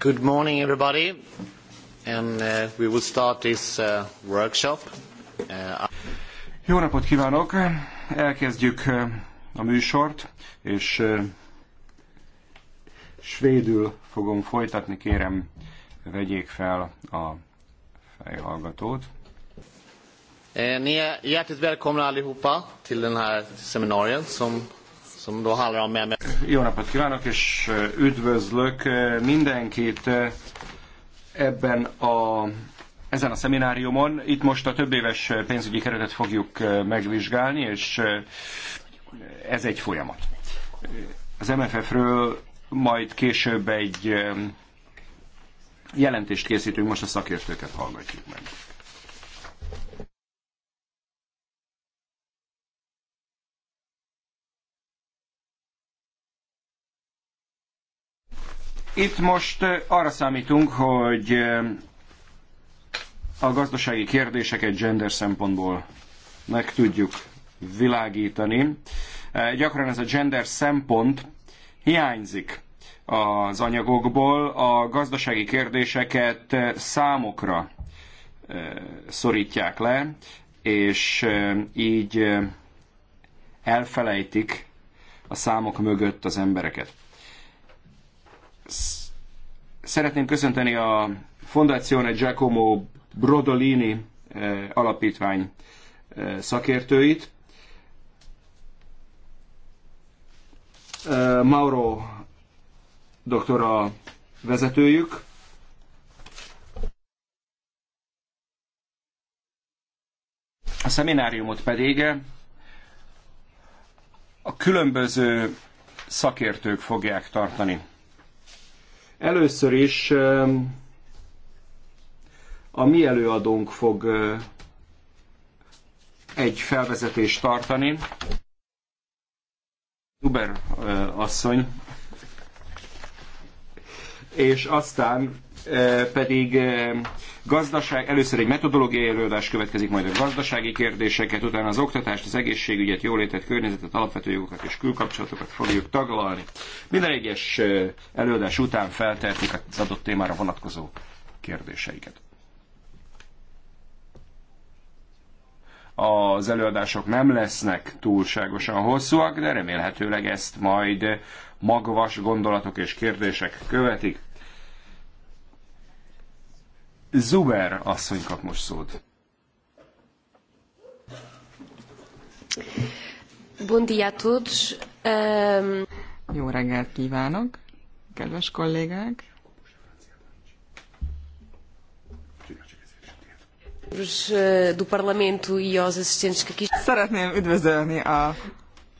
Good morning, everybody, and uh, we will start this uh, workshop. Uh, Jó napot kívánok! Elkezdjük a műsort, és svédül fogom folytatni, kérem, vegyék fel a fejhallgatót. Ni är hjärtligt välkomna allihopa till den här seminarien som jó napot kívánok, és üdvözlök mindenkit ebben a, ezen a szemináriumon. Itt most a több éves pénzügyi keretet fogjuk megvizsgálni, és ez egy folyamat. Az MFF-ről majd később egy jelentést készítünk, most a szakértőket hallgatjuk meg. Itt most arra számítunk, hogy a gazdasági kérdéseket gender szempontból meg tudjuk világítani. Gyakran ez a gender szempont hiányzik az anyagokból, a gazdasági kérdéseket számokra szorítják le, és így elfelejtik a számok mögött az embereket. Szeretném köszönteni a Fondazione Giacomo Brodolini eh, alapítvány eh, szakértőit. Eh, Mauro doktora vezetőjük. A szemináriumot pedig a különböző szakértők fogják tartani. Először is a mi előadónk fog egy felvezetést tartani. Uber asszony. És aztán pedig gazdaság, először egy metodológiai előadás következik, majd a gazdasági kérdéseket, utána az oktatást, az egészségügyet, jólétet, környezetet, alapvető jogokat és külkapcsolatokat fogjuk taglalni. Minden egyes előadás után feltehetik az adott témára vonatkozó kérdéseiket. az előadások nem lesznek túlságosan hosszúak, de remélhetőleg ezt majd magvas gondolatok és kérdések követik. Zuber asszony kap most szót. Bon dia todos. Um... Jó reggelt kívánok, kedves kollégák! do Parlamento e aos assistentes que aqui Szeretném üdvözölni a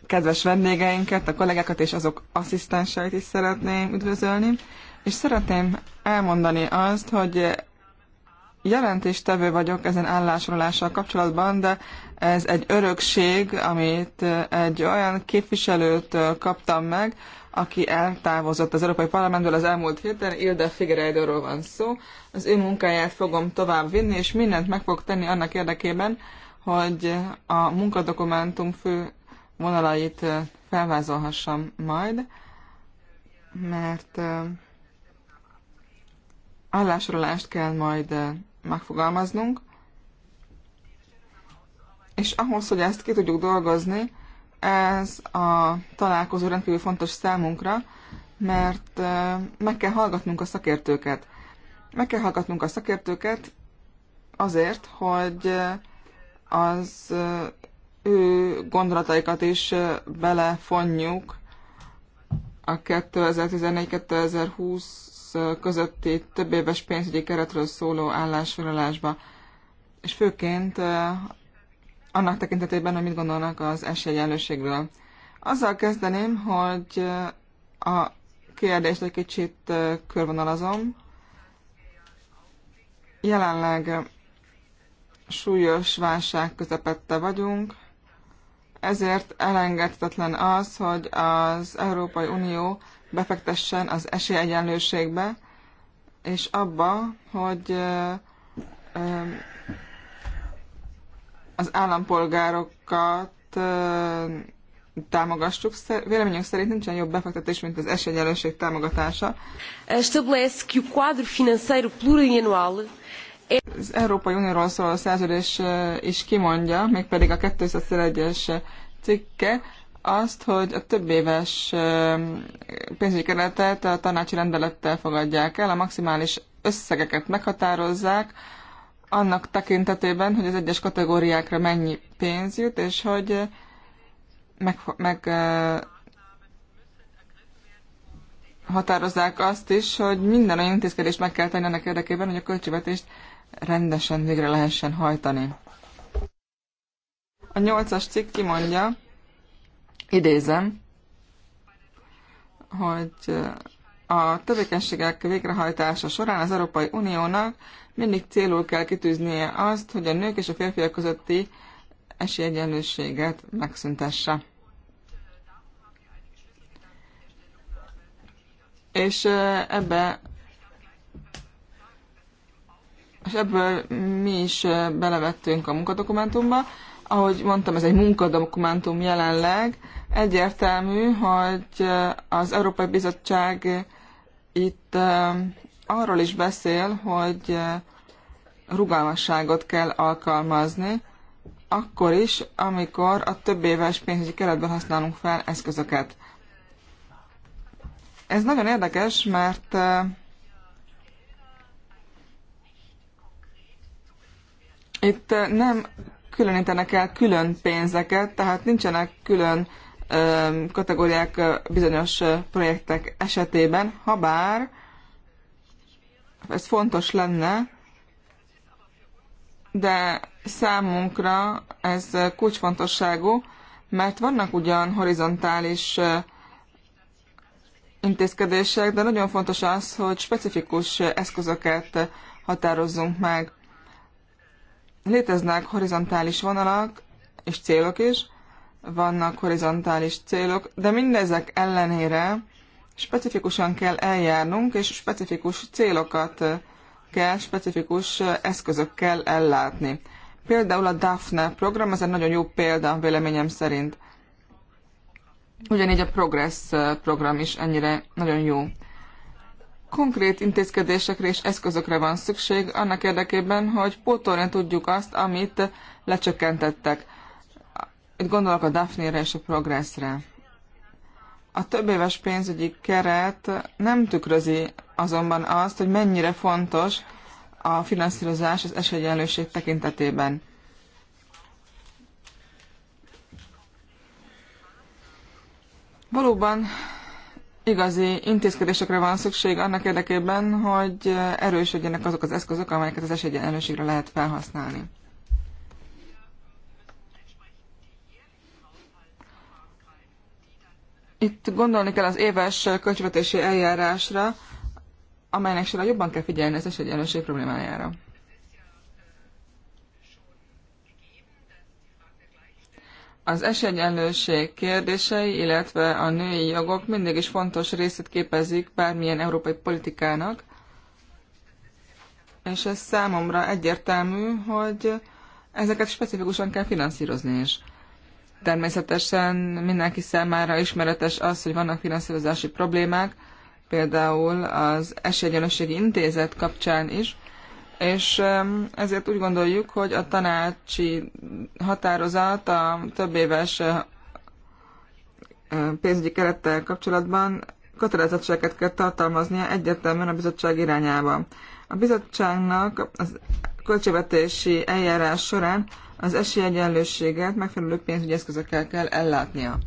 kedves vendégeinket, a kollégákat és azok asszisztenseit is szeretném üdvözölni, és szeretném elmondani azt, hogy jelentéstevő vagyok ezen állásolással kapcsolatban, de ez egy örökség, amit egy olyan képviselőt kaptam meg, aki eltávozott az Európai Parlamentből az elmúlt héten, Ilde Figereidőről van szó. Az ő munkáját fogom tovább vinni, és mindent meg fogok tenni annak érdekében, hogy a munkadokumentum fő vonalait felvázolhassam majd, mert állásolást kell majd megfogalmaznunk, és ahhoz, hogy ezt ki tudjuk dolgozni, ez a találkozó rendkívül fontos számunkra, mert meg kell hallgatnunk a szakértőket. Meg kell hallgatnunk a szakértőket azért, hogy az ő gondolataikat is belefonjuk a 2014-2020 közötti több éves pénzügyi keretről szóló állásfoglalásba, és főként annak tekintetében, hogy mit gondolnak az esélyegyenlőségről. Azzal kezdeném, hogy a kérdést egy kicsit körvonalazom. Jelenleg súlyos válság közepette vagyunk, ezért elengedhetetlen az, hogy az Európai Unió befektessen az esélyegyenlőségbe, és abba, hogy az állampolgárokat támogassuk. Véleményünk szerint nincsen jobb befektetés, mint az esélyegyenlőség támogatása. Establece que o quadro financeiro plurianual az Európai Unióról szóló szerződés is kimondja, mégpedig a 201-es cikke, azt, hogy a több éves pénzügyi keretet a tanácsi rendelettel fogadják el, a maximális összegeket meghatározzák, annak tekintetében, hogy az egyes kategóriákra mennyi pénz jut, és hogy meg, meg határozzák azt is, hogy minden olyan intézkedést meg kell tenni ennek érdekében, hogy a költségvetést rendesen végre lehessen hajtani. A nyolcas cikk kimondja, idézem, hogy eh, a tevékenységek végrehajtása során az Európai Uniónak mindig célul kell kitűznie azt, hogy a nők és a férfiak közötti esélyegyenlőséget megszüntesse. És eh, ebbe és ebből mi is eh, belevettünk a munkadokumentumba, ahogy mondtam, ez egy munkadokumentum jelenleg. Egyértelmű, hogy az Európai Bizottság itt arról is beszél, hogy rugalmasságot kell alkalmazni, akkor is, amikor a több éves pénzügyi keretben használunk fel eszközöket. Ez nagyon érdekes, mert itt nem különítenek el külön pénzeket, tehát nincsenek külön kategóriák bizonyos projektek esetében, ha bár ez fontos lenne, de számunkra ez kulcsfontosságú, mert vannak ugyan horizontális intézkedések, de nagyon fontos az, hogy specifikus eszközöket határozzunk meg. Léteznek horizontális vonalak és célok is, vannak horizontális célok, de mindezek ellenére specifikusan kell eljárnunk, és specifikus célokat kell, specifikus eszközökkel ellátni. Például a DAFNE program, ez egy nagyon jó példa véleményem szerint. Ugyanígy a Progress program is ennyire nagyon jó konkrét intézkedésekre és eszközökre van szükség annak érdekében, hogy pótolni tudjuk azt, amit lecsökkentettek. Itt gondolok a Daphne-re és a Progressre. A több éves pénzügyi keret nem tükrözi azonban azt, hogy mennyire fontos a finanszírozás az esélyenlőség tekintetében. Valóban igazi intézkedésekre van szükség annak érdekében, hogy erősödjenek azok az eszközök, amelyeket az esélyegyenlőségre lehet felhasználni. Itt gondolni kell az éves költségvetési eljárásra, amelynek során jobban kell figyelni az esélyegyenlőség problémájára. Az esélyegyenlőség kérdései, illetve a női jogok mindig is fontos részét képezik bármilyen európai politikának, és ez számomra egyértelmű, hogy ezeket specifikusan kell finanszírozni is. Természetesen mindenki számára ismeretes az, hogy vannak finanszírozási problémák, például az Esélyegyenlőségi Intézet kapcsán is, és ezért úgy gondoljuk, hogy a tanácsi határozat a több éves eh, eh, pénzügyi kerettel kapcsolatban kötelezettségeket kell tartalmaznia egyértelműen a bizottság irányába. A bizottságnak a költségvetési eljárás során az esélyegyenlőséget megfelelő pénzügyi eszközökkel kell ellátnia.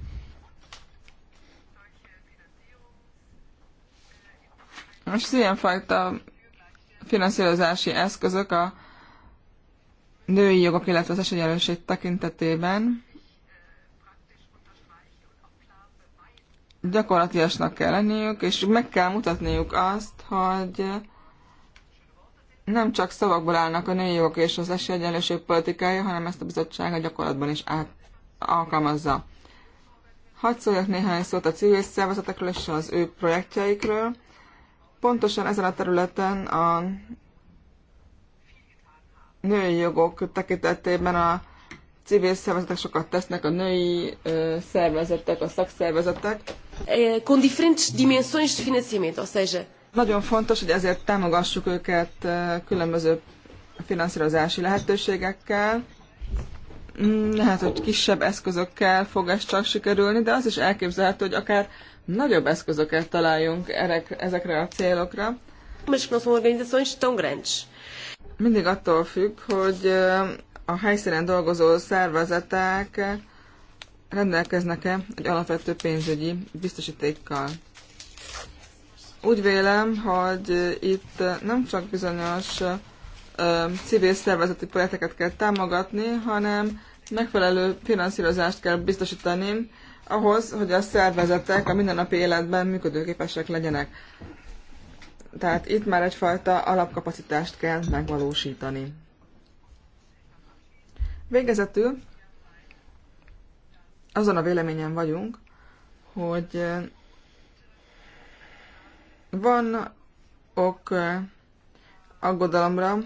És az ilyenfajta finanszírozási eszközök a női jogok, illetve az esélyelőség tekintetében gyakorlatilasnak kell lenniük, és meg kell mutatniuk azt, hogy nem csak szavakból állnak a női jogok és az esélyegyenlőség politikája, hanem ezt a bizottság a gyakorlatban is át, alkalmazza. Hadd szóljak néhány szót a civil szervezetekről és az ő projektjeikről pontosan ezen a területen a női jogok tekintetében a civil szervezetek sokat tesznek, a női ö, szervezetek, a szakszervezetek. Con diferentes dimensões de financiamento, ou seja... Nagyon fontos, hogy ezért támogassuk őket különböző finanszírozási lehetőségekkel. Mm, lehet, hogy kisebb eszközökkel fog ez csak sikerülni, de az is elképzelhető, hogy akár nagyobb eszközöket találjunk erek, ezekre a célokra. Mas que não são organizações tão grandes. Mindig attól függ, hogy eh, a helyszínen dolgozó szervezetek rendelkeznek-e egy alapvető pénzügyi biztosítékkal. Úgy vélem, hogy itt nem csak bizonyos eh, civil szervezeti projekteket kell támogatni, hanem megfelelő finanszírozást kell biztosítani ahhoz, hogy a szervezetek a mindennapi életben működőképesek legyenek. Tehát itt már egyfajta alapkapacitást kell megvalósítani. Végezetül azon a véleményen vagyunk, hogy eh, van ok eh, aggodalomra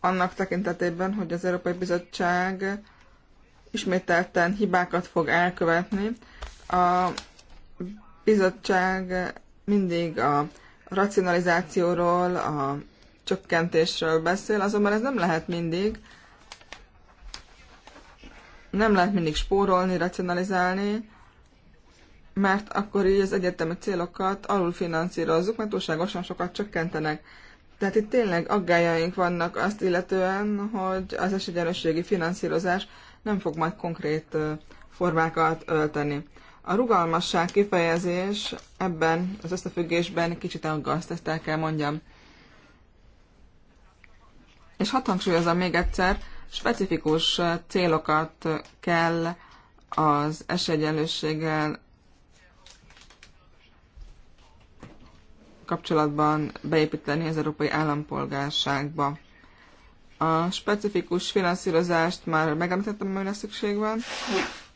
annak tekintetében, hogy az Európai Bizottság ismételten hibákat fog elkövetni. A bizottság mindig a racionalizációról, a csökkentésről beszél, azonban ez nem lehet mindig. Nem lehet mindig spórolni, racionalizálni, mert akkor így az egyetemi célokat finanszírozzuk, mert túlságosan sokat csökkentenek. Tehát itt tényleg aggájaink vannak azt illetően, hogy az esélyegyenlőségi finanszírozás nem fog majd konkrét formákat ölteni. A rugalmasság kifejezés ebben az összefüggésben kicsit aggaszt, ezt el kell mondjam. És hat hangsúlyozom még egyszer, specifikus célokat kell az esélyegyenlősséggel kapcsolatban beépíteni az európai állampolgárságba. A specifikus finanszírozást már megemlítettem, amire szükség van.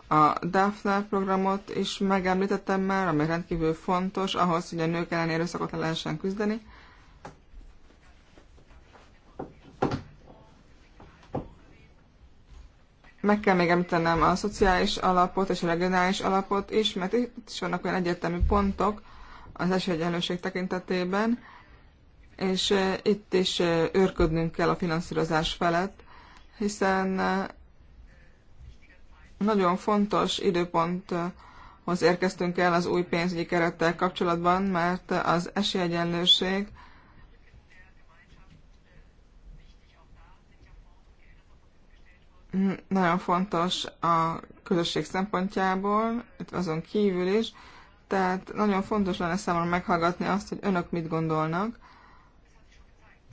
A DAFNA programot is megemlítettem már, ami rendkívül fontos ahhoz, hogy a nők ellen erőszakot le lehessen küzdeni. meg kell még említenem a szociális alapot és a regionális alapot is, mert itt is vannak olyan egyértelmű pontok az esélyegyenlőség tekintetében, és eh, itt is eh, őrködnünk kell a finanszírozás felett, hiszen eh, nagyon fontos időponthoz érkeztünk el az új pénzügyi kerettel kapcsolatban, mert az esélyegyenlőség nagyon fontos a közösség szempontjából, azon kívül is, tehát nagyon fontos lenne számomra meghallgatni azt, hogy önök mit gondolnak,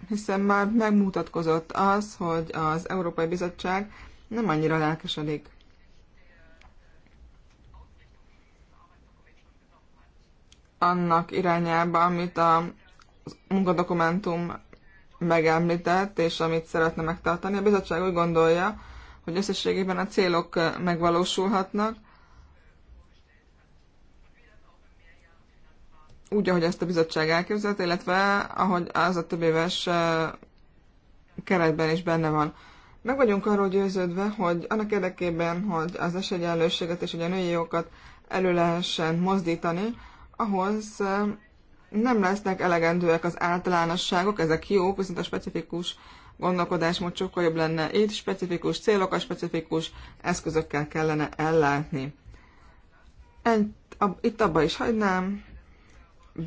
hiszen már megmutatkozott az, hogy az Európai Bizottság nem annyira lelkesedik. annak irányába, amit a munkadokumentum megemlített, és amit szeretne megtartani. A bizottság úgy gondolja, hogy összességében a célok megvalósulhatnak, úgy, ahogy ezt a bizottság elképzelte, illetve ahogy az a több éves keretben is benne van. Meg vagyunk arról győződve, hogy annak érdekében, hogy az esélyegyenlőséget és ugye a női jogokat elő lehessen mozdítani, ahhoz nem lesznek elegendőek az általánosságok, ezek jók, viszont a specifikus gondolkodásmód sokkal jobb lenne. Itt specifikus célokat, specifikus eszközökkel kellene ellátni. Itt abba is hagynám,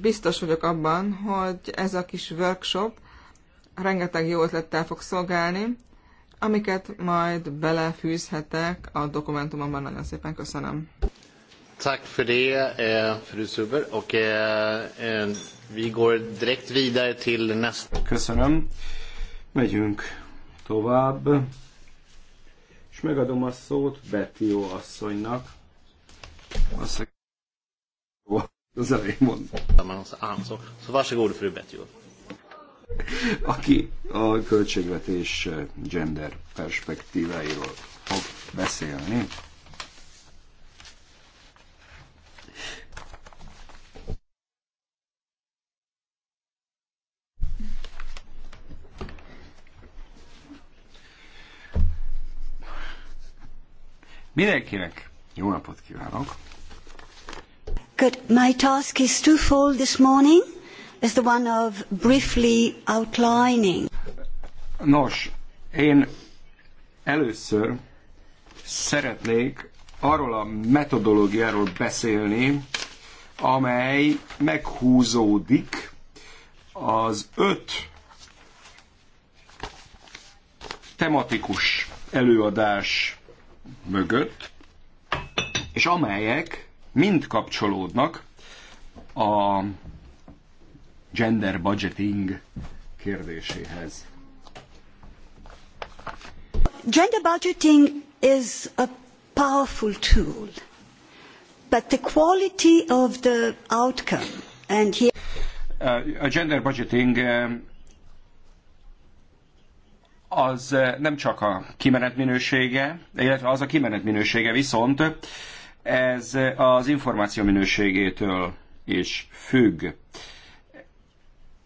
biztos vagyok abban, hogy ez a kis workshop rengeteg jó ötlettel fog szolgálni, amiket majd belefűzhetek a dokumentumomban. Nagyon szépen köszönöm. Tack för det, eh, fru Suber. Och eh, eh, vi går direkt vidare till nästa. Köszönöm. Megyünk tovább. És megadom a szót Betty asszonynak az elején mondtam. Szóval se góri főbetűr. Aki a költségvetés eh, gender perspektíváiról fog beszélni, Mindenkinek jó napot kívánok! Good. My task is twofold this morning, as the one of briefly outlining. Nos, én először szeretnék arról a metodológiáról beszélni, amely meghúzódik az öt tematikus előadás mögött, és amelyek mind kapcsolódnak a gender budgeting kérdéséhez. Gender budgeting is a powerful tool, but the quality of the outcome and here uh, a gender budgeting uh, az uh, nem csak a kimenet minősége, illetve az a kimenet minősége viszont, ez az információ minőségétől is függ.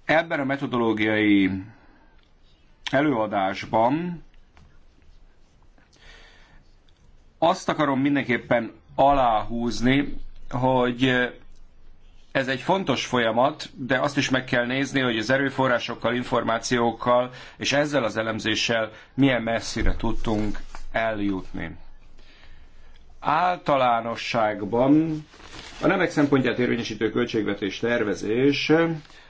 Ebben a metodológiai előadásban azt akarom mindenképpen aláhúzni, hogy ez egy fontos folyamat, de azt is meg kell nézni, hogy az erőforrásokkal, információkkal és ezzel az elemzéssel milyen messzire tudtunk eljutni általánosságban a nemek szempontját érvényesítő költségvetés tervezés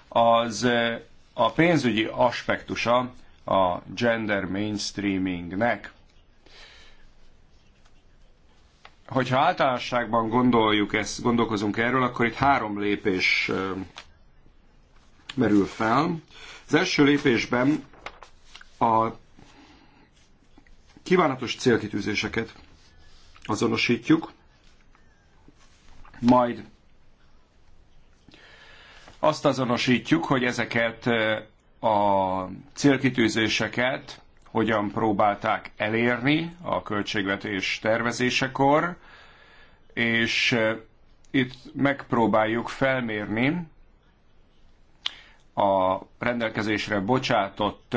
az eh, a pénzügyi aspektusa a gender mainstreamingnek. Hogyha általánosságban gondoljuk ezt, gondolkozunk erről, akkor itt három lépés eh, merül fel. Az első lépésben a kívánatos célkitűzéseket azonosítjuk, majd azt azonosítjuk, hogy ezeket a célkitűzéseket hogyan próbálták elérni a költségvetés tervezésekor, és itt megpróbáljuk felmérni a rendelkezésre bocsátott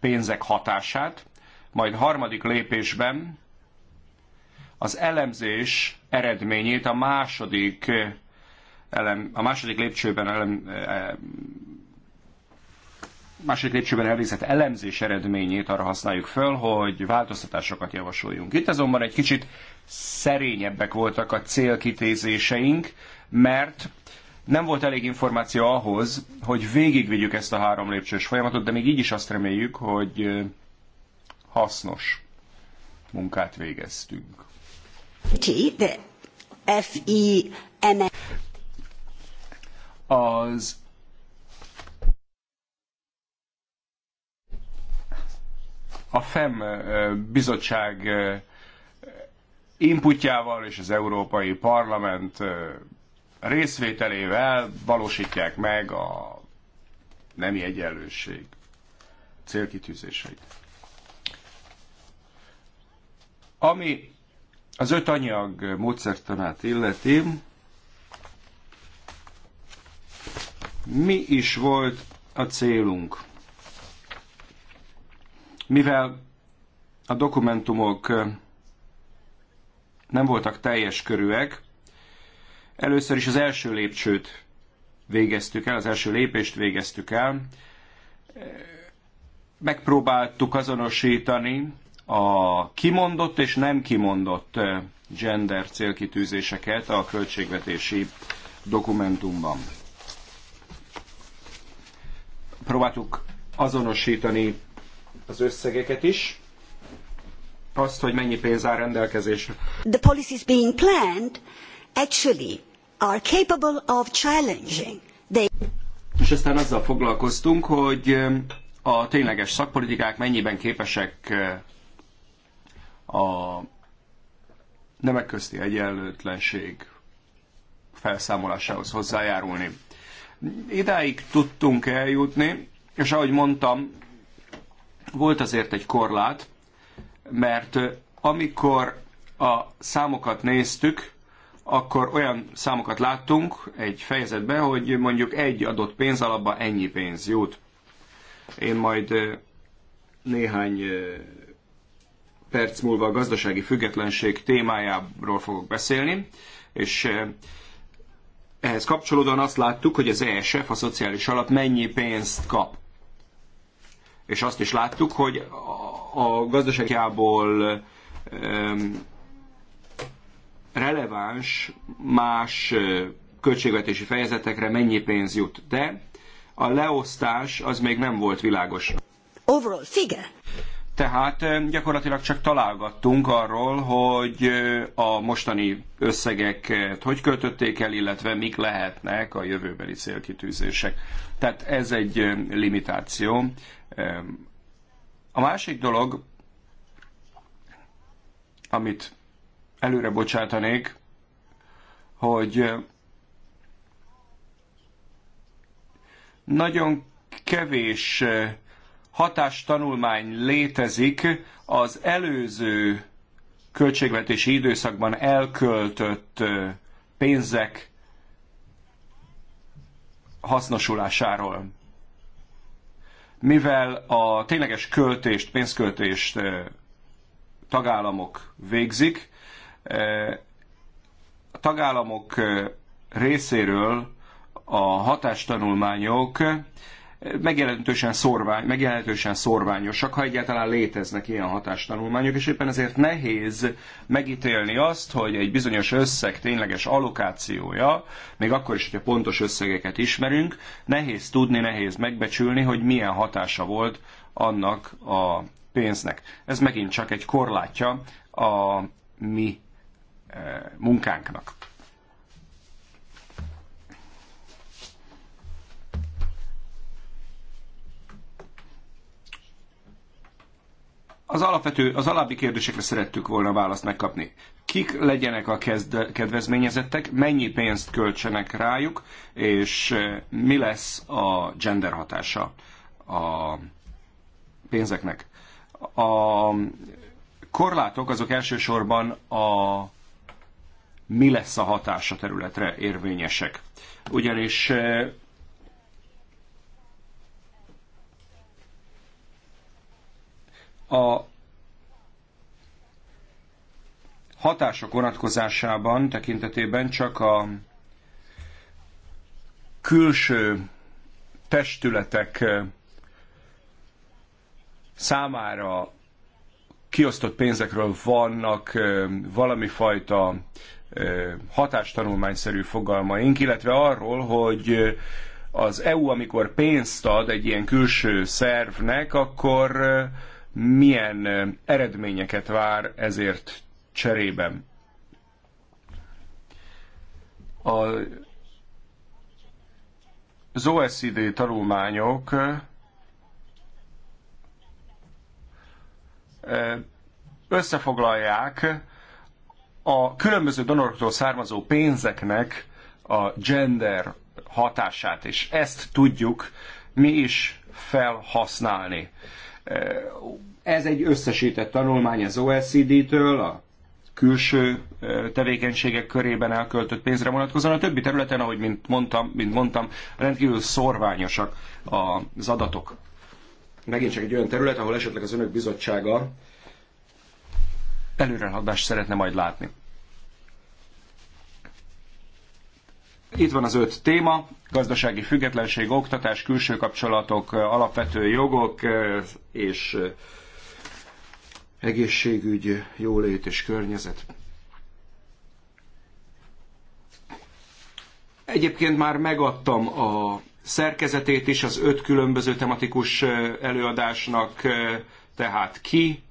pénzek hatását, majd harmadik lépésben az elemzés eredményét a második, eh, elem, a második lépcsőben elem, eh, második lépcsőben elvégzett elemzés eredményét arra használjuk föl, hogy változtatásokat javasoljunk. Itt azonban egy kicsit szerényebbek voltak a célkitézéseink, mert nem volt elég információ ahhoz, hogy végigvigyük ezt a három lépcsős folyamatot, de még így is azt reméljük, hogy eh, hasznos munkát végeztünk. E, az a FEM bizottság inputjával és az Európai Parlament részvételével valósítják meg a nemi egyenlőség célkitűzéseit. Ami az öt anyag módszertanát illeti, mi is volt a célunk? Mivel a dokumentumok nem voltak teljes körűek, először is az első lépcsőt végeztük el, az első lépést végeztük el, megpróbáltuk azonosítani a kimondott és nem kimondott eh, gender célkitűzéseket a költségvetési dokumentumban. Próbáltuk azonosítani az összegeket is, azt, hogy mennyi pénz áll rendelkezésre. The policies being planned actually are capable of challenging. They... És aztán azzal foglalkoztunk, hogy eh, a tényleges szakpolitikák mennyiben képesek eh, a nemek közti egyenlőtlenség felszámolásához hozzájárulni. Idáig tudtunk eljutni, és ahogy mondtam, volt azért egy korlát, mert amikor a számokat néztük, akkor olyan számokat láttunk egy fejezetben, hogy mondjuk egy adott pénz alapban ennyi pénz jut. Én majd eh, néhány eh, perc múlva a gazdasági függetlenség témájáról fogok beszélni, és eh, ehhez kapcsolódóan azt láttuk, hogy az ESF, a szociális alap mennyi pénzt kap. És azt is láttuk, hogy a gazdaságjából releváns más eh, költségvetési fejezetekre mennyi pénz jut. De a leosztás az még nem volt világos. Overall figure. Tehát gyakorlatilag csak találgattunk arról, hogy a mostani összegeket hogy költötték el, illetve mik lehetnek a jövőbeli célkitűzések. Tehát ez egy limitáció. A másik dolog, amit előre bocsátanék, hogy nagyon kevés hatástanulmány létezik az előző költségvetési időszakban elköltött pénzek hasznosulásáról. Mivel a tényleges költést, pénzköltést tagállamok végzik, a tagállamok részéről a hatástanulmányok megjelentősen, szorvány, megjelentősen szorványosak, ha egyáltalán léteznek ilyen hatástanulmányok, és éppen ezért nehéz megítélni azt, hogy egy bizonyos összeg tényleges allokációja, még akkor is, hogyha pontos összegeket ismerünk, nehéz tudni, nehéz megbecsülni, hogy milyen hatása volt annak a pénznek. Ez megint csak egy korlátja a mi eh, munkánknak. az alapvető, az alábbi kérdésekre szerettük volna választ megkapni. Kik legyenek a kezd, kedvezményezettek, mennyi pénzt költsenek rájuk, és eh, mi lesz a gender hatása a pénzeknek. A korlátok azok elsősorban a mi lesz a hatása területre érvényesek. Ugyanis eh, A hatások vonatkozásában tekintetében csak a külső testületek számára kiosztott pénzekről vannak valami fajta hatástanulmányszerű fogalmaink, illetve arról, hogy az EU, amikor pénzt ad egy ilyen külső szervnek, akkor milyen eredményeket vár ezért cserében. A, az OSCD tanulmányok összefoglalják a különböző donoroktól származó pénzeknek a gender hatását, és ezt tudjuk mi is felhasználni. Ez egy összesített tanulmány az OECD-től, a külső tevékenységek körében elköltött pénzre vonatkozóan. A többi területen, ahogy mint mondtam, mint mondtam rendkívül szorványosak az adatok. Megint csak egy olyan terület, ahol esetleg az önök bizottsága előrehaladást szeretne majd látni. Itt van az öt téma, gazdasági függetlenség, oktatás, külső kapcsolatok, alapvető jogok eh, és eh, egészségügy, jólét és környezet. Egyébként már megadtam a szerkezetét is az öt különböző tematikus eh, előadásnak, tehát ki,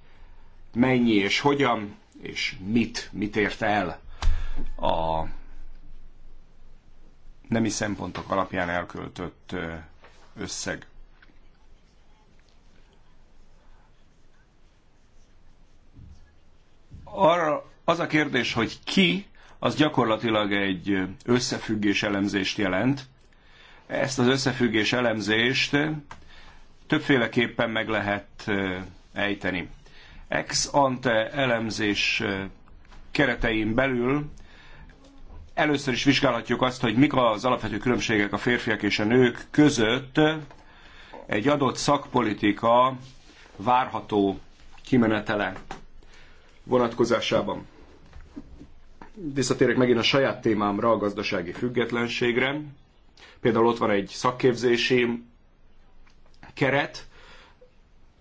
mennyi és hogyan, és mit, mit ért el a nemi szempontok alapján elköltött összeg. Arra az a kérdés, hogy ki, az gyakorlatilag egy összefüggés elemzést jelent. Ezt az összefüggés elemzést többféleképpen meg lehet ejteni. Ex ante elemzés keretein belül Először is vizsgálhatjuk azt, hogy mik az alapvető különbségek a férfiak és a nők között egy adott szakpolitika várható kimenetele vonatkozásában. Visszatérek megint a saját témámra, a gazdasági függetlenségre. Például ott van egy szakképzési keret,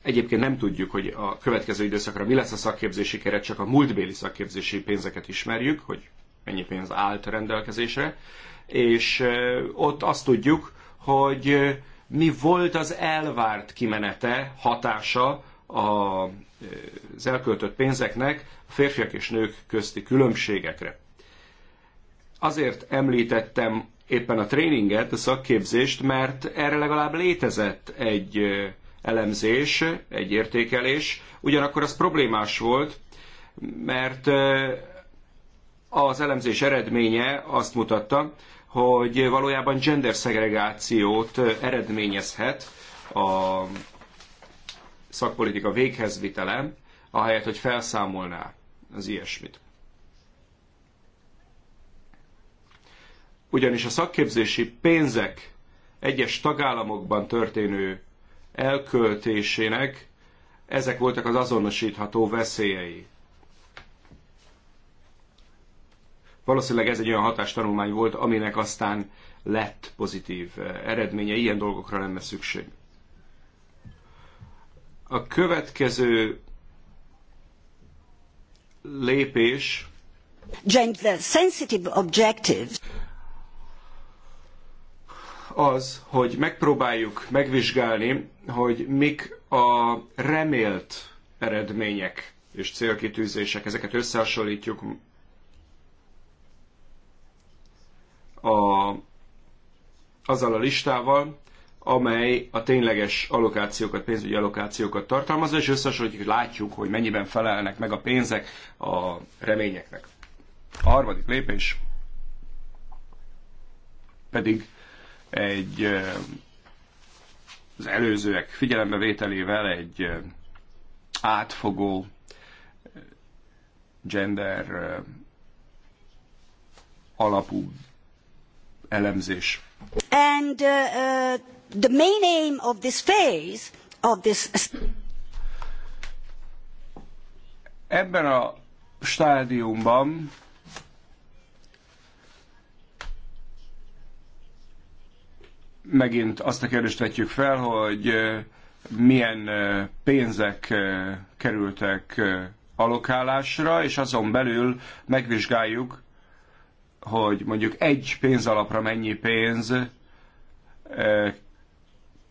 Egyébként nem tudjuk, hogy a következő időszakra mi lesz a szakképzési keret, csak a múltbéli szakképzési pénzeket ismerjük, hogy mennyi pénz állt rendelkezésre, és ott azt tudjuk, hogy mi volt az elvárt kimenete, hatása az elköltött pénzeknek a férfiak és nők közti különbségekre. Azért említettem éppen a tréninget, a szakképzést, mert erre legalább létezett egy elemzés, egy értékelés, ugyanakkor az problémás volt, mert az elemzés eredménye azt mutatta, hogy valójában gender szegregációt eredményezhet a szakpolitika véghezvitele, ahelyett, hogy felszámolná az ilyesmit. Ugyanis a szakképzési pénzek egyes tagállamokban történő elköltésének ezek voltak az azonosítható veszélyei. Valószínűleg ez egy olyan hatástanulmány volt, aminek aztán lett pozitív eh, eredménye, ilyen dolgokra lesz szükség. A következő lépés sensitive az, hogy megpróbáljuk megvizsgálni, hogy mik a remélt eredmények és célkitűzések, ezeket összehasonlítjuk a, azzal a listával, amely a tényleges allokációkat, pénzügyi allokációkat tartalmazza, és összehasonlítjuk, hogy látjuk, hogy mennyiben felelnek meg a pénzek a reményeknek. A harmadik lépés pedig egy az előzőek vételével egy átfogó gender alapú elemzés. And uh, uh, the main aim of this phase of this ebben a stádiumban megint azt a kérdést vetjük fel, hogy uh, milyen uh, pénzek kerültek alokálásra, és azon belül megvizsgáljuk hogy mondjuk egy pénzalapra mennyi pénz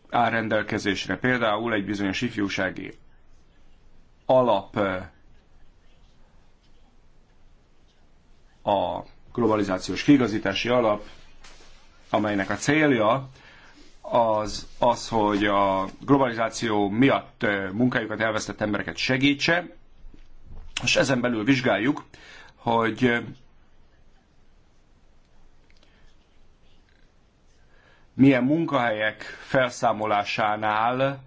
áll rendelkezésre. Például egy bizonyos ifjúsági alap a globalizációs kiigazítási alap, amelynek a célja az az, hogy a globalizáció miatt munkájukat elvesztett embereket segítse, és ezen belül vizsgáljuk, hogy milyen munkahelyek felszámolásánál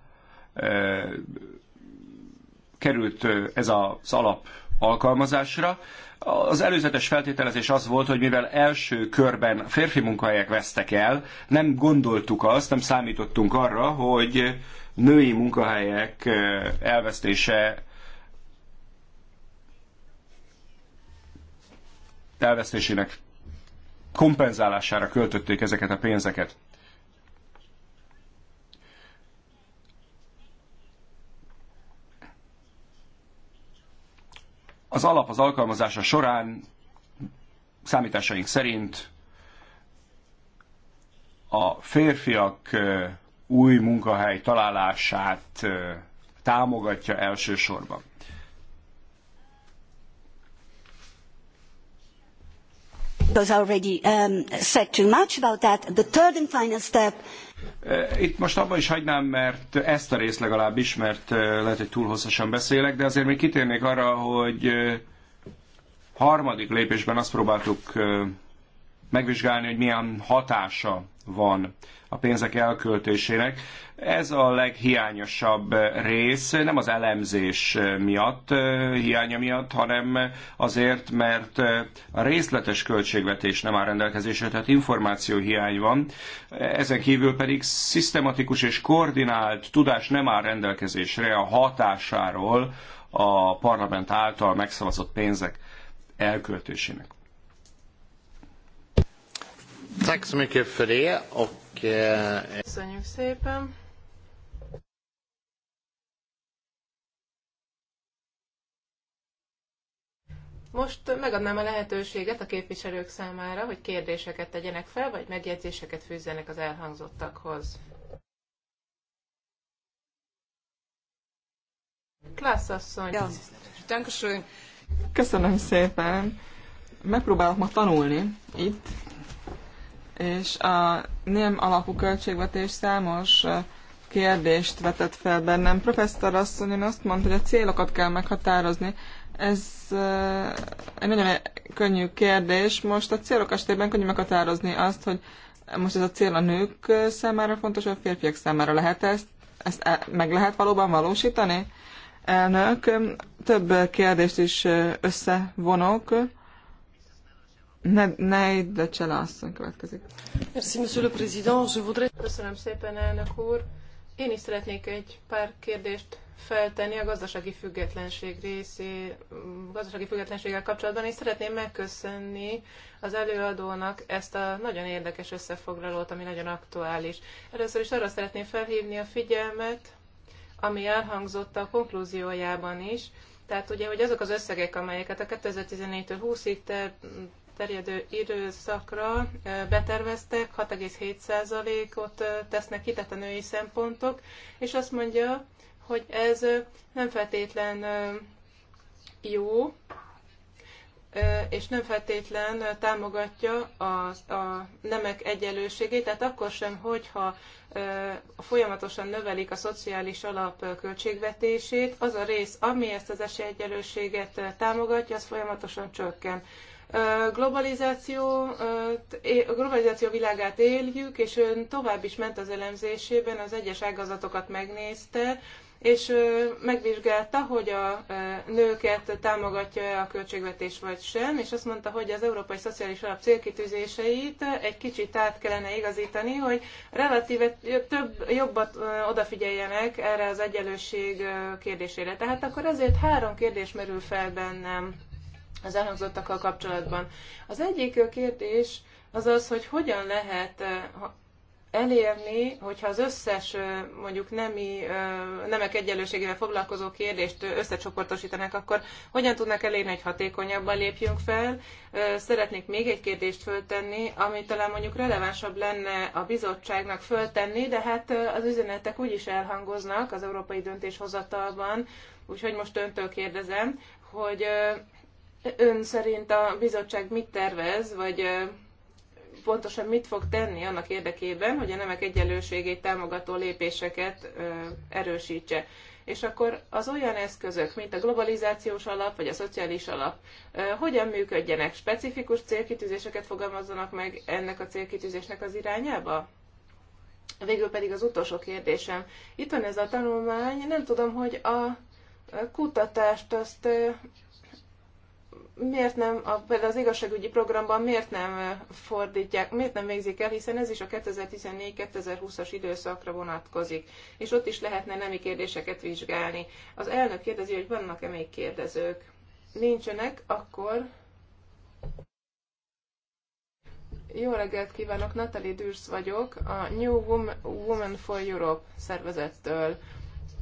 került ez az alap alkalmazásra. Az előzetes feltételezés az volt, hogy mivel első körben férfi munkahelyek vesztek el, nem gondoltuk azt, nem számítottunk arra, hogy női munkahelyek elvesztése elvesztésének kompenzálására költötték ezeket a pénzeket. Az alap az alkalmazása során számításaink szerint a férfiak új munkahely találását támogatja elsősorban. Those already um, said too much about that. The third and final step Eh, itt most abban is hagynám, mert ezt a részt legalábbis, mert eh, lehet, hogy túl hosszasan beszélek, de azért még kitérnék arra, hogy eh, harmadik lépésben azt próbáltuk megvizsgálni, hogy milyen hatása van a pénzek elköltésének. Ez a leghiányosabb rész, nem az elemzés miatt, hiánya miatt, hanem azért, mert a részletes költségvetés nem áll rendelkezésre, tehát információ hiány van. Ezen kívül pedig szisztematikus és koordinált tudás nem áll rendelkezésre a hatásáról a parlament által megszavazott pénzek elköltésének. Tack så mycket för det. Och, eh... Köszönjük szépen. Most megadnám a lehetőséget a képviselők számára, hogy kérdéseket tegyenek fel, vagy megjegyzéseket fűzzenek az elhangzottakhoz. Klász asszony! Köszönöm szépen! Megpróbálok ma tanulni itt, és a nem alapú költségvetés számos kérdést vetett fel bennem. Professzor asszony én azt mondta, hogy a célokat kell meghatározni. Ez egy nagyon könnyű kérdés. Most a célok esetében könnyű meghatározni azt, hogy most ez a cél a nők számára fontos, vagy a férfiak számára lehet ezt? Ezt e, meg lehet valóban valósítani? Elnök, több kérdést is összevonok ne, ne de Csela asszony következik. Merci, monsieur le président. Je voudrais... Köszönöm szépen, elnök úr. Én is szeretnék egy pár kérdést feltenni a gazdasági függetlenség részé, gazdasági függetlenséggel kapcsolatban, és szeretném megköszönni az előadónak ezt a nagyon érdekes összefoglalót, ami nagyon aktuális. Először is arra szeretném felhívni a figyelmet, ami elhangzott a konklúziójában is, tehát ugye, hogy azok az összegek, amelyeket a 2014-től 20-ig terjedő időszakra beterveztek, 6,7%-ot tesznek ki, tehát a női szempontok, és azt mondja, hogy ez nem feltétlen jó, és nem feltétlen támogatja a, a nemek egyenlőségét, tehát akkor sem, hogyha folyamatosan növelik a szociális alap költségvetését, az a rész, ami ezt az esélyegyenlőséget támogatja, az folyamatosan csökken globalizáció, a globalizáció világát éljük, és ön tovább is ment az elemzésében, az egyes ágazatokat megnézte, és megvizsgálta, hogy a nőket támogatja-e a költségvetés vagy sem, és azt mondta, hogy az Európai Szociális Alap célkitűzéseit egy kicsit át kellene igazítani, hogy relatíve több, jobbat odafigyeljenek erre az egyenlőség kérdésére. Tehát akkor azért három kérdés merül fel bennem az elhangzottakkal kapcsolatban. Az egyik kérdés az az, hogy hogyan lehet elérni, hogyha az összes mondjuk nemi, nemek egyenlőségével foglalkozó kérdést összecsoportosítanak, akkor hogyan tudnak elérni, hogy hatékonyabban lépjünk fel. Szeretnék még egy kérdést föltenni, ami talán mondjuk relevánsabb lenne a bizottságnak föltenni, de hát az üzenetek úgy is elhangoznak az európai döntéshozatalban, úgyhogy most öntől kérdezem, hogy Ön szerint a bizottság mit tervez, vagy pontosan mit fog tenni annak érdekében, hogy a nemek egyenlőségét támogató lépéseket erősítse? és akkor az olyan eszközök, mint a globalizációs alap vagy a szociális alap, hogyan működjenek? Specifikus célkitűzéseket fogalmazzanak meg ennek a célkitűzésnek az irányába? Végül pedig az utolsó kérdésem. Itt van ez a tanulmány, nem tudom, hogy a kutatást azt miért nem, a, például az igazságügyi programban miért nem fordítják, miért nem végzik el, hiszen ez is a 2014-2020-as időszakra vonatkozik, és ott is lehetne nemi kérdéseket vizsgálni. Az elnök kérdezi, hogy vannak-e még kérdezők. Nincsenek, akkor... Jó reggelt kívánok, Natalie Dürsz vagyok, a New Woman for Europe szervezettől.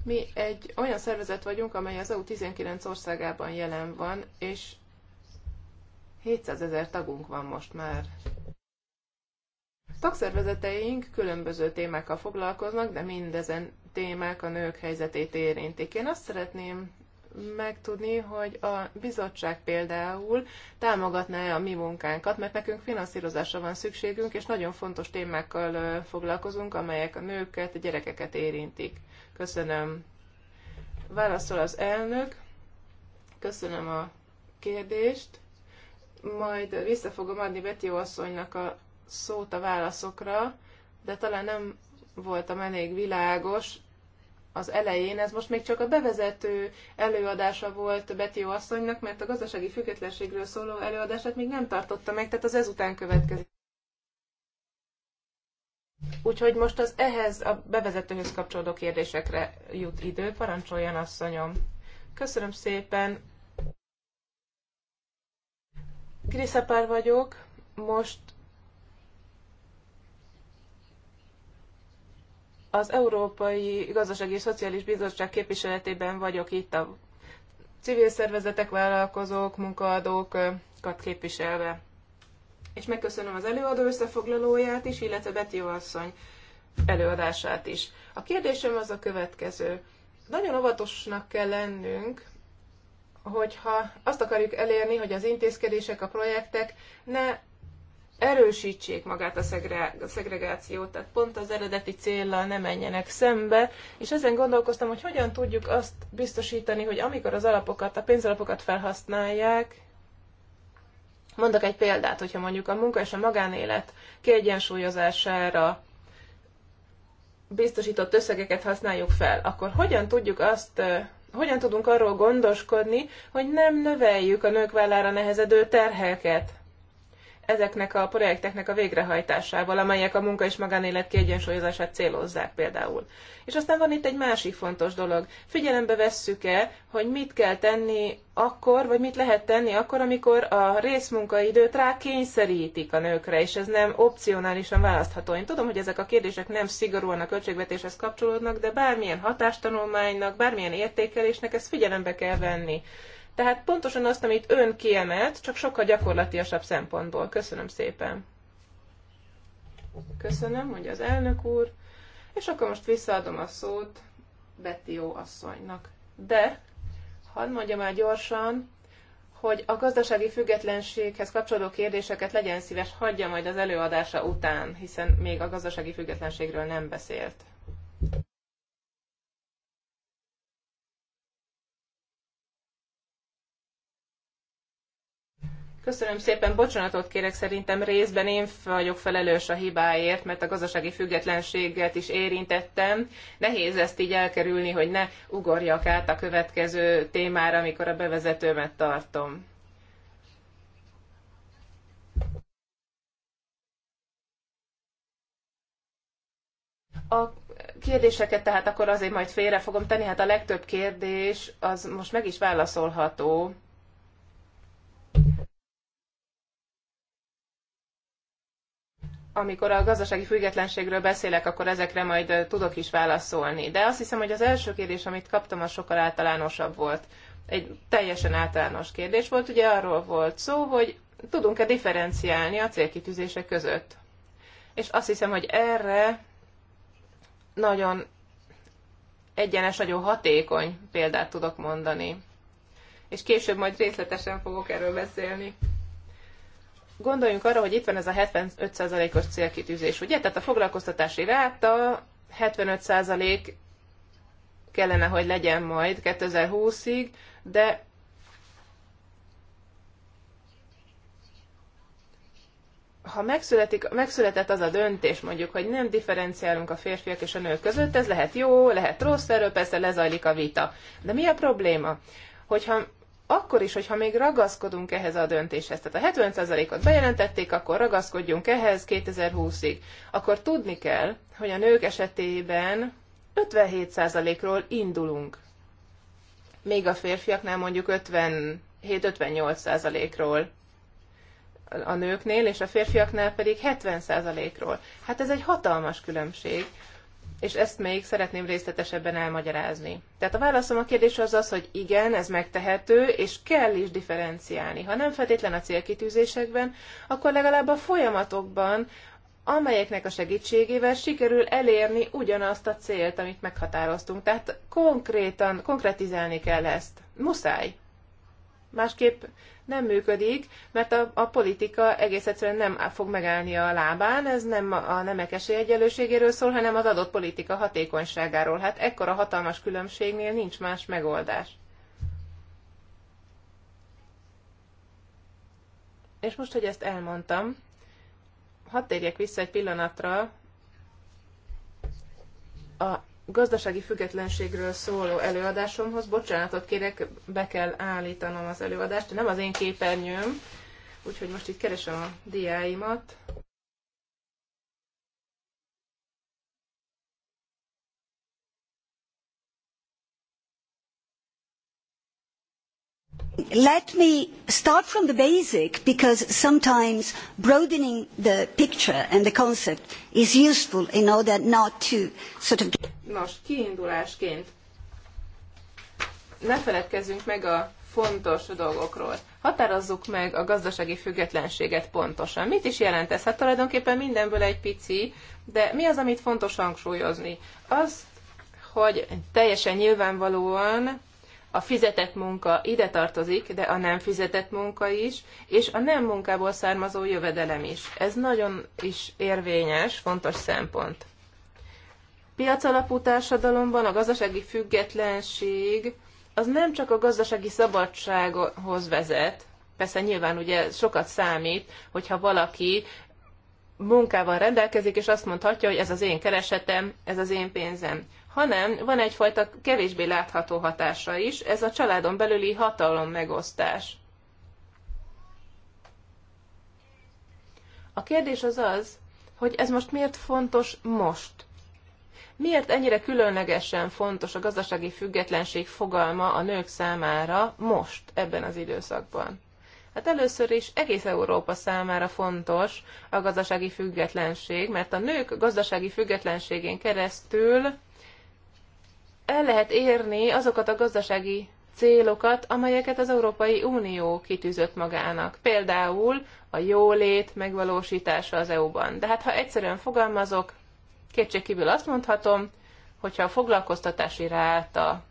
Mi egy olyan szervezet vagyunk, amely az EU 19 országában jelen van, és 700 ezer tagunk van most már. Tagszervezeteink különböző témákkal foglalkoznak, de mindezen témák a nők helyzetét érintik. Én azt szeretném megtudni, hogy a bizottság például támogatná-e a mi munkánkat, mert nekünk finanszírozásra van szükségünk, és nagyon fontos témákkal foglalkozunk, amelyek a nőket, a gyerekeket érintik. Köszönöm. Válaszol az elnök. Köszönöm a kérdést majd vissza fogom adni Betió asszonynak a szót a válaszokra, de talán nem voltam elég világos az elején. Ez most még csak a bevezető előadása volt Betió asszonynak, mert a gazdasági függetlenségről szóló előadását még nem tartotta meg, tehát az ezután következik. Úgyhogy most az ehhez a bevezetőhöz kapcsolódó kérdésekre jut idő. Parancsoljon, asszonyom! Köszönöm szépen! Kriszapár vagyok, most az Európai Gazdasági és Szociális Bizottság képviseletében vagyok itt a civil szervezetek, vállalkozók, munkaadókat képviselve. És megköszönöm az előadó összefoglalóját is, illetve Beti asszony előadását is. A kérdésem az a következő. Nagyon óvatosnak kell lennünk hogyha azt akarjuk elérni, hogy az intézkedések, a projektek ne erősítsék magát a, szegre- a szegregációt, tehát pont az eredeti céllal ne menjenek szembe, és ezen gondolkoztam, hogy hogyan tudjuk azt biztosítani, hogy amikor az alapokat, a pénzalapokat felhasználják, mondok egy példát, hogyha mondjuk a munka és a magánélet kiegyensúlyozására biztosított összegeket használjuk fel, akkor hogyan tudjuk azt hogyan tudunk arról gondoskodni, hogy nem növeljük a nők vállára nehezedő terheket ezeknek a projekteknek a végrehajtásával, amelyek a munka és magánélet kiegyensúlyozását célozzák például. És aztán van itt egy másik fontos dolog. Figyelembe vesszük-e, hogy mit kell tenni akkor, vagy mit lehet tenni akkor, amikor a részmunkaidőt rá kényszerítik a nőkre, és ez nem opcionálisan választható. Én tudom, hogy ezek a kérdések nem szigorúan a költségvetéshez kapcsolódnak, de bármilyen hatástanulmánynak, bármilyen értékelésnek ezt figyelembe kell venni tehát pontosan azt, amit ön kiemelt, csak sokkal gyakorlatiasabb szempontból. Köszönöm szépen. Köszönöm, mondja az elnök úr. És akkor most visszaadom a szót Bettió asszonynak. De, hadd mondjam már gyorsan, hogy a gazdasági függetlenséghez kapcsolódó kérdéseket legyen szíves, hagyja majd az előadása után, hiszen még a gazdasági függetlenségről nem beszélt. Köszönöm szépen, bocsánatot kérek, szerintem részben én vagyok felelős a hibáért, mert a gazdasági függetlenséget is érintettem. Nehéz ezt így elkerülni, hogy ne ugorjak át a következő témára, amikor a bevezetőmet tartom. A kérdéseket tehát akkor azért majd félre fogom tenni, hát a legtöbb kérdés az most meg is válaszolható amikor a gazdasági függetlenségről beszélek, akkor ezekre majd tudok is válaszolni. De azt hiszem, hogy az első kérdés, amit kaptam, az sokkal általánosabb volt. Egy teljesen általános kérdés volt, ugye arról volt szó, hogy tudunk-e differenciálni a célkitűzések között. És azt hiszem, hogy erre nagyon egyenes, nagyon hatékony példát tudok mondani. És később majd részletesen fogok erről beszélni. Gondoljunk arra, hogy itt van ez a 75%-os célkitűzés, ugye? Tehát a foglalkoztatási ráta 75% kellene, hogy legyen majd 2020-ig, de ha megszületik, megszületett az a döntés, mondjuk, hogy nem differenciálunk a férfiak és a nők között, ez lehet jó, lehet rossz, erről persze lezajlik a vita. De mi a probléma? Hogyha akkor is, hogyha még ragaszkodunk ehhez a döntéshez, tehát a 70%-ot bejelentették, akkor ragaszkodjunk ehhez 2020-ig, akkor tudni kell, hogy a nők esetében 57%-ról indulunk. Még a férfiaknál mondjuk 57-58%-ról a nőknél, és a férfiaknál pedig 70%-ról. Hát ez egy hatalmas különbség és ezt még szeretném részletesebben elmagyarázni. Tehát a válaszom a kérdés az az, hogy igen, ez megtehető, és kell is differenciálni. Ha nem feltétlen a célkitűzésekben, akkor legalább a folyamatokban, amelyeknek a segítségével sikerül elérni ugyanazt a célt, amit meghatároztunk. Tehát konkrétan, konkretizálni kell ezt. Muszáj. Másképp nem működik, mert a, a politika egész egyszerűen nem fog megállni a lábán, ez nem a nemek esélyegyenlőségéről szól, hanem az adott politika hatékonyságáról. Hát ekkora hatalmas különbségnél nincs más megoldás. És most, hogy ezt elmondtam, hadd térjek vissza egy pillanatra a gazdasági függetlenségről szóló előadásomhoz, bocsánatot kérek, be kell állítanom az előadást, nem az én képernyőm, úgyhogy most itt keresem a diáimat. Let me start from the basic because sometimes broadening the picture and the concept is useful in order not to sort of... Nos, kiindulásként ne feledkezzünk meg a fontos dolgokról. Határozzuk meg a gazdasági függetlenséget pontosan. Mit is jelent ez? Hát tulajdonképpen mindenből egy pici, de mi az, amit fontos hangsúlyozni? Az, hogy teljesen nyilvánvalóan a fizetett munka ide tartozik, de a nem fizetett munka is, és a nem munkából származó jövedelem is. Ez nagyon is érvényes, fontos szempont. Piacalapú társadalomban a gazdasági függetlenség az nem csak a gazdasági szabadsághoz vezet, persze nyilván ugye sokat számít, hogyha valaki munkával rendelkezik, és azt mondhatja, hogy ez az én keresetem, ez az én pénzem hanem van egyfajta kevésbé látható hatása is, ez a családon belüli hatalom megosztás. A kérdés az az, hogy ez most miért fontos most? Miért ennyire különlegesen fontos a gazdasági függetlenség fogalma a nők számára most, ebben az időszakban? Hát először is egész Európa számára fontos a gazdasági függetlenség, mert a nők gazdasági függetlenségén keresztül el lehet érni azokat a gazdasági célokat, amelyeket az Európai Unió kitűzött magának. Például a jólét megvalósítása az EU-ban. De hát ha egyszerűen fogalmazok, kétségkívül azt mondhatom, hogyha a foglalkoztatási ráta,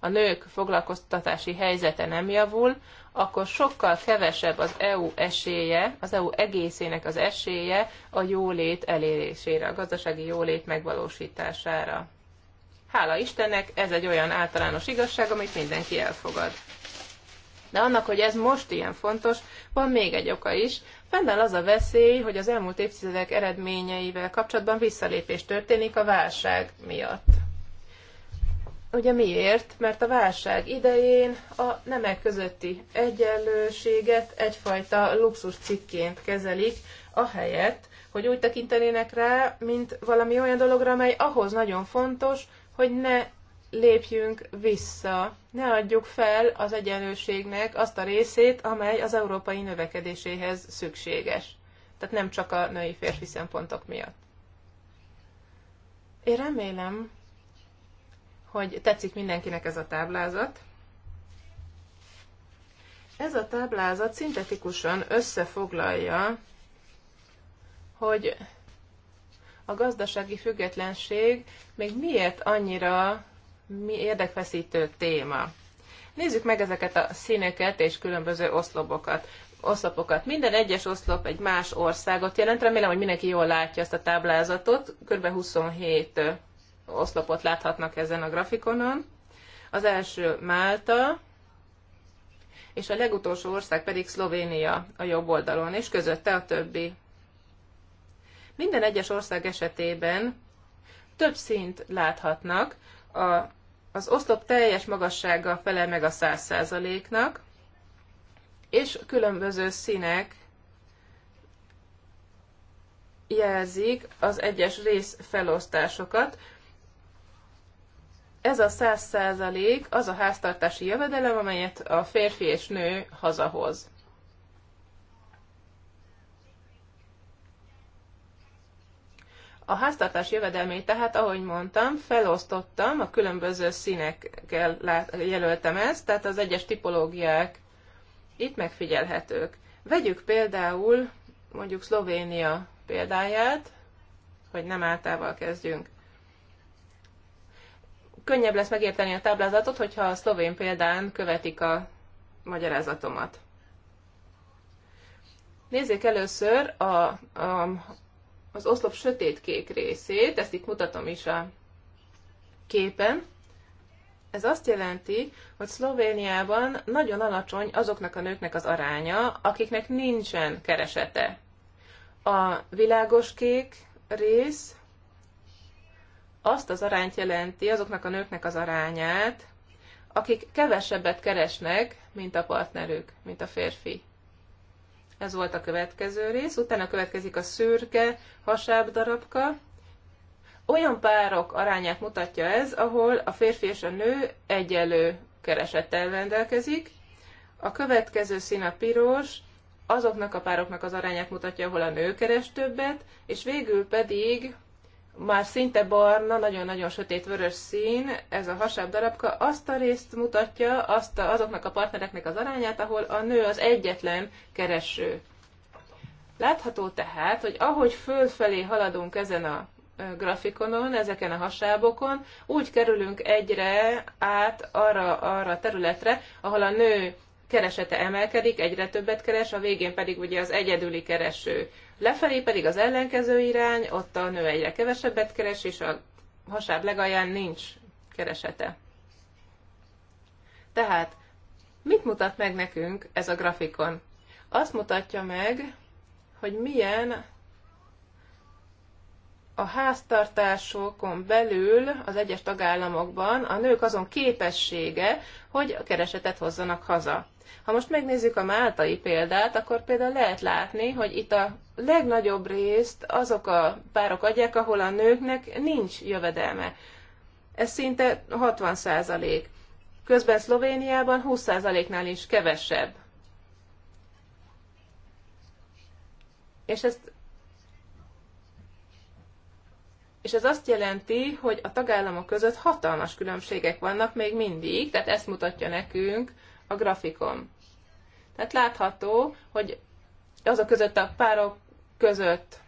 a nők foglalkoztatási helyzete nem javul, akkor sokkal kevesebb az EU esélye, az EU egészének az esélye a jólét elérésére, a gazdasági jólét megvalósítására. Hála Istennek, ez egy olyan általános igazság, amit mindenki elfogad. De annak, hogy ez most ilyen fontos, van még egy oka is. Fennáll az a veszély, hogy az elmúlt évtizedek eredményeivel kapcsolatban visszalépés történik a válság miatt. Ugye miért? Mert a válság idején a nemek közötti egyenlőséget egyfajta luxus cikként kezelik, ahelyett, hogy úgy tekintenének rá, mint valami olyan dologra, amely ahhoz nagyon fontos, hogy ne lépjünk vissza, ne adjuk fel az egyenlőségnek azt a részét, amely az európai növekedéséhez szükséges. Tehát nem csak a női férfi szempontok miatt. Én remélem, hogy tetszik mindenkinek ez a táblázat. Ez a táblázat szintetikusan összefoglalja, hogy a gazdasági függetlenség még miért annyira mi érdekfeszítő téma. Nézzük meg ezeket a színeket és különböző oszlopokat. oszlopokat. Minden egyes oszlop egy más országot jelent. Remélem, hogy mindenki jól látja ezt a táblázatot. Kb. 27 oszlopot láthatnak ezen a grafikonon. Az első Málta, és a legutolsó ország pedig Szlovénia a jobb oldalon, és közötte a többi minden egyes ország esetében több szint láthatnak, a, az oszlop teljes magassága felel meg a 100%-nak, és különböző színek jelzik az egyes felosztásokat. Ez a 100% az a háztartási jövedelem, amelyet a férfi és nő hazahoz. A háztartás jövedelmét tehát, ahogy mondtam, felosztottam, a különböző színekkel jelöltem ezt, tehát az egyes tipológiák itt megfigyelhetők. Vegyük például mondjuk Szlovénia példáját, hogy nem általával kezdjünk. Könnyebb lesz megérteni a táblázatot, hogyha a szlovén példán követik a magyarázatomat. Nézzék először a, a az oszlop sötétkék részét, ezt itt mutatom is a képen, ez azt jelenti, hogy Szlovéniában nagyon alacsony azoknak a nőknek az aránya, akiknek nincsen keresete. A világos kék rész azt az arányt jelenti, azoknak a nőknek az arányát, akik kevesebbet keresnek, mint a partnerük, mint a férfi. Ez volt a következő rész. Utána következik a szürke hasább darabka. Olyan párok arányát mutatja ez, ahol a férfi és a nő egyelő keresettel rendelkezik. A következő szín a piros, azoknak a pároknak az arányát mutatja, ahol a nő keres többet, és végül pedig már szinte barna, nagyon-nagyon sötét vörös szín, ez a hasább darabka, azt a részt mutatja, azt a, azoknak a partnereknek az arányát, ahol a nő az egyetlen kereső. Látható tehát, hogy ahogy fölfelé haladunk ezen a grafikonon, ezeken a hasábokon, úgy kerülünk egyre át arra, arra a területre, ahol a nő keresete emelkedik, egyre többet keres, a végén pedig ugye az egyedüli kereső Lefelé pedig az ellenkező irány, ott a nő egyre kevesebbet keres, és a hasáb legalján nincs keresete. Tehát, mit mutat meg nekünk ez a grafikon? Azt mutatja meg, hogy milyen a háztartásokon belül az egyes tagállamokban a nők azon képessége, hogy a keresetet hozzanak haza. Ha most megnézzük a máltai példát, akkor például lehet látni, hogy itt a legnagyobb részt azok a párok adják, ahol a nőknek nincs jövedelme. Ez szinte 60 százalék. Közben Szlovéniában 20 százaléknál is kevesebb. És ezt és ez azt jelenti, hogy a tagállamok között hatalmas különbségek vannak még mindig, tehát ezt mutatja nekünk a grafikon. Tehát látható, hogy az a között a párok között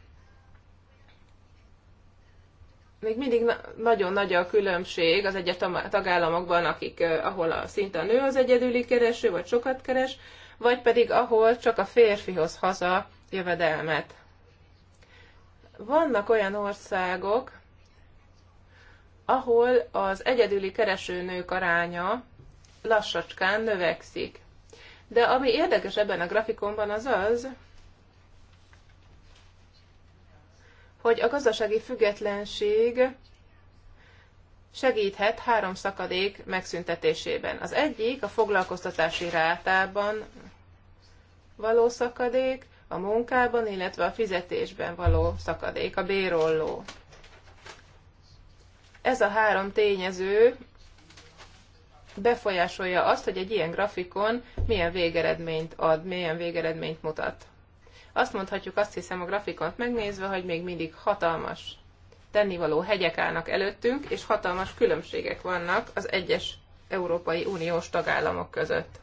még mindig na- nagyon nagy a különbség az egyes tagállamokban, akik, ahol a szinte a nő az egyedüli kereső, vagy sokat keres, vagy pedig ahol csak a férfihoz haza jövedelmet. Vannak olyan országok, ahol az egyedüli keresőnők aránya lassacskán növekszik. De ami érdekes ebben a grafikonban az az, hogy a gazdasági függetlenség segíthet három szakadék megszüntetésében. Az egyik a foglalkoztatási rátában való szakadék, a munkában, illetve a fizetésben való szakadék, a bérolló. Ez a három tényező befolyásolja azt, hogy egy ilyen grafikon milyen végeredményt ad, milyen végeredményt mutat. Azt mondhatjuk azt hiszem a grafikont megnézve, hogy még mindig hatalmas tennivaló hegyek állnak előttünk, és hatalmas különbségek vannak az egyes Európai Uniós tagállamok között.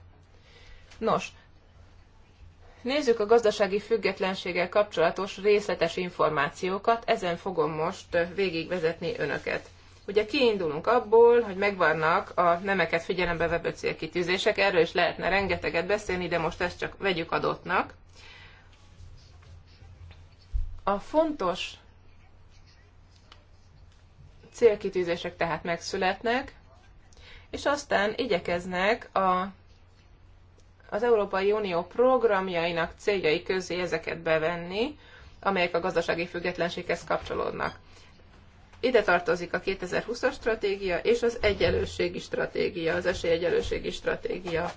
Nos, nézzük a gazdasági függetlenséggel kapcsolatos részletes információkat, ezen fogom most végigvezetni önöket. Ugye kiindulunk abból, hogy megvannak a nemeket figyelembe vevő célkitűzések, erről is lehetne rengeteget beszélni, de most ezt csak vegyük adottnak. A fontos célkitűzések tehát megszületnek, és aztán igyekeznek a, az Európai Unió programjainak céljai közé ezeket bevenni, amelyek a gazdasági függetlenséghez kapcsolódnak. Ide tartozik a 2020-as stratégia és az egyenlőségi stratégia, az esélyegyenlőségi stratégia.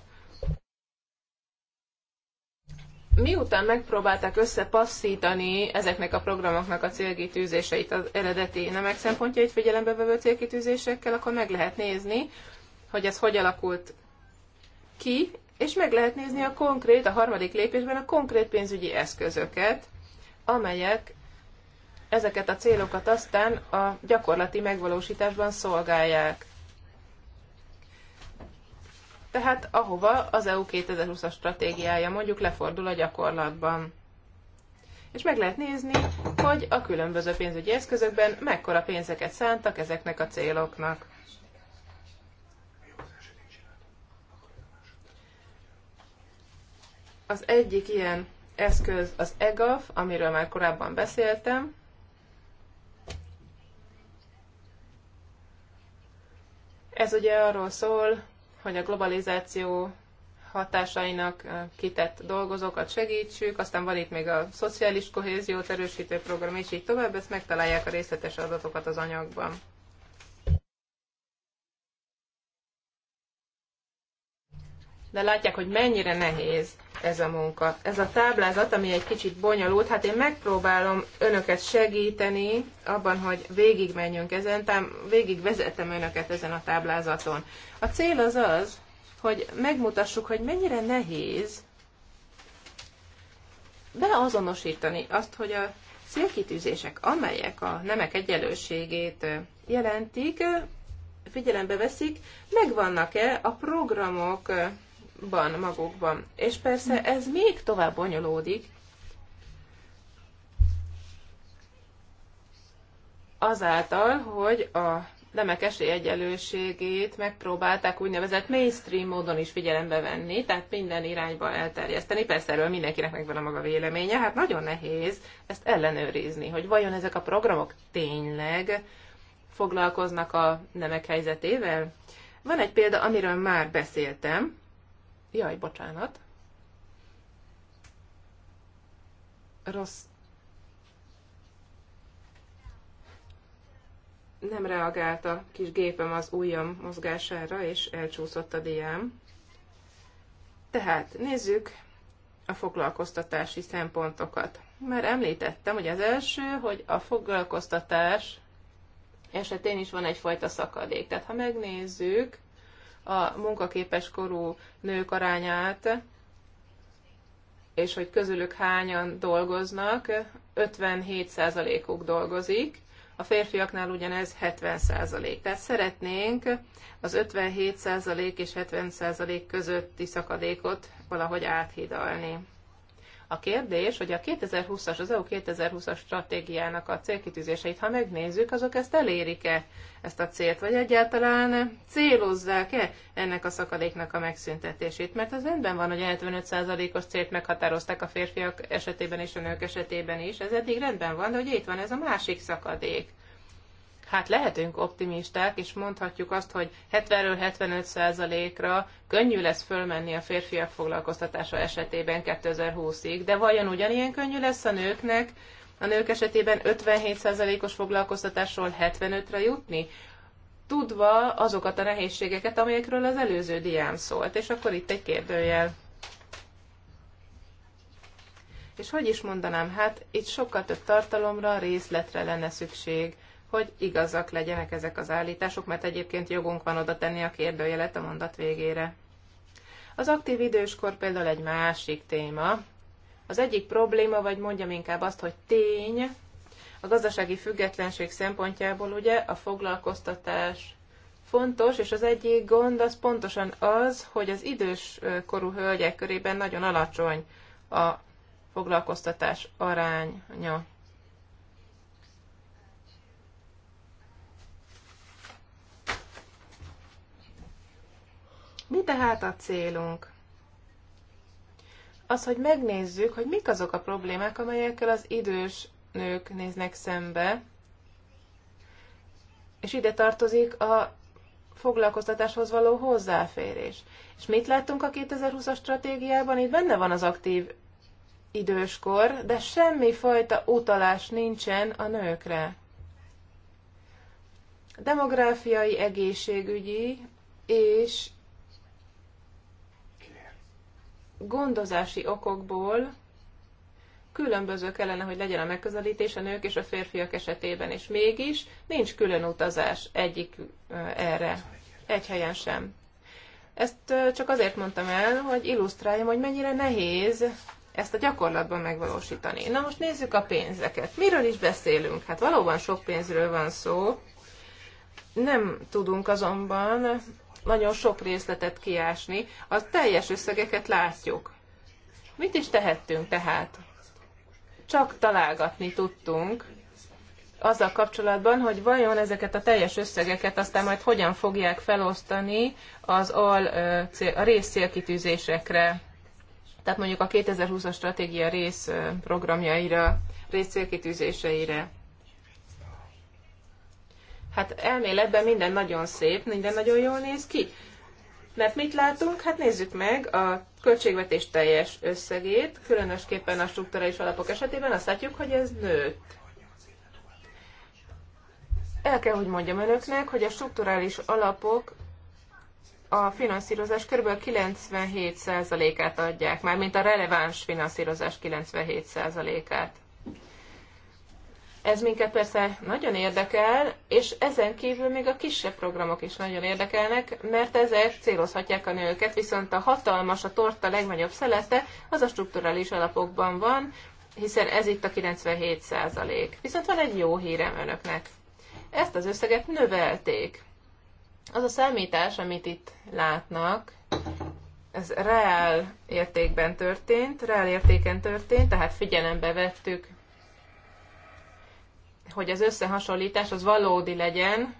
Miután megpróbálták összepasszítani ezeknek a programoknak a célkitűzéseit az eredeti nemek szempontjait figyelembe vevő célkitűzésekkel, akkor meg lehet nézni, hogy ez hogy alakult ki, és meg lehet nézni a konkrét, a harmadik lépésben a konkrét pénzügyi eszközöket, amelyek ezeket a célokat aztán a gyakorlati megvalósításban szolgálják. Tehát ahova az EU 2020-as stratégiája mondjuk lefordul a gyakorlatban. És meg lehet nézni, hogy a különböző pénzügyi eszközökben mekkora pénzeket szántak ezeknek a céloknak. Az egyik ilyen eszköz az EGAF, amiről már korábban beszéltem, Ez ugye arról szól, hogy a globalizáció hatásainak kitett dolgozókat segítsük, aztán van itt még a szociális kohéziót erősítő program, és így tovább, ezt megtalálják a részletes adatokat az anyagban. De látják, hogy mennyire nehéz ez a munka. Ez a táblázat, ami egy kicsit bonyolult, hát én megpróbálom önöket segíteni abban, hogy végigmenjünk ezen, tám, vezetem önöket ezen a táblázaton. A cél az az, hogy megmutassuk, hogy mennyire nehéz beazonosítani azt, hogy a célkitűzések, amelyek a nemek egyenlőségét jelentik, figyelembe veszik, megvannak-e a programok magukban, magukban. És persze ez még tovább bonyolódik, azáltal, hogy a nemek esélyegyelőségét megpróbálták úgynevezett mainstream módon is figyelembe venni, tehát minden irányba elterjeszteni. Persze erről mindenkinek megvan a maga véleménye, hát nagyon nehéz ezt ellenőrizni, hogy vajon ezek a programok tényleg foglalkoznak a nemek helyzetével. Van egy példa, amiről már beszéltem, Jaj, bocsánat. Rossz. Nem reagált a kis gépem az ujjam mozgására, és elcsúszott a diám. Tehát nézzük a foglalkoztatási szempontokat. Már említettem, hogy az első, hogy a foglalkoztatás esetén is van egyfajta szakadék. Tehát ha megnézzük, a munkaképes korú nők arányát, és hogy közülük hányan dolgoznak, 57%-uk dolgozik, a férfiaknál ugyanez 70%. Tehát szeretnénk az 57% és 70% közötti szakadékot valahogy áthidalni. A kérdés, hogy a 2020-as, az EU 2020-as stratégiának a célkitűzéseit, ha megnézzük, azok ezt elérik-e, ezt a célt, vagy egyáltalán célozzák-e ennek a szakadéknak a megszüntetését? Mert az rendben van, hogy 75%-os célt meghatározták a férfiak esetében és a nők esetében is, ez eddig rendben van, de hogy itt van ez a másik szakadék hát lehetünk optimisták, és mondhatjuk azt, hogy 70-ről 75%-ra könnyű lesz fölmenni a férfiak foglalkoztatása esetében 2020-ig, de vajon ugyanilyen könnyű lesz a nőknek a nők esetében 57%-os foglalkoztatásról 75-re jutni? tudva azokat a nehézségeket, amelyekről az előző diám szólt. És akkor itt egy kérdőjel. És hogy is mondanám, hát itt sokkal több tartalomra, részletre lenne szükség hogy igazak legyenek ezek az állítások, mert egyébként jogunk van oda tenni a kérdőjelet a mondat végére. Az aktív időskor például egy másik téma. Az egyik probléma, vagy mondjam inkább azt, hogy tény, a gazdasági függetlenség szempontjából ugye a foglalkoztatás fontos, és az egyik gond az pontosan az, hogy az idős korú hölgyek körében nagyon alacsony a foglalkoztatás aránya. Mi tehát a célunk? Az, hogy megnézzük, hogy mik azok a problémák, amelyekkel az idős nők néznek szembe, és ide tartozik a foglalkoztatáshoz való hozzáférés. És mit láttunk a 2020-as stratégiában? Itt benne van az aktív időskor, de semmi fajta utalás nincsen a nőkre. Demográfiai, egészségügyi és Gondozási okokból különböző kellene, hogy legyen a megközelítés a nők és a férfiak esetében, és mégis nincs külön utazás egyik erre, egy helyen sem. Ezt csak azért mondtam el, hogy illusztráljam, hogy mennyire nehéz ezt a gyakorlatban megvalósítani. Na most nézzük a pénzeket. Miről is beszélünk? Hát valóban sok pénzről van szó. Nem tudunk azonban nagyon sok részletet kiásni, a teljes összegeket látjuk. Mit is tehettünk tehát? Csak találgatni tudtunk azzal kapcsolatban, hogy vajon ezeket a teljes összegeket aztán majd hogyan fogják felosztani az al, a rész célkitűzésekre, tehát mondjuk a 2020-as stratégia rész programjaira, rész célkitűzéseire. Hát elméletben minden nagyon szép, minden nagyon jól néz ki. Mert mit látunk? Hát nézzük meg a költségvetés teljes összegét, különösképpen a struktúrális alapok esetében azt látjuk, hogy ez nőtt. El kell, hogy mondjam önöknek, hogy a strukturális alapok a finanszírozás kb. 97%-át adják, mármint a releváns finanszírozás 97%-át. Ez minket persze nagyon érdekel, és ezen kívül még a kisebb programok is nagyon érdekelnek, mert ezek célozhatják a nőket, viszont a hatalmas, a torta legnagyobb szelete az a strukturális alapokban van, hiszen ez itt a 97 százalék. Viszont van egy jó hírem önöknek. Ezt az összeget növelték. Az a számítás, amit itt látnak, ez reál értékben történt, reál értéken történt, tehát figyelembe vettük hogy az összehasonlítás az valódi legyen,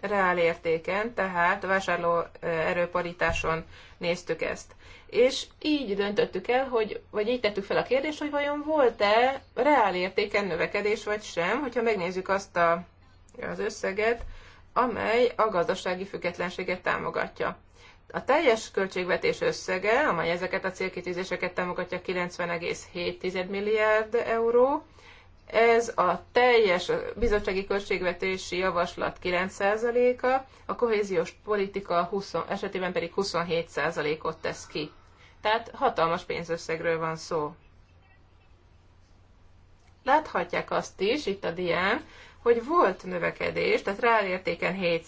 reál értéken, tehát vásárló erőparításon néztük ezt. És így döntöttük el, hogy, vagy így tettük fel a kérdést, hogy vajon volt-e reál értéken növekedés, vagy sem, hogyha megnézzük azt a, az összeget, amely a gazdasági függetlenséget támogatja. A teljes költségvetés összege, amely ezeket a célkitűzéseket támogatja, 90,7 milliárd euró, ez a teljes bizottsági költségvetési javaslat 9%-a, a kohéziós politika 20, esetében pedig 27%-ot tesz ki. Tehát hatalmas pénzösszegről van szó. Láthatják azt is itt a dián, hogy volt növekedés, tehát ráértéken 7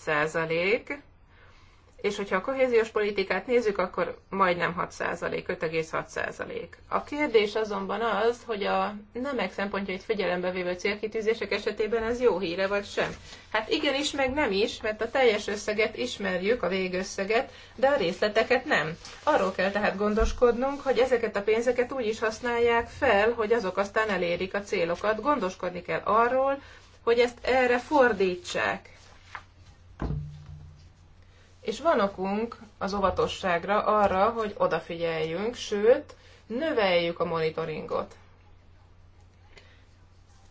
és hogyha a kohéziós politikát nézzük, akkor majdnem 6 százalék, 5,6 százalék. A kérdés azonban az, hogy a nemek szempontjait figyelembe vévő célkitűzések esetében ez jó híre, vagy sem. Hát igenis, meg nem is, mert a teljes összeget ismerjük, a végösszeget, de a részleteket nem. Arról kell tehát gondoskodnunk, hogy ezeket a pénzeket úgy is használják fel, hogy azok aztán elérik a célokat. Gondoskodni kell arról, hogy ezt erre fordítsák és van okunk az óvatosságra arra, hogy odafigyeljünk, sőt, növeljük a monitoringot.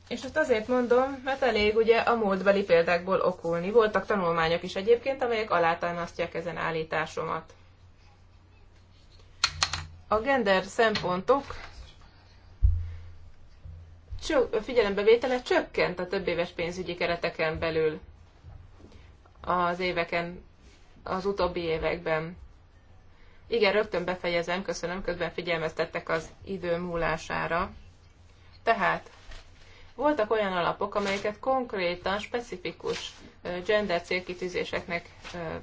És ezt azért mondom, mert elég ugye a múltbeli példákból okulni. Voltak tanulmányok is egyébként, amelyek alátámasztják ezen állításomat. A gender szempontok figyelembevétele csökkent a több éves pénzügyi kereteken belül az éveken az utóbbi években. Igen, rögtön befejezem, köszönöm, közben figyelmeztettek az idő múlására. Tehát voltak olyan alapok, amelyeket konkrétan, specifikus gender célkitűzéseknek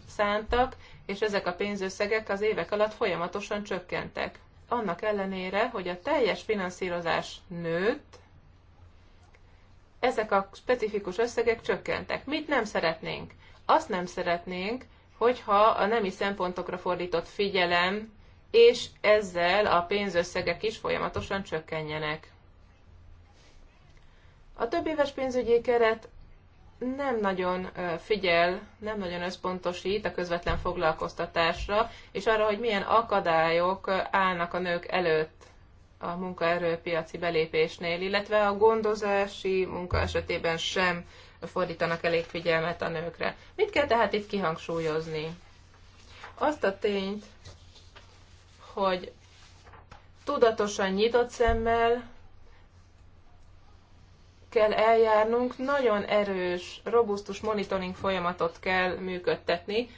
szántak, és ezek a pénzösszegek az évek alatt folyamatosan csökkentek. Annak ellenére, hogy a teljes finanszírozás nőtt, ezek a specifikus összegek csökkentek. Mit nem szeretnénk? Azt nem szeretnénk, hogyha a nemi szempontokra fordított figyelem, és ezzel a pénzösszegek is folyamatosan csökkenjenek. A több éves pénzügyi keret nem nagyon figyel, nem nagyon összpontosít a közvetlen foglalkoztatásra, és arra, hogy milyen akadályok állnak a nők előtt a munkaerőpiaci belépésnél, illetve a gondozási munka esetében sem fordítanak elég figyelmet a nőkre. Mit kell tehát itt kihangsúlyozni? Azt a tényt, hogy tudatosan nyitott szemmel kell eljárnunk, nagyon erős, robusztus monitoring folyamatot kell működtetni,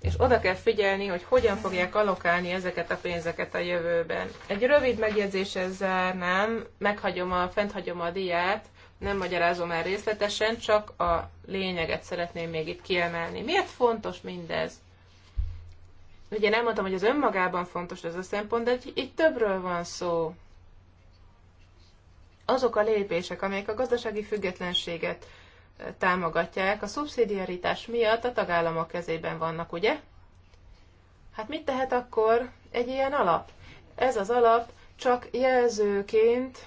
és oda kell figyelni, hogy hogyan fogják alokálni ezeket a pénzeket a jövőben. Egy rövid megjegyzéssel zárnám, meghagyom a, hagyom a diát, nem magyarázom el részletesen, csak a lényeget szeretném még itt kiemelni. Miért fontos mindez? Ugye nem mondtam, hogy az önmagában fontos ez a szempont, de itt többről van szó. Azok a lépések, amelyek a gazdasági függetlenséget támogatják, a szubszidiaritás miatt a tagállamok kezében vannak, ugye? Hát mit tehet akkor egy ilyen alap? Ez az alap csak jelzőként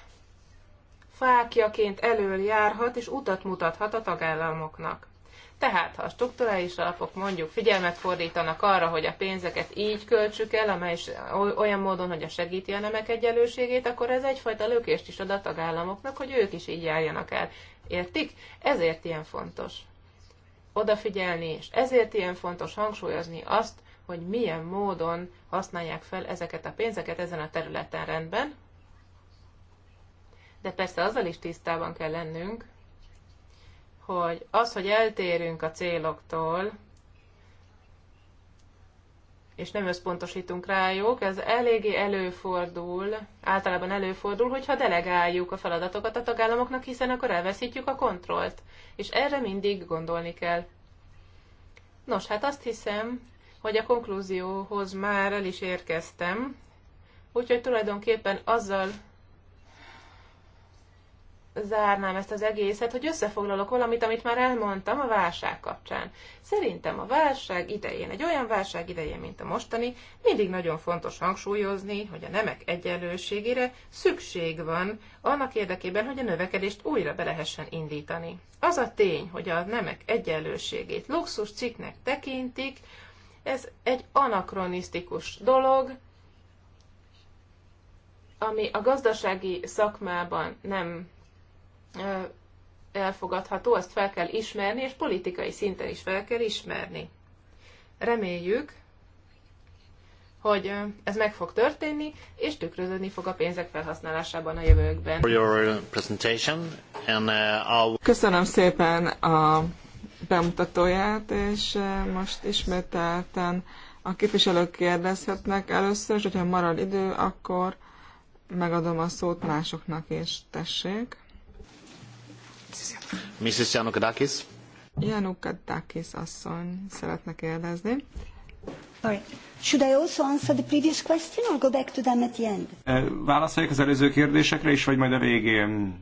fákjaként elől járhat és utat mutathat a tagállamoknak. Tehát, ha a strukturális alapok mondjuk figyelmet fordítanak arra, hogy a pénzeket így költsük el, amely olyan módon, hogy a segíti a nemek egyenlőségét, akkor ez egyfajta lökést is ad a tagállamoknak, hogy ők is így járjanak el. Értik? Ezért ilyen fontos odafigyelni, és ezért ilyen fontos hangsúlyozni azt, hogy milyen módon használják fel ezeket a pénzeket ezen a területen rendben de persze azzal is tisztában kell lennünk, hogy az, hogy eltérünk a céloktól, és nem összpontosítunk rájuk, ez eléggé előfordul, általában előfordul, hogyha delegáljuk a feladatokat a tagállamoknak, hiszen akkor elveszítjük a kontrollt. És erre mindig gondolni kell. Nos, hát azt hiszem, hogy a konklúzióhoz már el is érkeztem, úgyhogy tulajdonképpen azzal zárnám ezt az egészet, hogy összefoglalok valamit, amit már elmondtam a válság kapcsán. Szerintem a válság idején, egy olyan válság idején, mint a mostani, mindig nagyon fontos hangsúlyozni, hogy a nemek egyenlőségére szükség van annak érdekében, hogy a növekedést újra be lehessen indítani. Az a tény, hogy a nemek egyenlőségét luxus cikknek tekintik, ez egy anakronisztikus dolog, ami a gazdasági szakmában nem elfogadható, azt fel kell ismerni, és politikai szinten is fel kell ismerni. Reméljük, hogy ez meg fog történni, és tükröződni fog a pénzek felhasználásában a jövőkben. Uh, uh, Köszönöm szépen a bemutatóját, és most ismételten a képviselők kérdezhetnek először, és hogyha marad idő, akkor megadom a szót másoknak, és tessék. Mrs. Janukadakis. Janukadakis asszony szeretne kérdezni. Sorry. Should I also answer the previous question or go back to them at the end? Eh, válaszoljak az előző kérdésekre is, vagy majd a végén?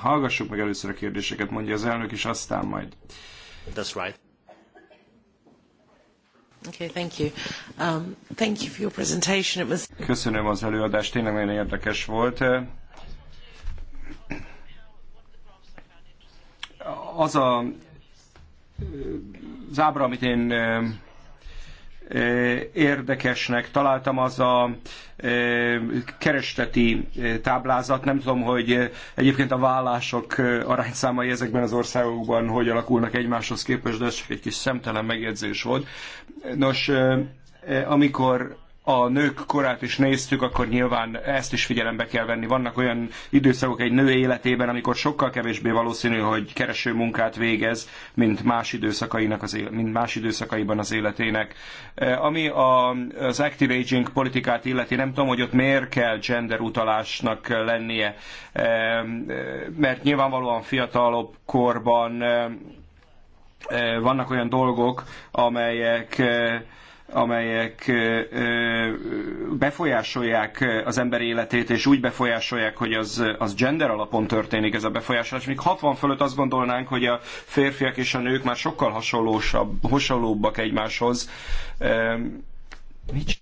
Hallgassuk meg először a kérdéseket, mondja az elnök, és aztán majd. That's right. Okay, thank you. Um, thank you for your presentation. It was... Köszönöm az előadást, tényleg nagyon érdekes volt. Eh, az a zábra, amit én érdekesnek találtam, az a keresteti táblázat. Nem tudom, hogy egyébként a vállások arányszámai ezekben az országokban hogy alakulnak egymáshoz képest, de ez csak egy kis szemtelen megjegyzés volt. Nos, amikor a nők korát is néztük, akkor nyilván ezt is figyelembe kell venni. Vannak olyan időszakok egy nő életében, amikor sokkal kevésbé valószínű, hogy kereső munkát végez, mint más, időszakainak az élet, mint más időszakaiban az életének. E, ami a, az active aging politikát illeti, nem tudom, hogy ott miért kell gender utalásnak lennie, e, e, mert nyilvánvalóan fiatalabb korban vannak olyan dolgok, amelyek amelyek befolyásolják az ember életét, és úgy befolyásolják, hogy az, az gender alapon történik ez a befolyásolás. Még 60 fölött azt gondolnánk, hogy a férfiak és a nők már sokkal hasonlósabb, hasonlóbbak egymáshoz. Nincs.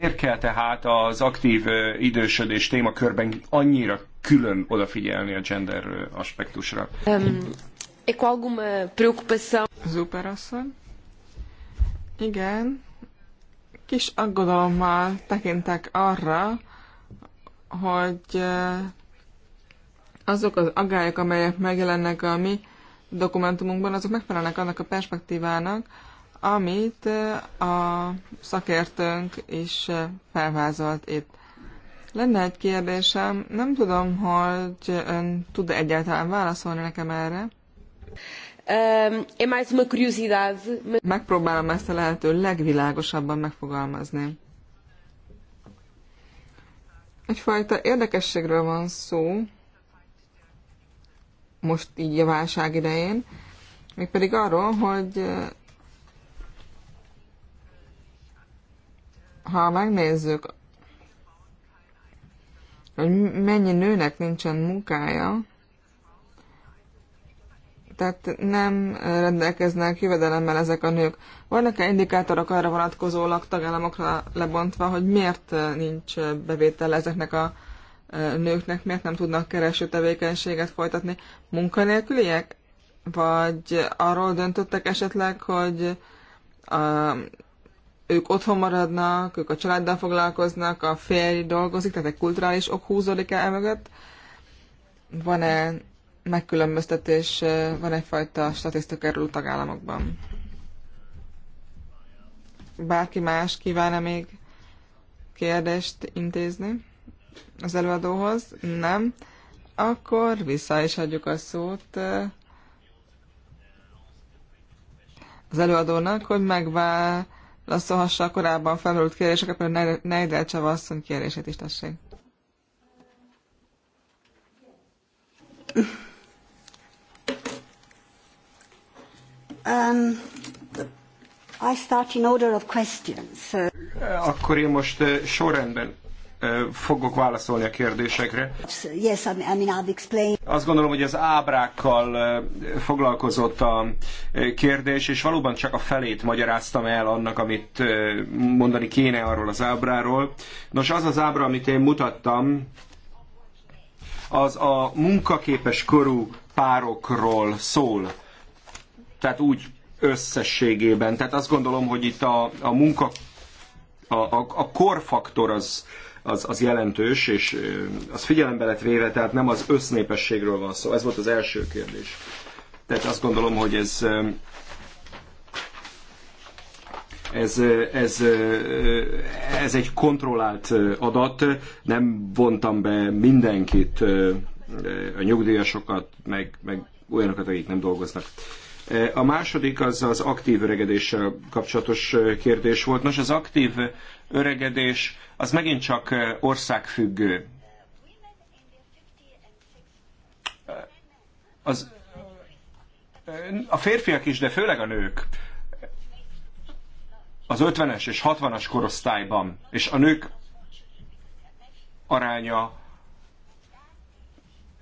Miért kell tehát az aktív idősödés témakörben annyira külön odafigyelni a gender aspektusra? Um, é com alguma preocupação. Zuper asszony. Igen, kis aggodalommal tekintek arra, hogy eh, azok az aggályok, amelyek megjelennek a mi dokumentumunkban, azok megfelelnek annak a perspektívának, amit eh, a szakértőnk is eh, felvázolt itt. Lenne egy kérdésem, nem tudom, hogy ön tud -e egyáltalán válaszolni nekem erre. Ehm, é mais uma curiosidade. Megpróbálom ezt a lehető legvilágosabban megfogalmazni. Egyfajta érdekességről van szó, most így a válság idején, mégpedig arról, hogy eh, ha megnézzük, hogy mennyi nőnek nincsen munkája, tehát nem rendelkeznek jövedelemmel ezek a nők. Vannak-e indikátorok arra vonatkozólag tagállamokra lebontva, hogy miért nincs bevétel ezeknek a nőknek, miért nem tudnak kereső tevékenységet folytatni? Munkanélküliek? Vagy arról döntöttek esetleg, hogy a, ők otthon maradnak, ők a családdal foglalkoznak, a férj dolgozik, tehát egy kulturális ok húzódik el mögött? Van-e megkülönböztetés, van egyfajta statisztika erről tagállamokban. Bárki más kívánna még kérdést intézni az előadóhoz? Nem. Akkor vissza is adjuk a szót az előadónak, hogy megválaszolhassa a korábban felmerült kérdéseket, például Neidel Csava asszony kérését is tessék. Um, I start in order of questions. Eh, akkor én most eh, sorrendben eh, fogok válaszolni a kérdésekre. Yes, I mean, I've explained. Azt gondolom, hogy az ábrákkal foglalkozott a kérdés, és valóban csak a felét magyaráztam el annak, amit mondani kéne arról az ábráról. Nos, az az ábra, amit én mutattam, az a munkaképes korú párokról szól tehát úgy összességében. Tehát azt gondolom, hogy itt a, a munka, a, a, a korfaktor az, az, az jelentős, és az figyelembe lett véve, tehát nem az össznépességről van szó. Ez volt az első kérdés. Tehát azt gondolom, hogy ez ez, ez, ez egy kontrollált adat, nem vontam be mindenkit, a nyugdíjasokat, meg, meg olyanokat, akik nem dolgoznak. A második az az aktív öregedéssel kapcsolatos kérdés volt. Nos, az aktív öregedés az megint csak országfüggő. Az, a férfiak is, de főleg a nők az 50-es és 60-as korosztályban, és a nők aránya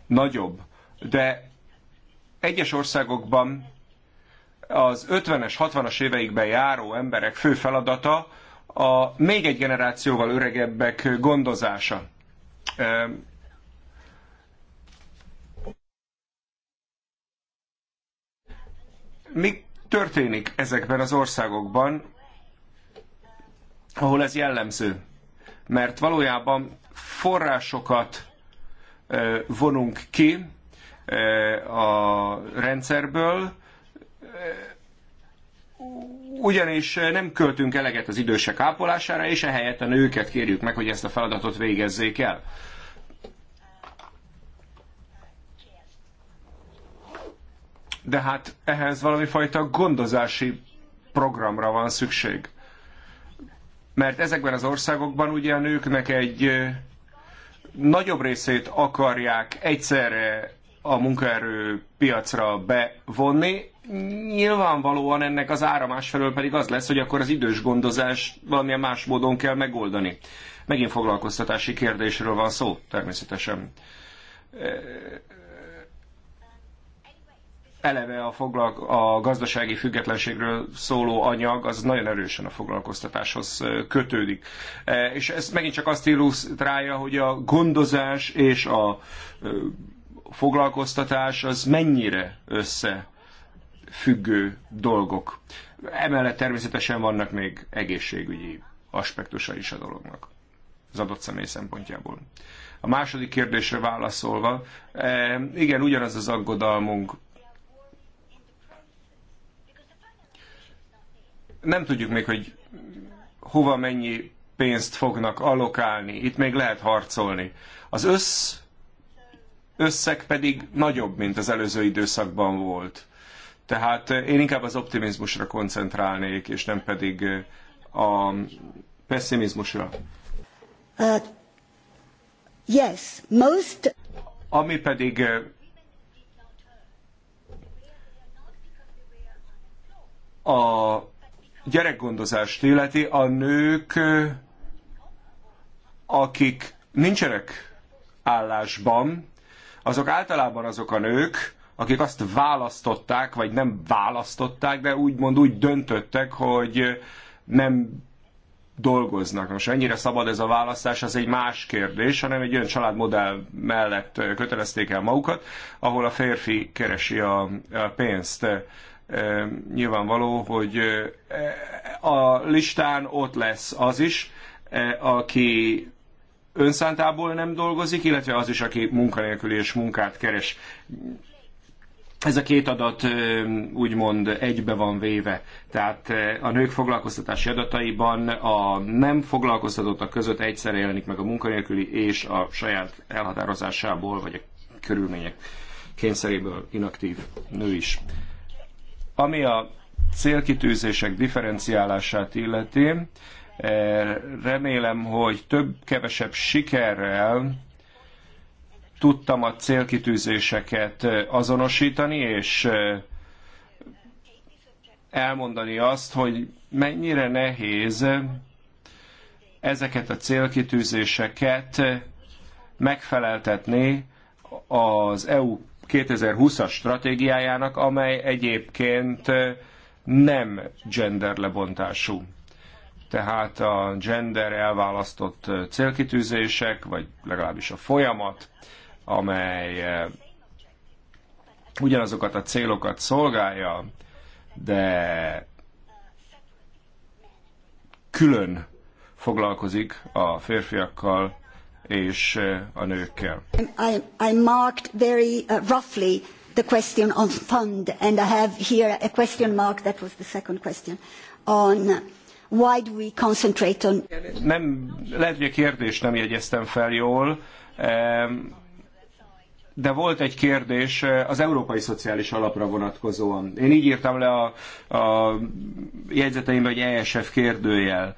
nagyobb, de egyes országokban az 50-es, 60-as éveikben járó emberek fő feladata a még egy generációval öregebbek gondozása. Mi történik ezekben az országokban, ahol ez jellemző? Mert valójában forrásokat vonunk ki a rendszerből, ugyanis eh, nem költünk eleget az idősek ápolására, és ehelyett a nőket kérjük meg, hogy ezt a feladatot végezzék el. De hát ehhez valami fajta gondozási programra van szükség. Mert ezekben az országokban ugye a nőknek egy eh, nagyobb részét akarják egyszerre a munkaerő piacra bevonni. Nyilvánvalóan ennek az ára másfelől pedig az lesz, hogy akkor az idős gondozás valamilyen más módon kell megoldani. Megint foglalkoztatási kérdésről van szó, természetesen. Eleve a, foglalk- a gazdasági függetlenségről szóló anyag az nagyon erősen a foglalkoztatáshoz kötődik. E, és ez megint csak azt illusztrálja, hogy a gondozás és a foglalkoztatás az mennyire összefüggő dolgok. Emellett természetesen vannak még egészségügyi aspektusa is a dolognak az adott személy szempontjából. A második kérdésre válaszolva, e, igen, ugyanaz az aggodalmunk. Nem tudjuk még, hogy hova mennyi pénzt fognak alokálni. Itt még lehet harcolni. Az össz összeg pedig nagyobb, mint az előző időszakban volt. Tehát eh, én inkább az optimizmusra koncentrálnék, és nem pedig eh, a pessimizmusra. Uh, yes, most... Ami pedig eh, a gyerekgondozást illeti, a nők, akik nincsenek állásban, azok általában azok a nők, akik azt választották, vagy nem választották, de úgymond úgy döntöttek, hogy nem dolgoznak. Most ennyire szabad ez a választás, az egy más kérdés, hanem egy olyan családmodell mellett kötelezték el magukat, ahol a férfi keresi a, pénzt. E, e, nyilvánvaló, hogy e, a listán ott lesz az is, aki önszántából nem dolgozik, illetve az is, aki munkanélkül és munkát keres. Ez a két adat úgymond egybe van véve. Tehát a nők foglalkoztatási adataiban a nem foglalkoztatottak között egyszerre jelenik meg a munkanélküli és a saját elhatározásából, vagy a körülmények kényszeréből inaktív nő is. Ami a célkitűzések differenciálását illeti, Eh, remélem, hogy több-kevesebb sikerrel tudtam a célkitűzéseket eh, azonosítani, és eh, elmondani azt, hogy mennyire nehéz ezeket a célkitűzéseket megfeleltetni az EU 2020-as stratégiájának, amely egyébként nem genderlebontású tehát a gender elválasztott célkitűzések, vagy legalábbis a folyamat, amely eh, ugyanazokat a célokat szolgálja, de külön foglalkozik a férfiakkal és eh, a nőkkel. I, I marked very uh, roughly the question on fund, and I have here a question mark, that was the second question, on why do we concentrate on... Nem, lehet, hogy a kérdést nem jegyeztem fel jól, de volt egy kérdés eh, az Európai Szociális Alapra vonatkozóan. Én így írtam le a, a jegyzeteimbe, hogy ESF kérdőjel.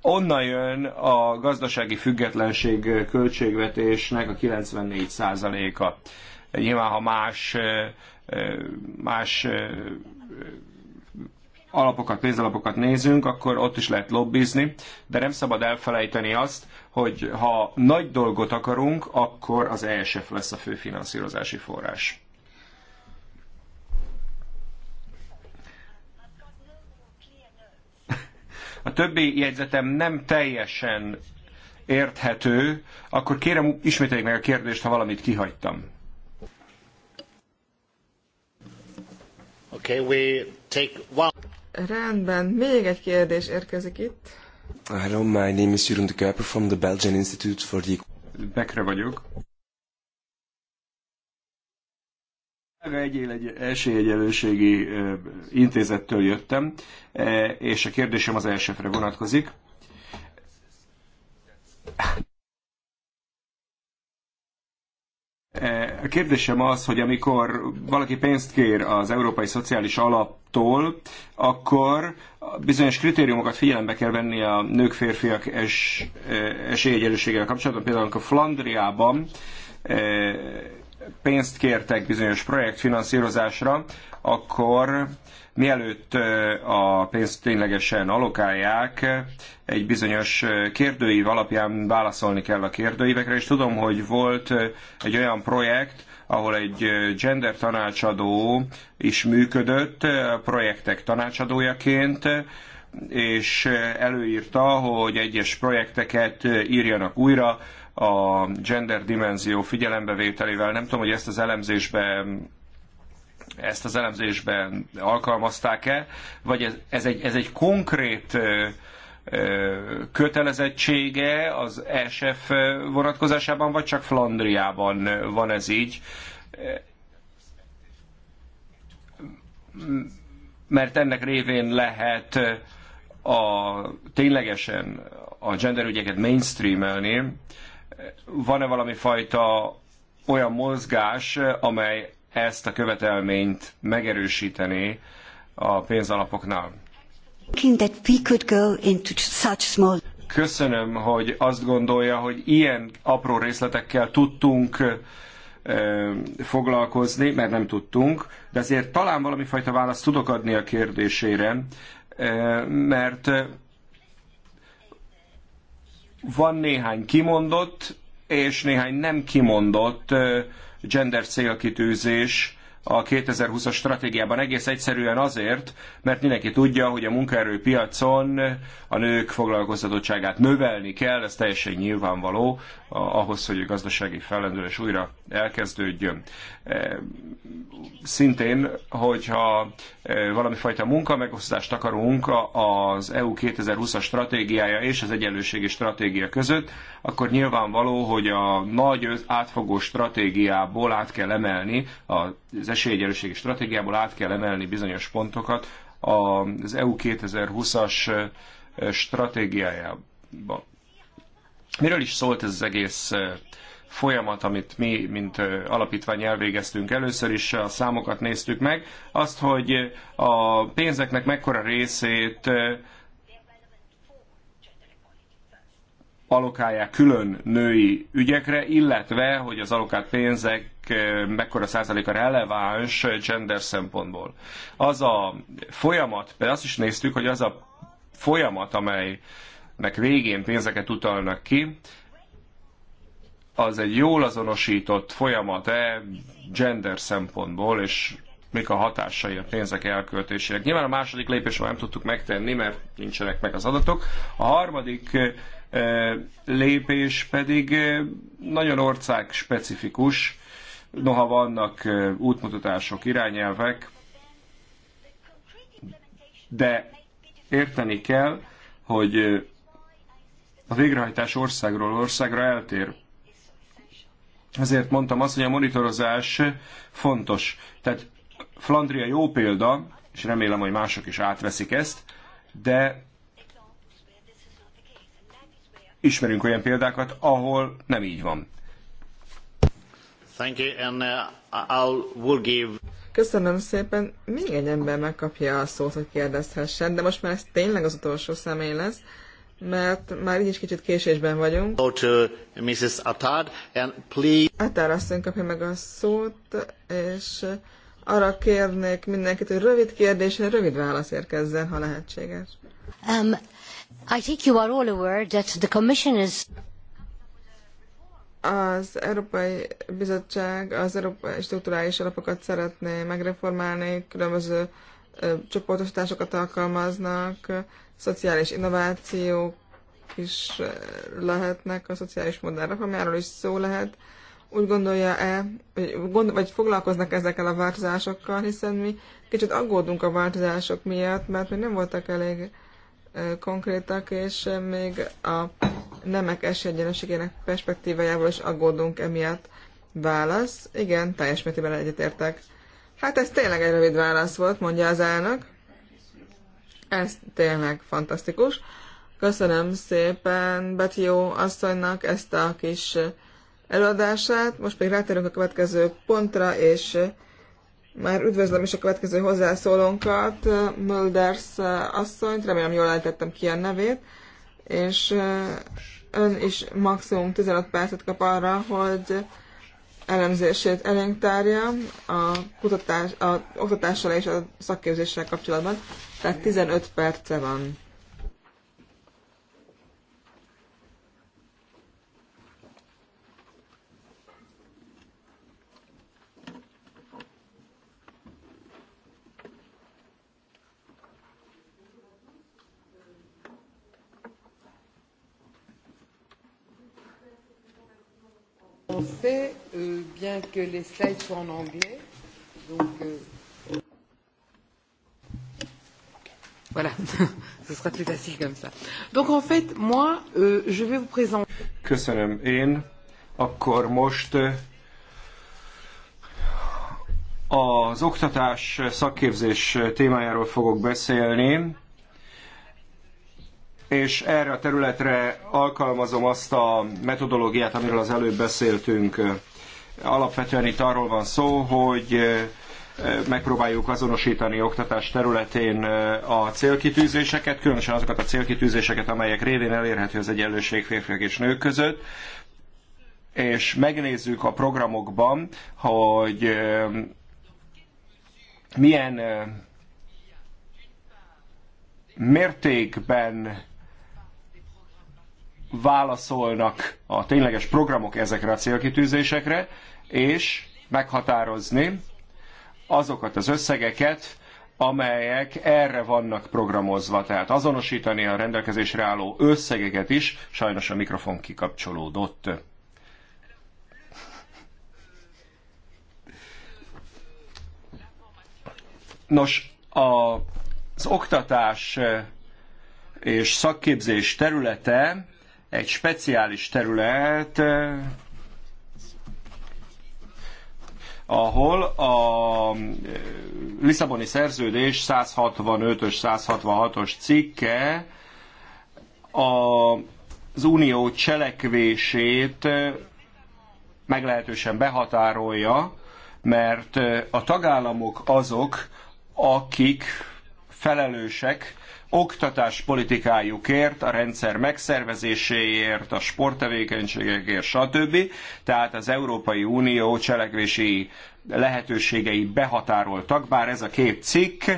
Onnan jön a gazdasági függetlenség költségvetésnek a 94%-a. Nyilván, ha más, eh, eh, más alapokat, pénzalapokat nézünk, akkor ott is lehet lobbizni, de nem szabad elfelejteni azt, hogy ha nagy dolgot akarunk, akkor az ESF lesz a fő finanszírozási forrás. A többi jegyzetem nem teljesen érthető, akkor kérem ismételjék meg a kérdést, ha valamit kihagytam. Okay, we take one. Rendben, még egy kérdés érkezik itt. Hello, my name is Jürgen de Kuiper from the Belgian Institute for the... Bekre vagyok. Egy esélyegyelőségi intézettől jöttem, e, és a kérdésem az elsőfre vonatkozik. A kérdésem az, hogy amikor valaki pénzt kér az Európai Szociális Alaptól, akkor bizonyos kritériumokat figyelembe kell venni a nők-férfiak es, eh, esélyegyenlőségével kapcsolatban. Például a Flandriában eh, pénzt kértek bizonyos projektfinanszírozásra, akkor mielőtt a pénzt ténylegesen alokálják, egy bizonyos kérdőív alapján válaszolni kell a kérdőívekre, és tudom, hogy volt egy olyan projekt, ahol egy gender tanácsadó is működött, projektek tanácsadójaként, és előírta, hogy egyes projekteket írjanak újra, a gender dimenzió figyelembevételével. Nem tudom, hogy ezt az elemzésben ezt az elemzésben alkalmazták-e, vagy ez, ez, egy, ez egy konkrét kötelezettsége az e SF vonatkozásában, vagy csak Flandriában van ez így? Mert ennek révén lehet a, ténylegesen a genderügyeket mainstreamelni, van-e valami fajta olyan mozgás, amely ezt a követelményt megerősítené a pénzalapoknál? Köszönöm, hogy azt gondolja, hogy ilyen apró részletekkel tudtunk foglalkozni, mert nem tudtunk, de azért talán valami fajta választ tudok adni a kérdésére, mert van néhány kimondott és néhány nem kimondott gender célkitűzés a 2020-as stratégiában. Egész egyszerűen azért, mert mindenki tudja, hogy a munkaerőpiacon a nők foglalkoztatottságát növelni kell, ez teljesen nyilvánvaló ahhoz, hogy a gazdasági fellendülés újra elkezdődjön. E, szintén, hogyha e, valami fajta munkamegosztást akarunk az EU 2020-as stratégiája és az egyenlőségi stratégia között, akkor nyilvánvaló, hogy a nagy átfogó stratégiából át kell emelni a az esélyegyenlőségi stratégiából át kell emelni bizonyos pontokat az EU 2020-as stratégiájába. Miről is szólt ez az egész folyamat, amit mi, mint alapítvány elvégeztünk először is, a számokat néztük meg, azt, hogy a pénzeknek mekkora részét alokálják külön női ügyekre, illetve, hogy az alokált pénzek mekkora százaléka releváns gender szempontból. Az a folyamat, azt is néztük, hogy az a folyamat, amelynek végén pénzeket utalnak ki, az egy jól azonosított folyamat-e gender szempontból, és mik a hatásai a pénzek elköltésének. Nyilván a második lépés már nem tudtuk megtenni, mert nincsenek meg az adatok. A harmadik eh, lépés pedig eh, nagyon ország specifikus. Noha vannak útmutatások, irányelvek, de érteni kell, hogy a végrehajtás országról országra eltér. Ezért mondtam azt, hogy a monitorozás fontos. Tehát Flandria jó példa, és remélem, hogy mások is átveszik ezt, de ismerünk olyan példákat, ahol nem így van. Thank you, and uh, I'll will give... Köszönöm szépen. Még egy ember megkapja a szót, hogy kérdezhessen, de most már ez tényleg az utolsó személy lesz, mert már így is kicsit késésben vagyunk. Go to Mrs. Attard, and please... Attard asszony kapja meg a szót, és arra kérnék mindenkit, hogy rövid kérdésre rövid válasz érkezzen, ha lehetséges. Um, I think you are all aware that the Commission is... Az Európai Bizottság az európai strukturális alapokat szeretné megreformálni, különböző csoportosításokat alkalmaznak, szociális innovációk is lehetnek, a szociális modern reformjáról is szó lehet. Úgy gondolja-e, vagy, gond, vagy foglalkoznak ezekkel a változásokkal, hiszen mi kicsit aggódunk a változások miatt, mert még nem voltak elég konkrétak, és még a nemek esélyegyenlőségének perspektívájából is aggódunk emiatt. Válasz? Igen, teljes mértékben egyetértek. Hát ez tényleg egy rövid válasz volt, mondja az elnök. Ez tényleg fantasztikus. Köszönöm szépen Betió asszonynak ezt a kis előadását. Most pedig rátérünk a következő pontra, és már üdvözlöm is a következő hozzászólónkat, Mölders eh, asszonyt, remélem jól eltettem ki a nevét, és eh, ön is maximum 15 percet kap arra, hogy elemzését elénk tárja a, kutatás, a oktatással és a szakképzéssel kapcsolatban, tehát 15 perce van. euh, bien que les slides soient en anglais. Donc, euh, voilà, ce sera plus facile comme ça. Donc en fait, moi, euh, je vais vous présenter. Köszönöm én. Akkor most euh, az oktatás szakképzés témájáról fogok beszélni és erre a területre alkalmazom azt a metodológiát, amiről az előbb beszéltünk. Alapvetően itt arról van szó, hogy megpróbáljuk azonosítani oktatás területén a célkitűzéseket, különösen azokat a célkitűzéseket, amelyek révén elérhető az egyenlőség férfiak és nők között, és megnézzük a programokban, hogy milyen mértékben válaszolnak a tényleges programok ezekre a célkitűzésekre, és meghatározni azokat az összegeket, amelyek erre vannak programozva, tehát azonosítani a rendelkezésre álló összegeket is, sajnos a mikrofon kikapcsolódott. Nos, a, az oktatás és szakképzés területe egy speciális terület, eh, ahol a eh, Lisszaboni szerződés 165-ös, 166-os cikke az unió cselekvését eh, meglehetősen behatárolja, mert a tagállamok azok, akik felelősek oktatáspolitikájukért, a rendszer megszervezéséért, a sporttevékenységekért, stb. Tehát az Európai Unió cselekvési lehetőségei behatároltak, bár ez a két cikk eh,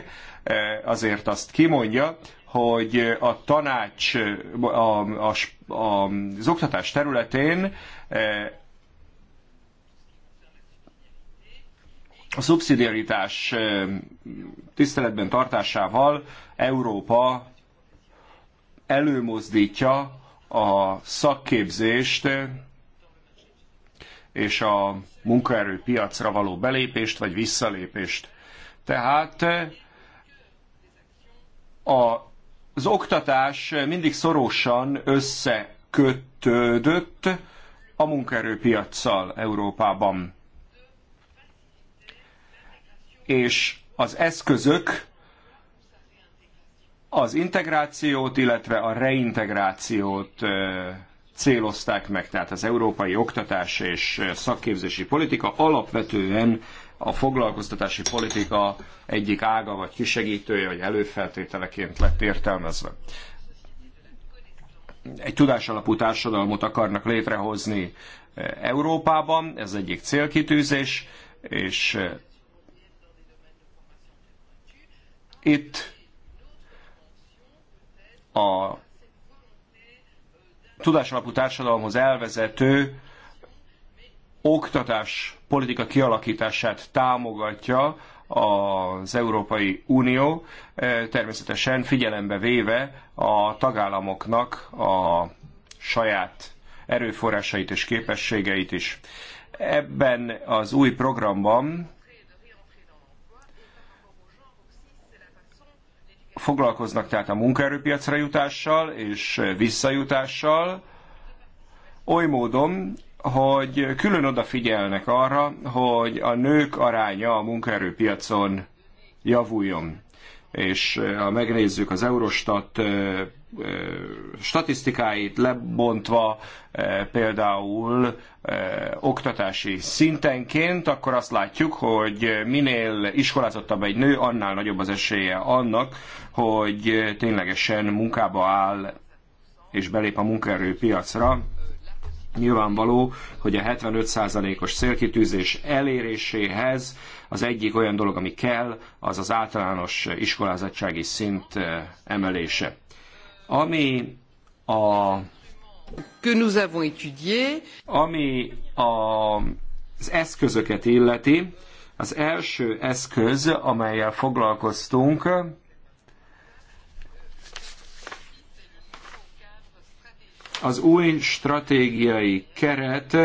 azért azt kimondja, hogy a tanács a, a, a, az oktatás területén eh, a szubszidiaritás tiszteletben tartásával Európa előmozdítja a szakképzést és a munkaerőpiacra való belépést vagy visszalépést. Tehát az oktatás mindig szorosan összekötődött a munkaerőpiacsal Európában és az eszközök az integrációt, illetve a reintegrációt célozták meg, tehát az európai oktatás és szakképzési politika alapvetően a foglalkoztatási politika egyik ága, vagy kisegítője, vagy előfeltételeként lett értelmezve. Egy tudásalapú társadalmat akarnak létrehozni Európában, ez egyik célkitűzés, és Itt a tudásalapú társadalomhoz elvezető oktatás politika kialakítását támogatja az Európai Unió, eh, természetesen figyelembe véve a tagállamoknak a saját erőforrásait és képességeit is. Ebben az új programban foglalkoznak tehát a munkaerőpiacra jutással és visszajutással, oly módon, hogy külön odafigyelnek arra, hogy a nők aránya a munkaerőpiacon javuljon. És eh, ha megnézzük az Eurostat eh, statisztikáit lebontva például oktatási szintenként, akkor azt látjuk, hogy minél iskolázottabb egy nő, annál nagyobb az esélye annak, hogy ténylegesen munkába áll és belép a munkaerőpiacra. Nyilvánvaló, hogy a 75%-os célkitűzés eléréséhez az egyik olyan dolog, ami kell, az az általános iskolázottsági szint emelése. Ami a que nous avons étudié. Ami a, az eszközöket illeti, az első eszköz, amelyel foglalkoztunk, az új stratégiai keret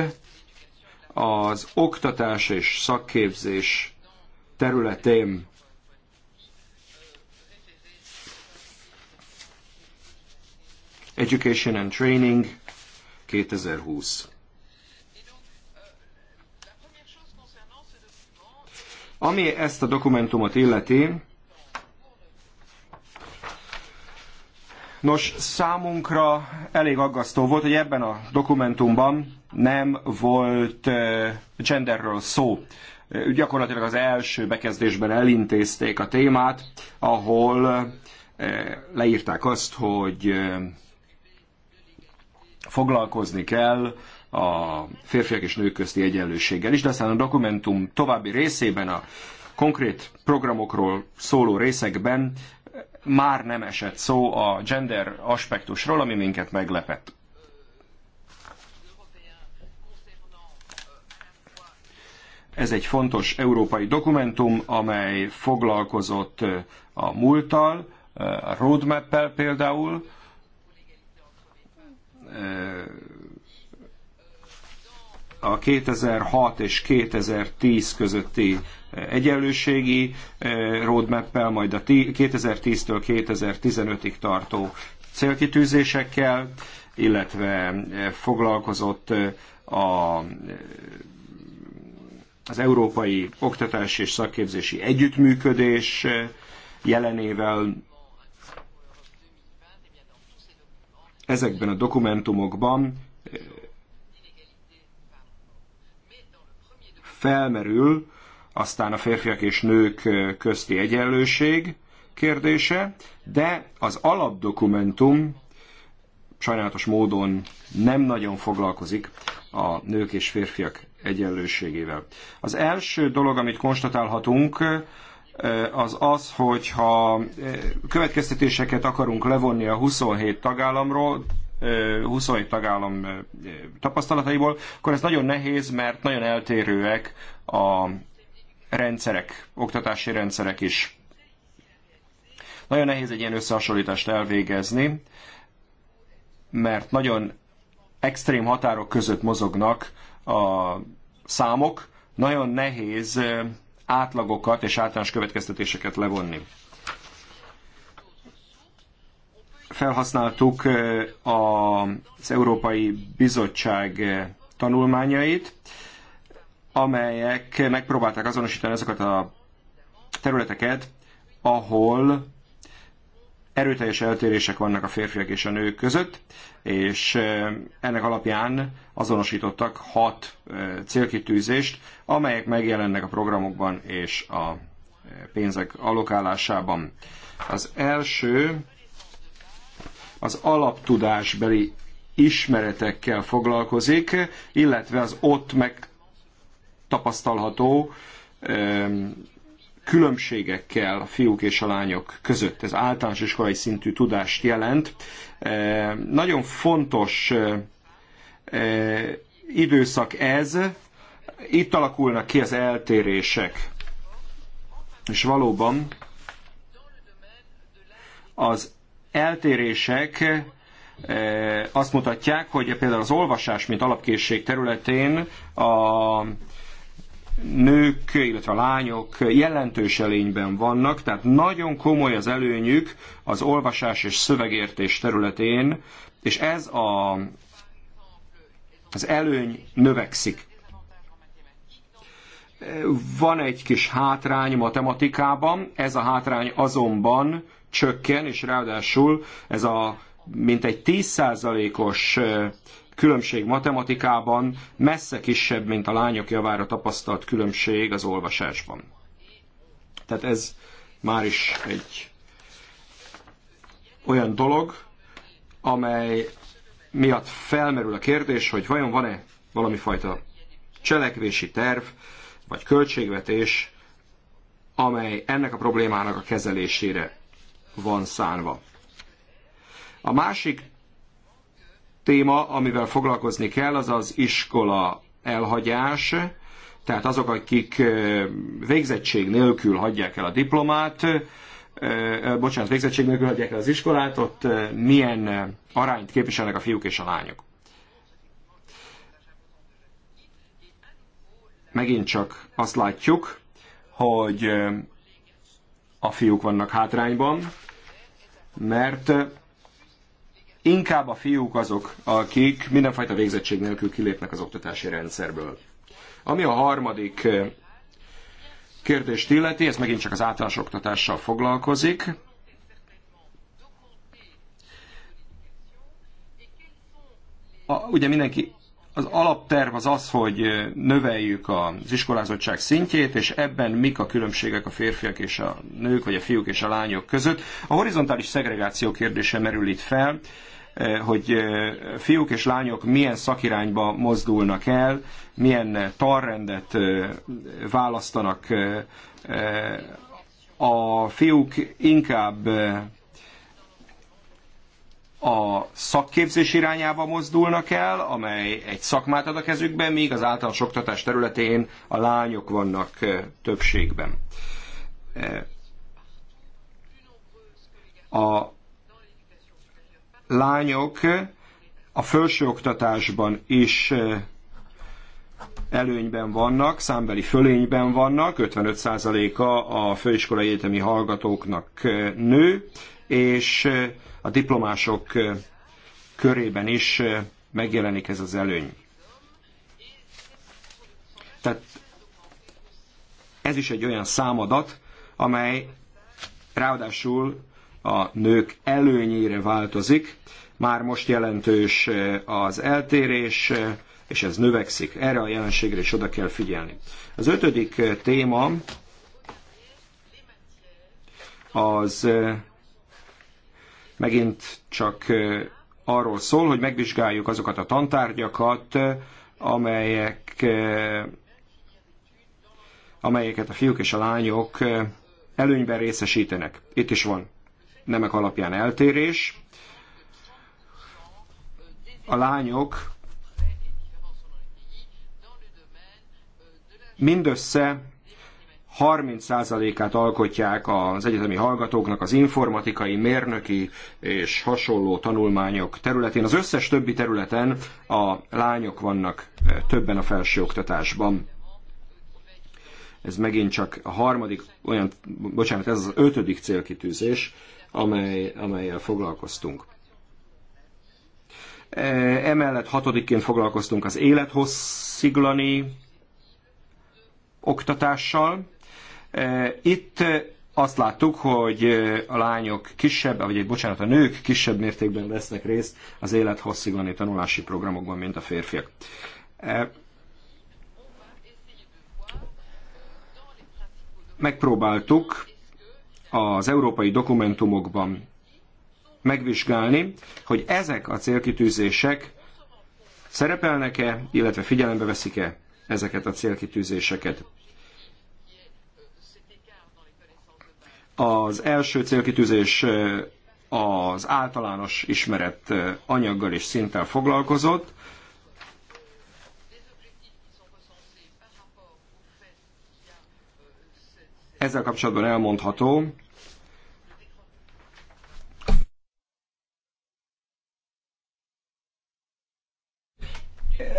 az oktatás és szakképzés területén. Education and Training 2020. Ami ezt a dokumentumot illeti, Nos, számunkra elég aggasztó volt, hogy ebben a dokumentumban nem volt genderről szó. Gyakorlatilag az első bekezdésben elintézték a témát, ahol leírták azt, hogy foglalkozni kell a férfiak és nők közti egyenlőséggel is, de aztán a dokumentum további részében, a konkrét programokról szóló részekben már nem esett szó a gender aspektusról, ami minket meglepett. Ez egy fontos európai dokumentum, amely foglalkozott a múlttal, a roadmap-el például, a 2006 és 2010 közötti egyenlőségi roadmap-el, majd a 2010-től 2015-ig tartó célkitűzésekkel, illetve foglalkozott a, az Európai Oktatási és Szakképzési Együttműködés jelenével, ezekben a dokumentumokban eh, felmerül aztán a férfiak és nők eh, közti egyenlőség kérdése, de az alapdokumentum sajnálatos módon nem nagyon foglalkozik a nők és férfiak egyenlőségével. Az első dolog, amit konstatálhatunk, az az, hogyha következtetéseket akarunk levonni a 27 tagállamról, 27 tagállam tapasztalataiból, akkor ez nagyon nehéz, mert nagyon eltérőek a rendszerek, oktatási rendszerek is. Nagyon nehéz egy ilyen összehasonlítást elvégezni, mert nagyon extrém határok között mozognak a számok, nagyon nehéz átlagokat és általános következtetéseket levonni. Felhasználtuk az Európai Bizottság tanulmányait, amelyek megpróbálták azonosítani azokat a területeket, ahol erőteljes eltérések vannak a férfiak és a nők között, és eh, ennek alapján azonosítottak hat eh, célkitűzést, amelyek megjelennek a programokban és a eh, pénzek alokálásában. Az első az alaptudásbeli ismeretekkel foglalkozik, illetve az ott megtapasztalható különbségekkel a fiúk és a lányok között. Ez általános iskolai szintű tudást jelent. E, nagyon fontos e, e, időszak ez, itt alakulnak ki az eltérések. És valóban az eltérések azt mutatják, hogy például az olvasás, mint alapkészség területén a nők, illetve a lányok jelentős elényben vannak, tehát nagyon komoly az előnyük az olvasás és szövegértés területén, és ez a, az előny növekszik. Van egy kis hátrány matematikában, ez a hátrány azonban csökken, és ráadásul ez a mint egy 10%-os különbség matematikában messze kisebb, mint a lányok javára tapasztalt különbség az olvasásban. Tehát ez már is egy olyan dolog, amely miatt felmerül a kérdés, hogy vajon van-e valami fajta cselekvési terv, vagy költségvetés, amely ennek a problémának a kezelésére van szánva. A másik téma, amivel foglalkozni kell, az az iskola elhagyás, tehát azok, akik végzettség nélkül hagyják el a diplomát, bocsánat, végzettség nélkül hagyják el az iskolát, ott milyen arányt képviselnek a fiúk és a lányok. Megint csak azt látjuk, hogy a fiúk vannak hátrányban, mert inkább a fiúk azok, akik mindenfajta végzettség nélkül kilépnek az oktatási rendszerből. Ami a harmadik eh, kérdést illeti, ez megint csak az általános oktatással foglalkozik. A, ugye mindenki, az alapterv az az, hogy eh, növeljük az iskolázottság szintjét, és ebben mik a különbségek a férfiak és a nők, vagy a fiúk és a lányok között. A horizontális szegregáció kérdése merül itt fel hogy eh, fiúk és lányok milyen szakirányba mozdulnak el, milyen tarrendet eh, választanak. Eh, a fiúk inkább a szakképzés irányába mozdulnak el, amely egy szakmát ad a kezükben, míg az általános oktatás területén a lányok vannak többségben. A lányok a felsőoktatásban is előnyben vannak, számbeli fölényben vannak, 55%-a a főiskolai egyetemi hallgatóknak nő, és a diplomások körében is megjelenik ez az előny. Tehát ez is egy olyan számadat, amely ráadásul a nők előnyére változik. Már most jelentős eh, az eltérés, eh, és ez növekszik. Erre a jelenségre is oda kell figyelni. Az ötödik eh, téma az megint csak arról szól, hogy megvizsgáljuk azokat a tantárgyakat, amelyek, amelyeket a fiúk és a lányok előnyben részesítenek. Itt is van nemek alapján eltérés. A lányok mindössze 30%-át alkotják az egyetemi hallgatóknak az informatikai, mérnöki és hasonló tanulmányok területén. Az összes többi területen a lányok vannak eh, többen a felsőoktatásban. Ez megint csak a harmadik, olyan, bocsánat, ez az ötödik célkitűzés, amely, amelyel foglalkoztunk. E, emellett hatodikként foglalkoztunk az élethossziglani oktatással. E, itt azt láttuk, hogy a lányok kisebb, vagy bocsánat, a nők kisebb mértékben vesznek részt az élethossziglani tanulási programokban, mint a férfiak. E, megpróbáltuk az európai dokumentumokban megvizsgálni, hogy ezek a célkitűzések szerepelnek-e, illetve figyelembe veszik-e ezeket a célkitűzéseket. Az első célkitűzés az általános ismerett anyaggal és szinttel foglalkozott, Ezzel kapcsolatban elmondható,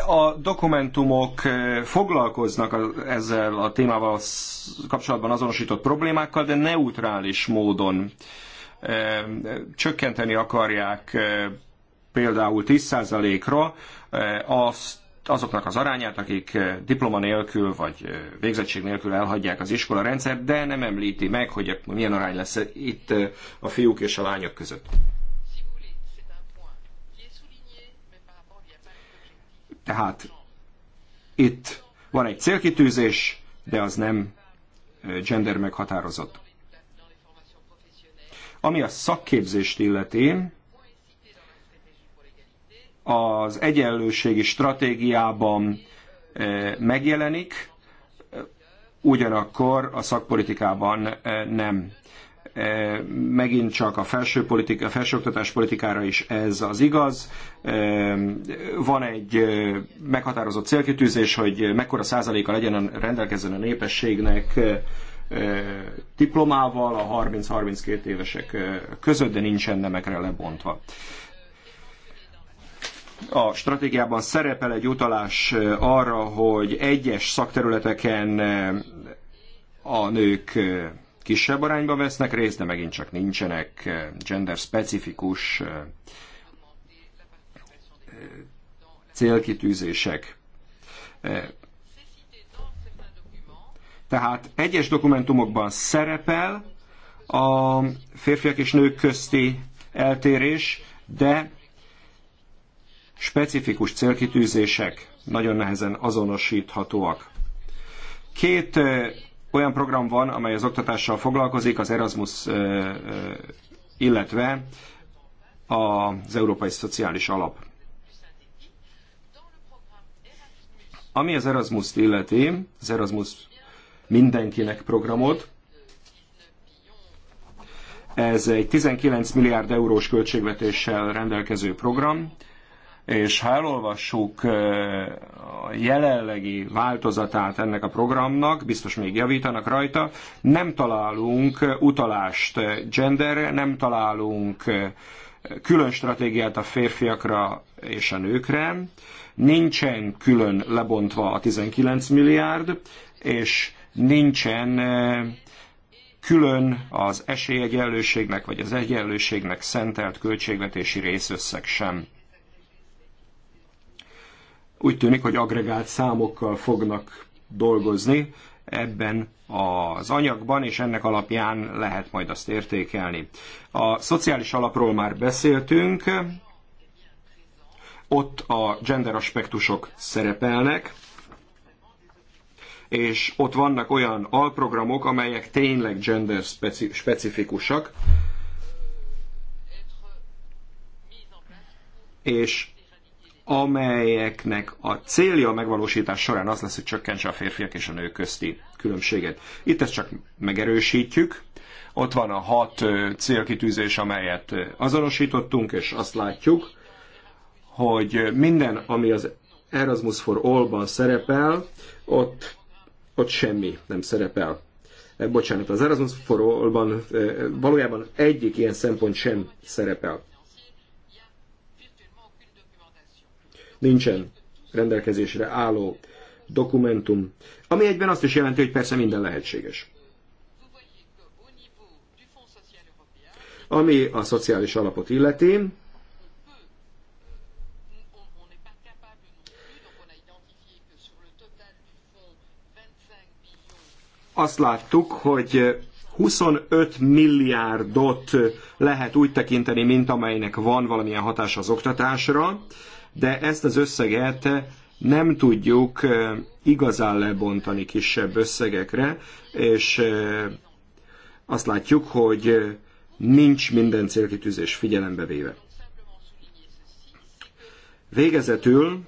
a dokumentumok eh, foglalkoznak ezzel a témával kapcsolatban azonosított problémákkal, de neutrális módon eh, csökkenteni akarják eh, például 10%-ra azt azoknak az arányát, akik eh, diploma nélkül vagy eh, végzettség nélkül elhagyják az iskola rendszert, de nem említi meg, hogy milyen arány lesz itt eh, a fiúk és a lányok között. Tehát itt van egy célkitűzés, de az nem gender meghatározott. Ami a szakképzést illeti, az egyenlőségi stratégiában eh, megjelenik, ugyanakkor a szakpolitikában eh, nem. Eh, megint csak a felső politika, a felsőoktatás politikára is ez az igaz. Van egy meghatározott célkitűzés, hogy mekkora százaléka legyen a, rendelkezzen a népességnek diplomával a 30-32 évesek között, de nincsen nemekre lebontva a stratégiában szerepel egy utalás arra, hogy egyes szakterületeken a nők kisebb arányban vesznek részt, de megint csak nincsenek gender-specifikus célkitűzések. Tehát egyes dokumentumokban szerepel a férfiak és nők közti eltérés, de specifikus célkitűzések nagyon nehezen azonosíthatóak. Két olyan program van, amely az oktatással foglalkozik, az Erasmus, illetve az Európai Szociális Alap. Ami az Erasmus-t illeti, az Erasmus mindenkinek programot, ez egy 19 milliárd eurós költségvetéssel rendelkező program, és ha elolvassuk a jelenlegi változatát ennek a programnak, biztos még javítanak rajta, nem találunk utalást genderre, nem találunk külön stratégiát a férfiakra és a nőkre, nincsen külön lebontva a 19 milliárd, és nincsen külön az esélyegyenlőségnek vagy az egyenlőségnek szentelt költségvetési részösszeg sem úgy tűnik, hogy agregált számokkal fognak dolgozni ebben az anyagban, és ennek alapján lehet majd azt értékelni. A szociális alapról már beszéltünk, ott a gender aspektusok szerepelnek, és ott vannak olyan alprogramok, amelyek tényleg gender speci specifikusak, és amelyeknek a célja a megvalósítás során az lesz, hogy csökkentse a férfiak és a nők közti különbséget. Itt ezt csak megerősítjük. Ott van a hat célkitűzés, amelyet azonosítottunk, és azt látjuk, hogy minden, ami az Erasmus for All-ban szerepel, ott, ott semmi nem szerepel. E, bocsánat, az Erasmus for All-ban valójában egyik ilyen szempont sem szerepel. nincsen rendelkezésre álló dokumentum, ami egyben azt is jelenti, hogy persze minden lehetséges. Ami a szociális alapot illeti, azt láttuk, hogy 25 milliárdot lehet úgy tekinteni, mint amelynek van valamilyen hatása az oktatásra, de ezt az összeget nem tudjuk igazán lebontani kisebb összegekre, és azt látjuk, hogy nincs minden célkitűzés figyelembe véve. Végezetül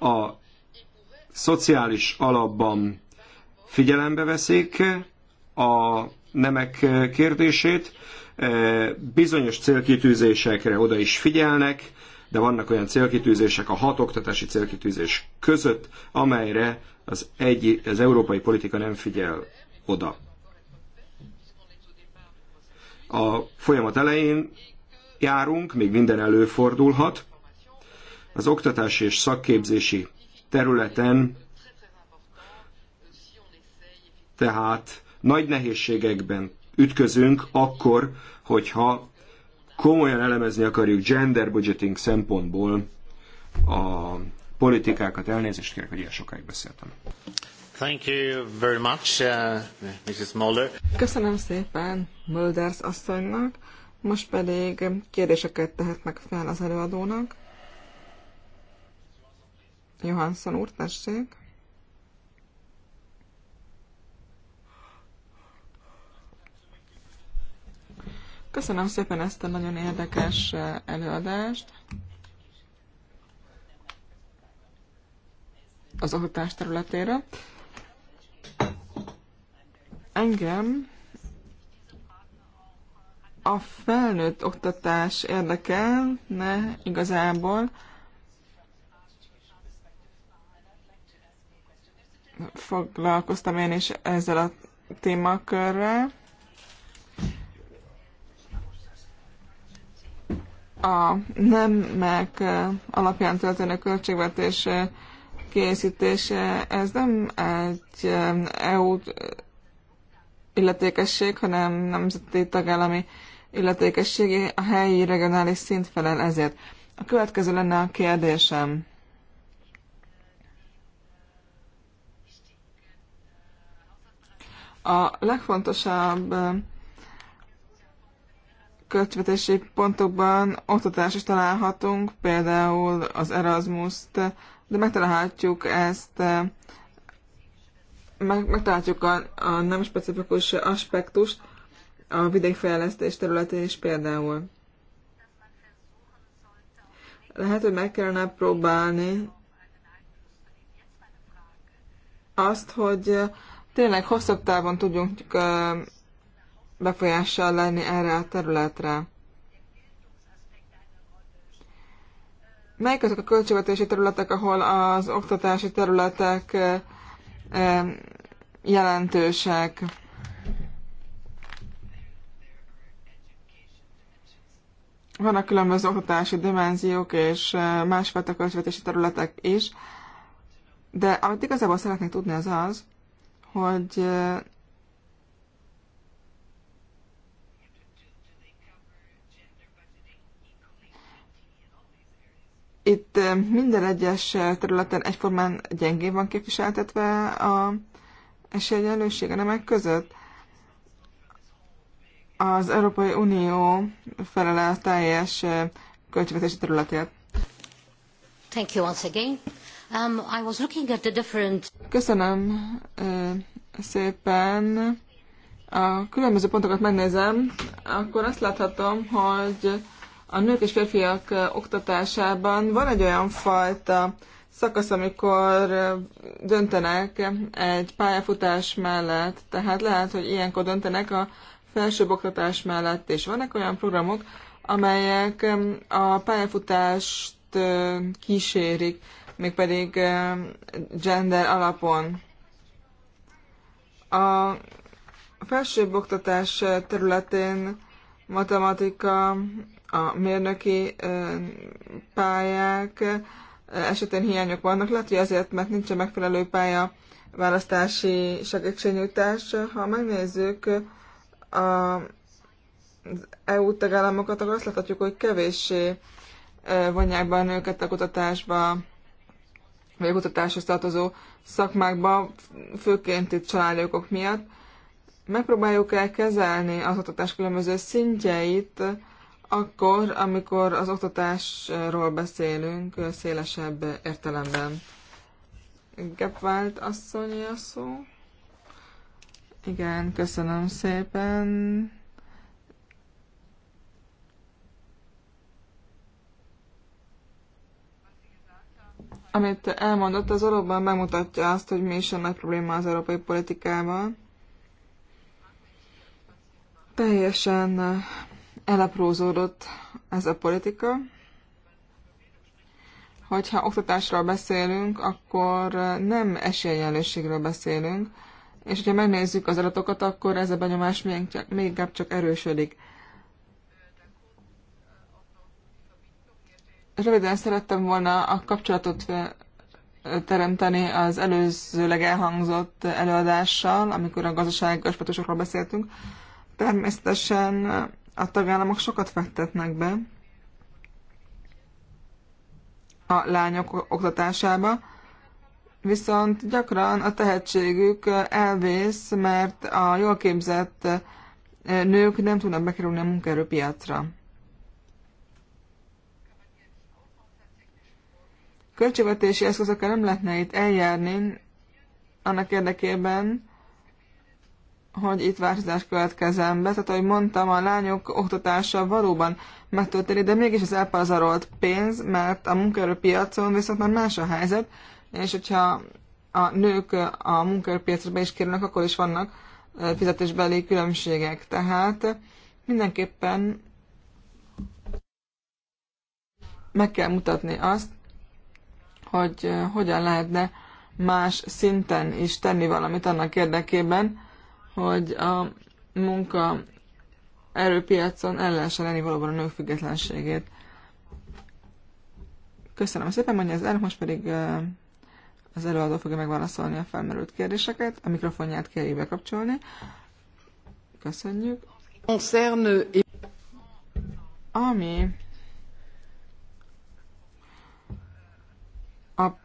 a szociális alapban figyelembe veszik a nemek kérdését, Bizonyos célkitűzésekre oda is figyelnek, de vannak olyan célkitűzések a hat oktatási célkitűzés között, amelyre az, egy, az európai politika nem figyel oda. A folyamat elején járunk, még minden előfordulhat. Az oktatási és szakképzési területen tehát nagy nehézségekben ütközünk akkor, hogyha komolyan elemezni akarjuk gender budgeting szempontból a politikákat. Elnézést kérek, hogy ilyen sokáig beszéltem. Thank you very much, uh, Mrs. Mulder. Köszönöm szépen Mulders asszonynak. Most pedig kérdéseket tehetnek fel az előadónak. Johansson úr, tessék. Köszönöm szépen ezt a nagyon érdekes eh, előadást. Az oktatás területére. Engem a felnőtt oktatás érdekel, ne igazából foglalkoztam én is ezzel a témakörrel. a nemek alapján történő költségvetés készítése, ez nem egy EU illetékesség, hanem nemzeti tagállami illetékesség, a helyi regionális szint felel ezért. A következő lenne a kérdésem. A legfontosabb költségvetési pontokban oktatás is találhatunk, például az Erasmus-t, de megtalálhatjuk ezt, meg, megtalálhatjuk a, a nem specifikus aspektust a vidékfejlesztés területén is például. Lehet, hogy meg kellene próbálni azt, hogy tényleg hosszabb távon tudjunk befolyással lenni erre a területre. Melyik azok a költségvetési területek, ahol az oktatási területek jelentősek? Vannak különböző oktatási dimenziók és másfajta költségvetési területek is, de amit igazából szeretnék tudni az az, hogy Itt eh, minden egyes eh, területen egyformán gyengén van képviseltetve a esélyegyenlőség a nemek között. Az Európai Unió felel a teljes eh, költségvetési területért. Thank you once again. Um, I was looking at the different... Köszönöm szépen. A különböző pontokat megnézem, akkor azt láthatom, hogy a nők és férfiak oktatásában van egy olyan fajta szakasz, amikor döntenek egy pályafutás mellett, tehát lehet, hogy ilyenkor döntenek a felsőbb oktatás mellett, és vannak olyan programok, amelyek a pályafutást kísérik, mégpedig gender alapon. A felsőbb oktatás területén matematika, a mérnöki pályák esetén hiányok vannak. Lehet, hogy azért, mert nincsen megfelelő pálya választási segítségnyújtás. Ha megnézzük a az EU tagállamokat, akkor azt láthatjuk, hogy kevéssé vonják be a nőket a kutatásba, vagy a kutatáshoz tartozó szakmákba, főként itt családi miatt. Megpróbáljuk el kezelni az oktatás különböző szintjeit, akkor, amikor az oktatásról beszélünk szélesebb értelemben. Gepvált asszony a szó. Igen, köszönöm szépen. Amit elmondott, az valóban megmutatja azt, hogy mi is a nagy probléma az európai politikában. Teljesen elaprózódott ez a politika. Hogyha oktatásról beszélünk, akkor nem esélyegyenlőségről beszélünk, és hogyha megnézzük az adatokat, akkor ez a benyomás még, csak, még inkább csak erősödik. Röviden szerettem volna a kapcsolatot teremteni az előzőleg elhangzott előadással, amikor a gazdasági aspektusokról beszéltünk. Természetesen a tagállamok sokat fektetnek be a lányok oktatásába, viszont gyakran a tehetségük elvész, mert a jól képzett nők nem tudnak bekerülni a munkaerőpiacra. Költségvetési eszközökkel nem lehetne itt eljárni annak érdekében, hogy itt változás következzen be. Tehát, ahogy mondtam, a lányok oktatása valóban megtörténik, de mégis az elpazarolt pénz, mert a munkaerőpiacon viszont már más a helyzet, és hogyha a nők a munkaerőpiacra be is kérnek, akkor is vannak fizetésbeli különbségek. Tehát mindenképpen meg kell mutatni azt, hogy hogyan lehetne más szinten is tenni valamit annak érdekében, hogy a munka erőpiacon el lehessen lenni valóban a nők függetlenségét. Köszönöm szépen, mondja az elnök, most pedig az előadó fogja megválaszolni a felmerült kérdéseket. A mikrofonját kell bekapcsolni. Köszönjük. Ami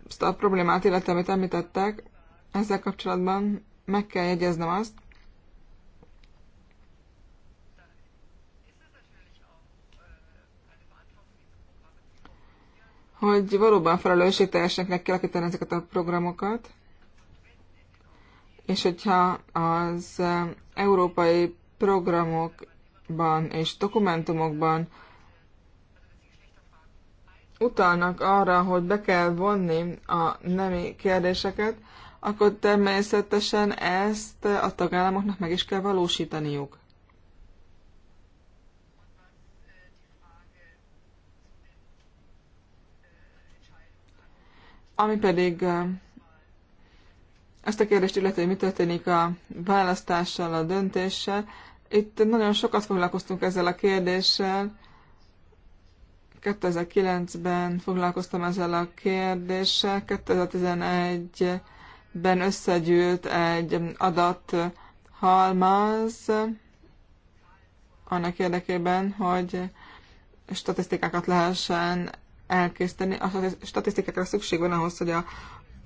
azt a problémát, illetve amit említettek, ezzel kapcsolatban meg kell jegyeznem azt, hogy valóban felelősségteljesnek kell akítani ezeket a programokat, és hogyha az um, európai programokban és dokumentumokban utalnak arra, hogy be kell vonni a nemi kérdéseket, akkor természetesen ezt a tagállamoknak meg is kell valósítaniuk. Ami pedig ezt a kérdést illeti, hogy mi történik a választással, a döntéssel, itt nagyon sokat foglalkoztunk ezzel a kérdéssel. 2009-ben foglalkoztam ezzel a kérdéssel, 2011-ben összegyűlt egy adathalmaz annak érdekében, hogy statisztikákat lehessen elkészíteni. A statisztikákra szükség van ahhoz, hogy a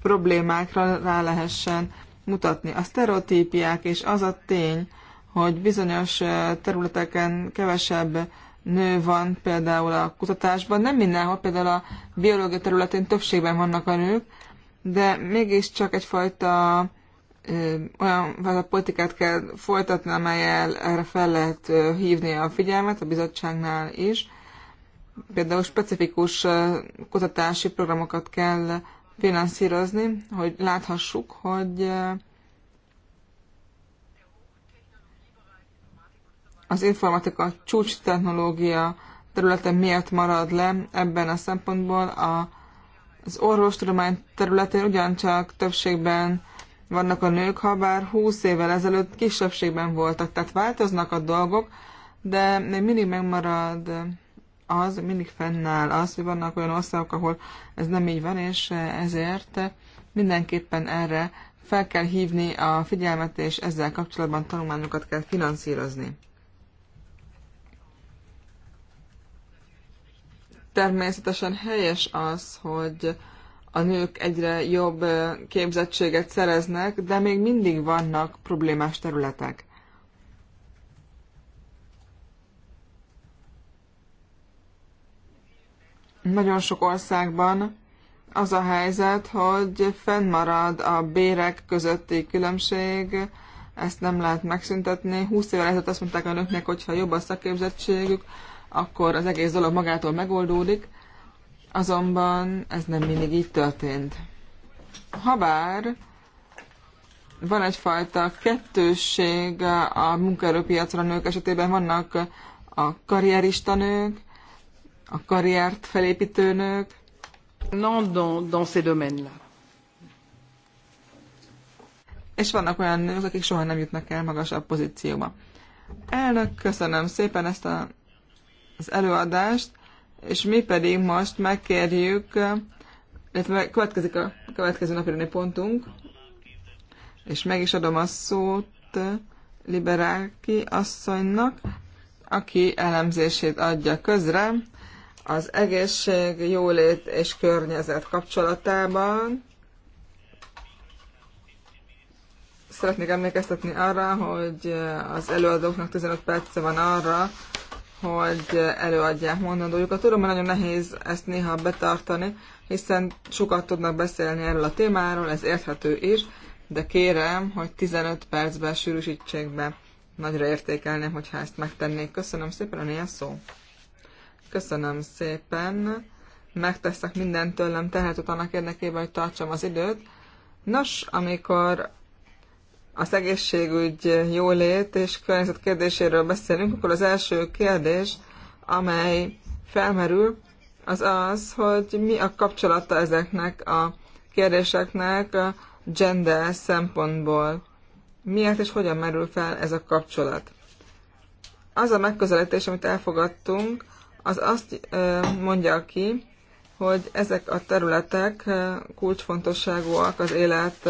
problémákra rá lehessen mutatni. A sztereotípiák és az a tény, hogy bizonyos területeken kevesebb nő van például a kutatásban, nem mindenhol, például a biológia területén többségben vannak a nők, de mégiscsak egyfajta ö, olyan a politikát kell folytatni, amelyel erre fel lehet ö, hívni a figyelmet a bizottságnál is például specifikus kutatási programokat kell finanszírozni, hogy láthassuk, hogy az informatika csúcs technológia területe miért marad le ebben a szempontból a, az orvostudomány területén ugyancsak többségben vannak a nők, ha bár 20 évvel ezelőtt kisebbségben voltak, tehát változnak a dolgok, de még mindig megmarad az, mindig fennáll az, hogy vannak olyan országok, ahol ez nem így van, és eh, ezért mindenképpen erre fel kell hívni a figyelmet, és ezzel kapcsolatban tanulmányokat kell finanszírozni. Természetesen helyes az, hogy a nők egyre jobb eh, képzettséget szereznek, de még mindig vannak problémás területek. Nagyon sok országban az a helyzet, hogy fennmarad a bérek közötti különbség, ezt nem lehet megszüntetni. 20 évvel ezelőtt azt mondták a nőknek, hogy ha jobb a szakképzettségük, akkor az egész dolog magától megoldódik, azonban ez nem mindig így történt. Habár van egyfajta kettősség a munkaerőpiacra nők esetében, vannak a karrierista nők, a karriert felépítő nők. Non dans, dans ces domaines-là. És vannak olyan nők, akik soha nem jutnak el magasabb pozícióba. Elnök, köszönöm szépen ezt a, az előadást, és mi pedig most megkérjük, illetve következik a következő napirani pontunk, és meg is adom a szót Liberáki asszonynak, aki elemzését adja közre az egészség, jólét és környezet kapcsolatában. Szeretnék emlékeztetni arra, hogy az előadóknak 15 perce van arra, hogy előadják mondandójukat. Tudom, hogy nagyon nehéz ezt néha betartani, hiszen sokat tudnak beszélni erről a témáról, ez érthető is, de kérem, hogy 15 percben sűrűsítsék be. Nagyra értékelném, hogyha ezt megtennék. Köszönöm szépen, a szó. Köszönöm szépen. Megteszek mindent tőlem tehetőt annak érdekében, hogy tartsam az időt. Nos, amikor az egészségügy jólét és környezet kérdéséről beszélünk, akkor az első kérdés, amely felmerül, az az, hogy mi a kapcsolata ezeknek a kérdéseknek a gender szempontból. Miért és hogyan merül fel ez a kapcsolat? Az a megközelítés, amit elfogadtunk, az azt mondja ki, hogy ezek a területek kulcsfontosságúak az élet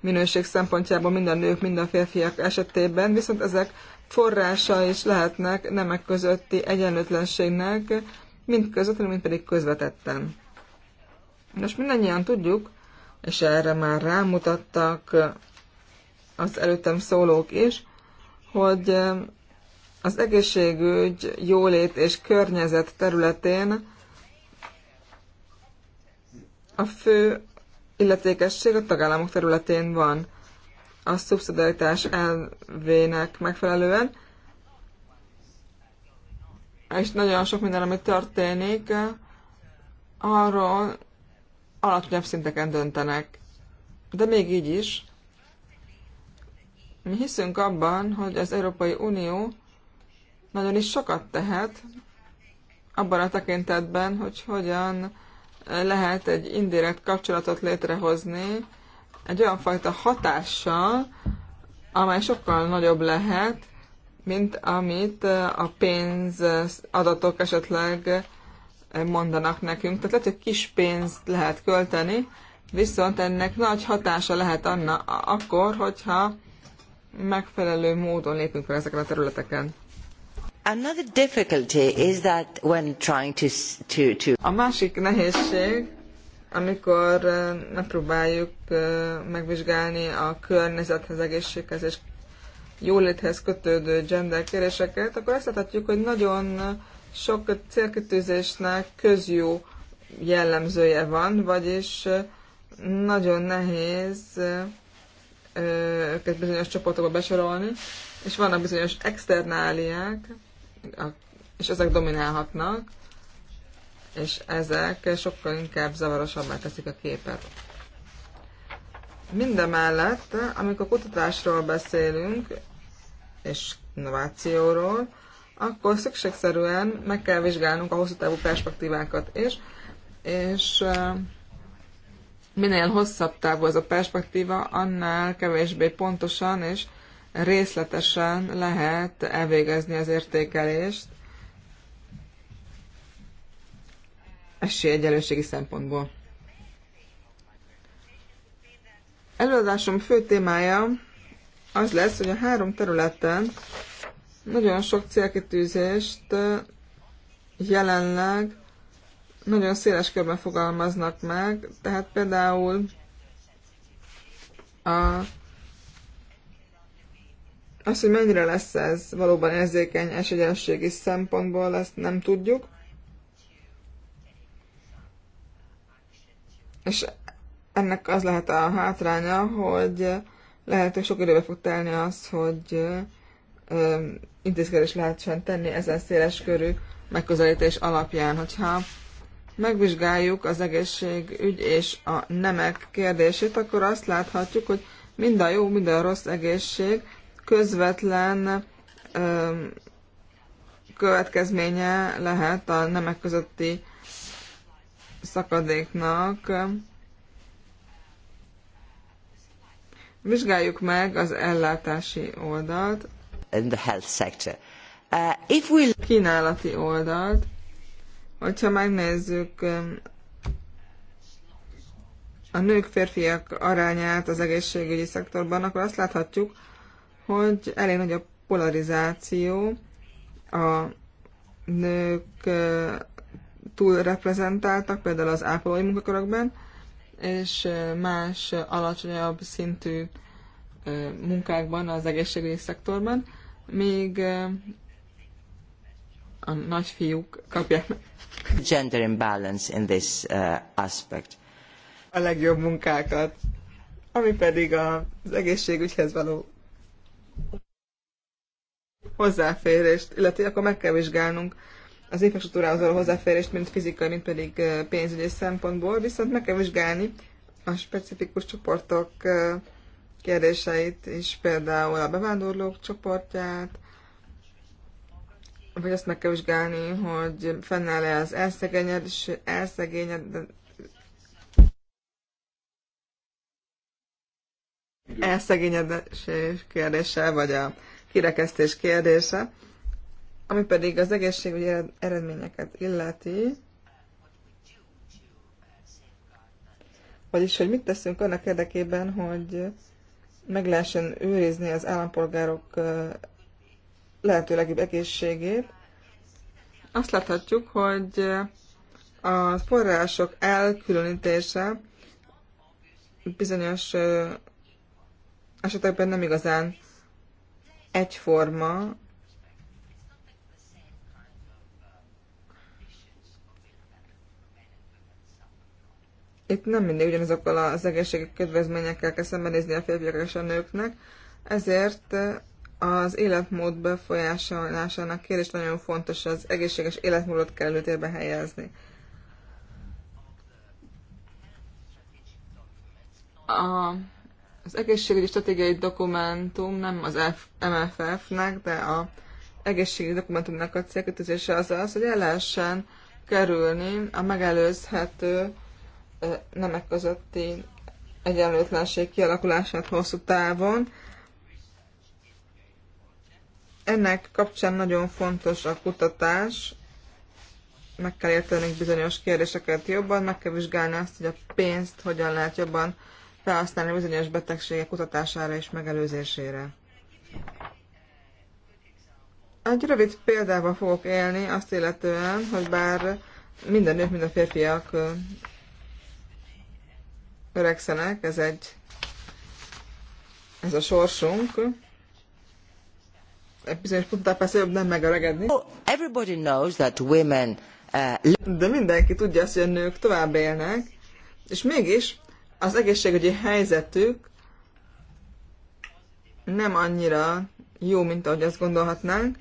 minőség szempontjából mind a nők, mind a férfiak esetében, viszont ezek forrása is lehetnek nemek közötti egyenlőtlenségnek, mind közvetlenül, mind pedig közvetetten. Most mindannyian tudjuk, és erre már rámutattak az előttem szólók is, hogy az egészségügy, jólét és környezet területén a fő illetékesség a tagállamok területén van a szubszidaritás elvének megfelelően, és nagyon sok minden, ami történik, arról alacsonyabb szinteken döntenek. De még így is, mi hiszünk abban, hogy az Európai Unió nagyon is sokat tehet abban a tekintetben, hogy hogyan eh, lehet egy indirekt kapcsolatot létrehozni egy olyan fajta hatással, amely sokkal nagyobb lehet, mint amit eh, a pénz eh, adatok esetleg mondanak nekünk. Tehát lehet, hogy kis pénzt lehet költeni, viszont ennek nagy hatása lehet anna akkor, hogyha megfelelő módon lépünk fel ezeken a területeken. Another difficulty is that when trying to, to, to... A másik nehézség, amikor megpróbáljuk megvizsgálni a környezethez, egészséghez és jóléthez kötődő gender kéréseket, akkor azt láthatjuk, hogy nagyon sok célkitűzésnek közjó jellemzője van, vagyis nagyon nehéz őket bizonyos csoportokba besorolni, és vannak bizonyos externáliák, és ezek dominálhatnak, és ezek sokkal inkább zavarosabbá teszik a képet. Mindemellett, amikor kutatásról beszélünk, és innovációról, akkor szükségszerűen meg kell vizsgálnunk a hosszú távú perspektívákat is, és minél hosszabb távú ez a perspektíva, annál kevésbé pontosan és részletesen lehet elvégezni az értékelést esélyegyenlőségi szempontból. Előadásom fő témája az lesz, hogy a három területen nagyon sok célkitűzést jelenleg nagyon széles körben fogalmaznak meg, tehát például a azt hogy mennyire lesz ez valóban érzékeny esélyességi szempontból, ezt nem tudjuk. És ennek az lehet a hátránya, hogy lehet, hogy sok időbe fog telni az, hogy intézkedés lehessen tenni ezen széles körű megközelítés alapján. Hogyha megvizsgáljuk az egészségügy és a nemek kérdését, akkor azt láthatjuk, hogy mind a jó, mind a rossz egészség közvetlen következménye lehet a nemek közötti szakadéknak. Vizsgáljuk meg az ellátási oldalt. In the health sector. Uh, if we... Kínálati oldalt. Hogyha megnézzük a nők-férfiak arányát az egészségügyi szektorban, akkor azt láthatjuk, hogy elég nagy a polarizáció, a nők túl reprezentáltak, például az ápolói munkakörökben, és más alacsonyabb szintű munkákban, az egészségügyi szektorban, még a fiúk kapják meg. Gender imbalance in this uh, aspect. A legjobb munkákat, ami pedig az egészségügyhez való hozzáférést, illetve akkor meg kell vizsgálnunk az infrastruktúrához való hozzáférést, mint fizikai, mint pedig pénzügyi szempontból, viszont meg kell vizsgálni a specifikus csoportok kérdéseit is, például a bevándorlók csoportját, vagy azt meg kell vizsgálni, hogy fennáll-e az elszegényed, elszegényed, elszegényedés kérdése, vagy a kirekesztés kérdése, ami pedig az egészségügyi eredményeket illeti, vagyis, hogy mit teszünk annak érdekében, hogy meg lehessen őrizni az állampolgárok lehető legjobb egészségét. Azt láthatjuk, hogy a források elkülönítése bizonyos esetekben nem igazán egyforma. Itt nem mindig ugyanazokkal az egészségi kedvezményekkel kell szembenézni a férfiak és a nőknek, ezért az életmód befolyásolásának kérdés nagyon fontos, az egészséges életmódot kell előtérbe helyezni. A az egészségügyi stratégiai dokumentum nem az MFF-nek, de a egészségügyi dokumentumnak a célkötözése az az, hogy el lehessen kerülni a megelőzhető nemek közötti egyenlőtlenség kialakulását hosszú távon. Ennek kapcsán nagyon fontos a kutatás, meg kell értenünk bizonyos kérdéseket jobban, meg kell vizsgálni azt, hogy a pénzt hogyan lehet jobban felhasználni bizonyos betegségek kutatására és megelőzésére. Egy rövid példával fogok élni, azt illetően, hogy bár minden nők, mind a férfiak öregszenek, ez egy ez a sorsunk. Egy bizonyos pontot persze jobb nem megöregedni. Oh, everybody knows that women, uh... De mindenki tudja azt, hogy a nők tovább élnek, és mégis az egészségügyi helyzetük nem annyira jó, mint ahogy azt gondolhatnánk.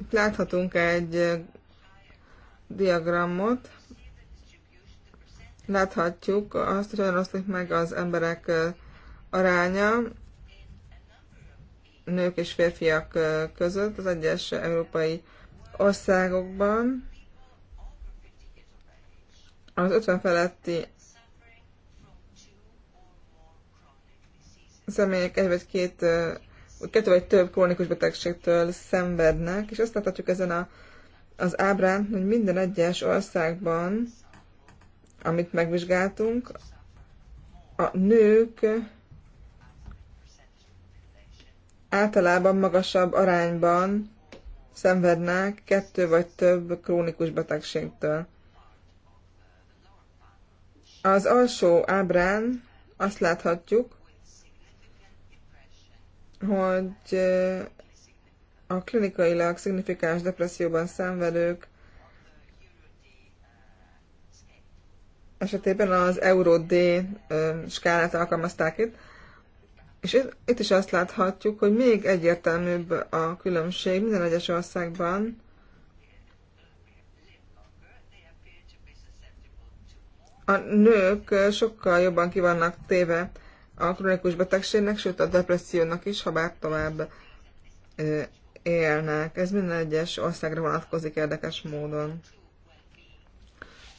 Itt láthatunk egy diagramot. Láthatjuk azt, hogy oszlik meg az emberek aránya nők és férfiak között az egyes európai országokban. Az 50 feletti személyek egy vagy két, kettő vagy több krónikus betegségtől szenvednek, és azt láthatjuk ezen a, az ábrán, hogy minden egyes országban, amit megvizsgáltunk, a nők általában magasabb arányban szenvednek kettő vagy több krónikus betegségtől. Az alsó ábrán azt láthatjuk, hogy a klinikailag szignifikáns depresszióban szenvedők esetében az Euro D skálát alkalmazták itt, és itt, is azt láthatjuk, hogy még egyértelműbb a különbség minden egyes országban. A nők sokkal jobban kivannak téve a kronikus betegségnek, sőt a depressziónak is, ha bár tovább élnek. Ez minden egyes országra vonatkozik érdekes módon.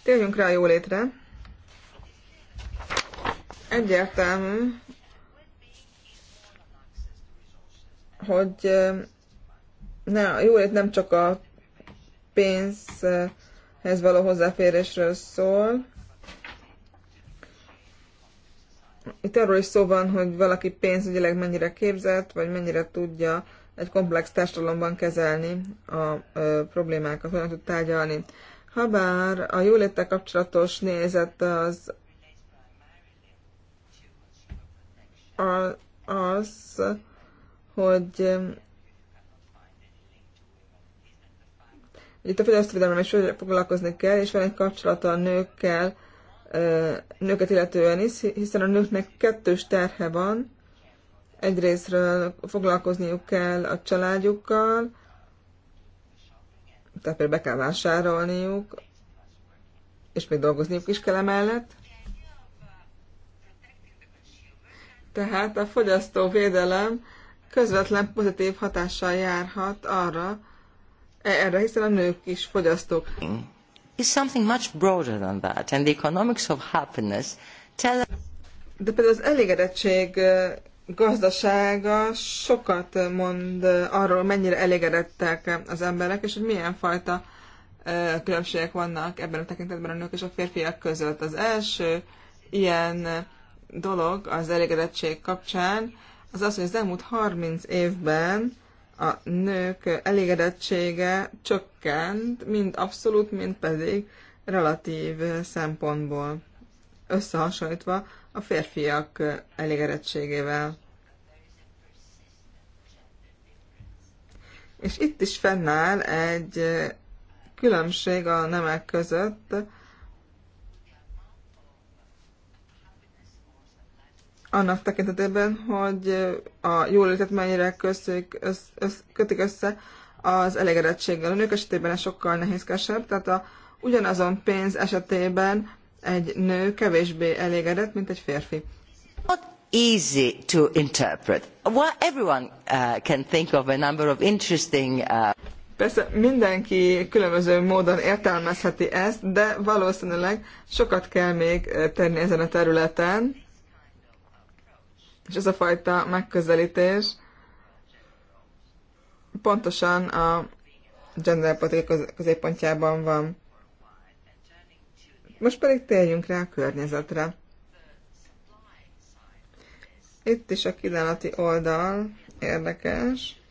Térjünk rá a jólétre. Egyértelmű, hogy ne, a jólét nem csak a pénzhez való hozzáférésről szól, itt arról is szó van, hogy valaki pénzügyileg mennyire képzett, vagy mennyire tudja egy komplex társadalomban kezelni a ö, problémákat, hogyan tud tárgyalni. Habár a jóléttel kapcsolatos nézet az az, hogy itt a fogyasztóvédelmem is foglalkozni kell, és van egy kapcsolata a nőkkel, nőket illetően is, hiszen a nőknek kettős terhe van. Egyrésztről foglalkozniuk kell a családjukkal, tehát például be kell vásárolniuk, és még dolgozniuk is kell emellett. Tehát a fogyasztóvédelem közvetlen pozitív hatással járhat arra, e-, erre, hiszen a nők is fogyasztók is something much broader than that. And the economics of happiness tell De például az elégedettség gazdasága sokat mond arról, mennyire elégedettek az emberek, és hogy milyen fajta különbségek vannak ebben a tekintetben a nők és a férfiak között. Az első ilyen dolog az elégedettség kapcsán az az, hogy az elmúlt 30 évben a nők elégedettsége csökkent, mind abszolút, mind pedig relatív szempontból összehasonlítva a férfiak elégedettségével. És itt is fennáll egy különbség a nemek között, annak tekintetében, hogy a jólétet mennyire köszük, össz, össz, kötik össze az elégedettséggel. A nők esetében ez sokkal nehézkesebb, tehát a, ugyanazon pénz esetében egy nő kevésbé elégedett, mint egy férfi. Not easy to interpret. Well, everyone uh, can think of a number of interesting... Uh... Persze mindenki különböző módon értelmezheti ezt, de valószínűleg sokat kell még uh, tenni ezen a területen és ez a fajta megközelítés pontosan a politika középpontjában van. Most pedig térjünk rá a környezetre. Itt is a kínálati oldal érdekes.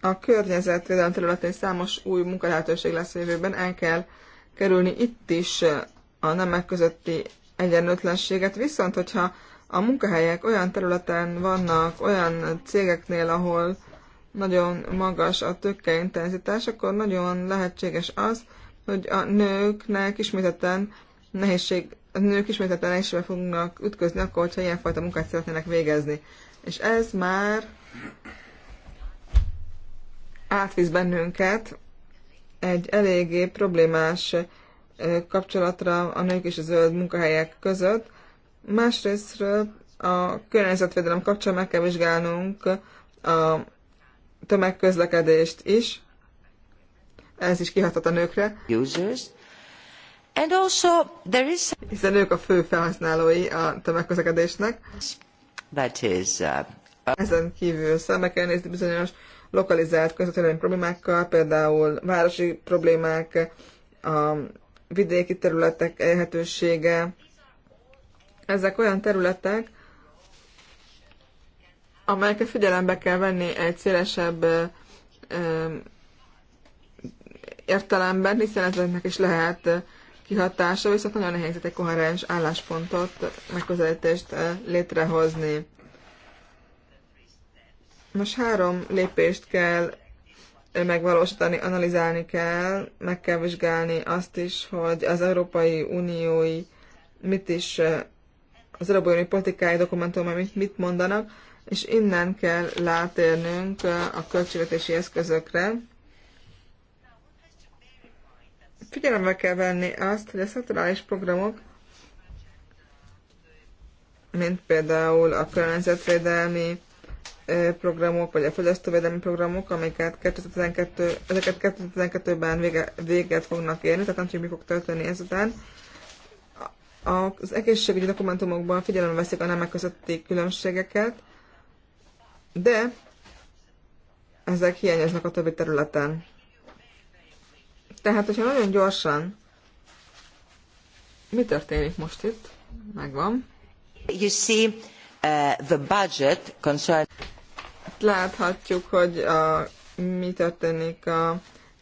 A környezetvédelem területén számos új munkalehetőség lesz jövőben, el kell kerülni itt is a nemek közötti egyenlőtlenséget, viszont hogyha a munkahelyek olyan területen vannak, olyan cégeknél, ahol nagyon magas a intenzitás, akkor nagyon lehetséges az, hogy a nőknek ismételten nehézség, a nők ismételten nehézségbe fognak ütközni, akkor, hogyha ilyenfajta munkát szeretnének végezni. És ez már átvisz bennünket egy eléggé problémás kapcsolatra a nők és a zöld munkahelyek között. Másrésztről a környezetvédelem kapcsán meg kell vizsgálnunk a tömegközlekedést is. Ez is kihatott a nőkre. Users. And also there is... Hiszen nők a fő felhasználói a tömegközlekedésnek. That is, uh, Ezen kívül szembe kell nézni bizonyos lokalizált közvetlenül problémákkal, például városi problémák, a vidéki területek elhetősége. Ezek olyan területek, amelyeket figyelembe kell venni egy szélesebb értelemben, hiszen ezeknek is lehet kihatása, viszont nagyon nehéz egy koherens álláspontot, megközelítést létrehozni. Most három lépést kell megvalósítani, analizálni kell, meg kell vizsgálni azt is, hogy az Európai Uniói mit is, az Európai Unió politikai dokumentumai mit, mit mondanak, és innen kell látérnünk a költségvetési eszközökre. Figyelembe kell venni azt, hogy a szaturális programok, mint például a környezetvédelmi programok, vagy a fogyasztóvédelmi programok, amiket 2012, ezeket 2012-ben vége, véget fognak érni, tehát nem tudjuk, mi fog történni ezután. Az egészségügyi dokumentumokban figyelembe veszik a nemek közötti különbségeket, de ezek hiányoznak a többi területen. Tehát, hogyha nagyon gyorsan, mi történik most itt? Megvan. You see, uh, the budget concern láthatjuk, hogy a, mi történik a,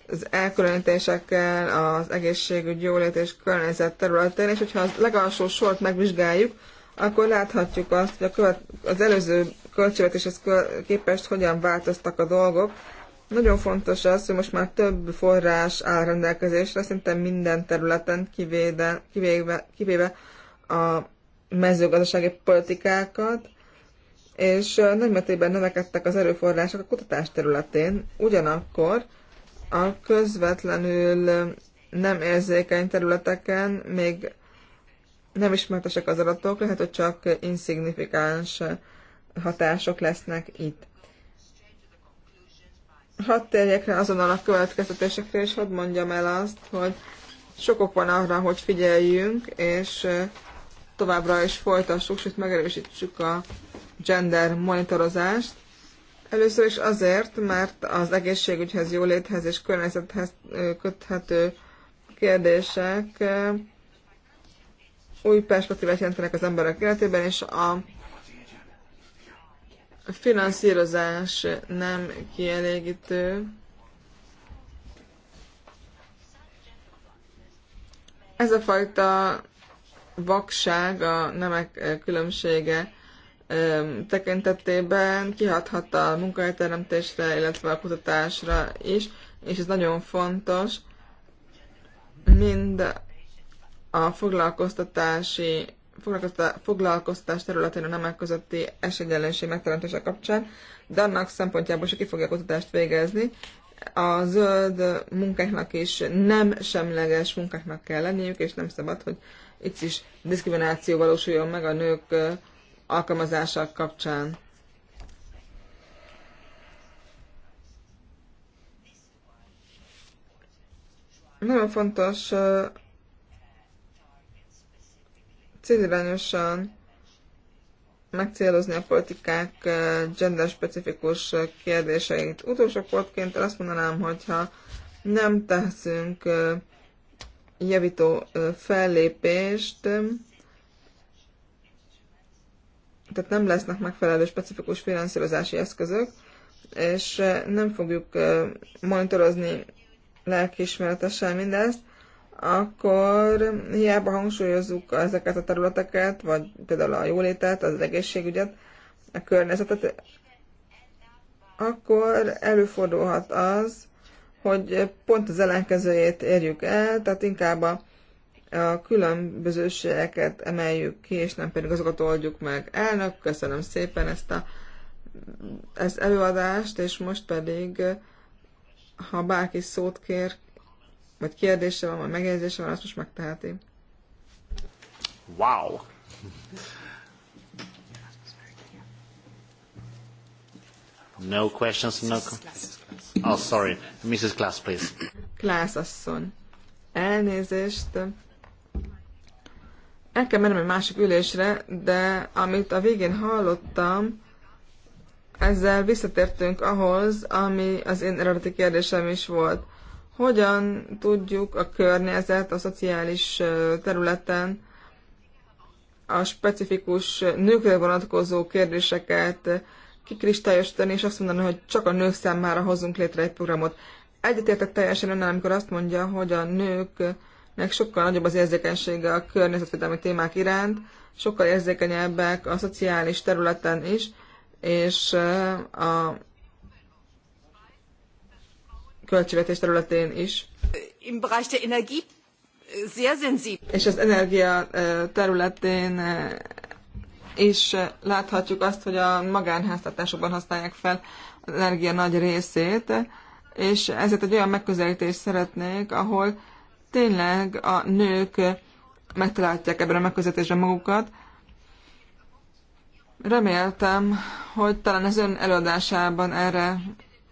az elkülönítésekkel, az egészségügy, jólét és környezet területén, és hogyha az legalsó sort megvizsgáljuk, akkor láthatjuk azt, hogy a követ, az előző költségvetéshez képest hogyan változtak a dolgok. Nagyon fontos az, hogy most már több forrás áll rendelkezésre, szinte minden területen, kivéve, kivéve a mezőgazdasági politikákat, és nagymértékben növekedtek az erőforrások a kutatás területén, ugyanakkor a közvetlenül nem érzékeny területeken még nem ismertesek az adatok, lehet, hogy csak insignifikáns hatások lesznek itt. Hadd térjek rá azonnal a következtetésekre, és hadd mondjam el azt, hogy sokok van arra, hogy figyeljünk, és továbbra is folytassuk, sőt megerősítsük a gender monitorozást. Először is azért, mert az egészségügyhez, jóléthez és környezethez köthető kérdések új perspektívát jelentenek az emberek életében, és a finanszírozás nem kielégítő. Ez a fajta vakság, a nemek különbsége tekintetében kihathat a munkahelyteremtésre, illetve a kutatásra is, és ez nagyon fontos, mind a foglalkoztatási foglalkoztatás területén a nemek közötti esélyegyenlőség megteremtése kapcsán, de annak szempontjából is, ki fogja a kutatást végezni, a zöld munkáknak is nem semleges munkáknak kell lenniük, és nem szabad, hogy itt is diszkrimináció valósuljon meg a nők alkalmazása kapcsán. Nagyon fontos célirányosan megcélozni a politikák gender-specifikus kérdéseit. Utolsó pontként azt mondanám, hogyha nem teszünk javító fellépést, tehát nem lesznek megfelelő specifikus finanszírozási eszközök, és eh, nem fogjuk eh, monitorozni lelkiismeretesen mindezt, akkor hiába hangsúlyozzuk ezeket a területeket, vagy például a jólétet, az egészségügyet, a környezetet, akkor előfordulhat az, hogy pont az ellenkezőjét érjük el, tehát inkább a a különbözőségeket emeljük ki, és nem pedig azokat oldjuk meg. Elnök, köszönöm szépen ezt a ezt előadást, és most pedig, ha bárki szót kér, vagy kérdése van, vagy megjegyzése van, azt most megteheti. Wow! No questions, no... Oh, sorry. Mrs. Klaas, please. Klaas asszony. Elnézést. El kell mennem egy másik ülésre, de amit a végén hallottam, ezzel visszatértünk ahhoz, ami az én eredeti kérdésem is volt. Hogyan tudjuk a környezet a szociális területen a specifikus nőkre vonatkozó kérdéseket kikristályosítani, és azt mondani, hogy csak a nők számára hozunk létre egy programot. Egyetértek teljesen önnel, amikor azt mondja, hogy a nők nek sokkal nagyobb az érzékenysége a környezetvédelmi témák iránt, sokkal érzékenyebbek a szociális területen is, és eh, a költségvetés területén is. Im Bereich der Energie eh, sehr sensibel. És az energia eh, területén is láthatjuk azt, hogy a magánháztartásokban használják fel az energia nagy részét, és ezért egy olyan megközelítést szeretnék, ahol tényleg a nők megtalálják ebben a megközelítésben magukat. Reméltem, hogy talán az ön előadásában erre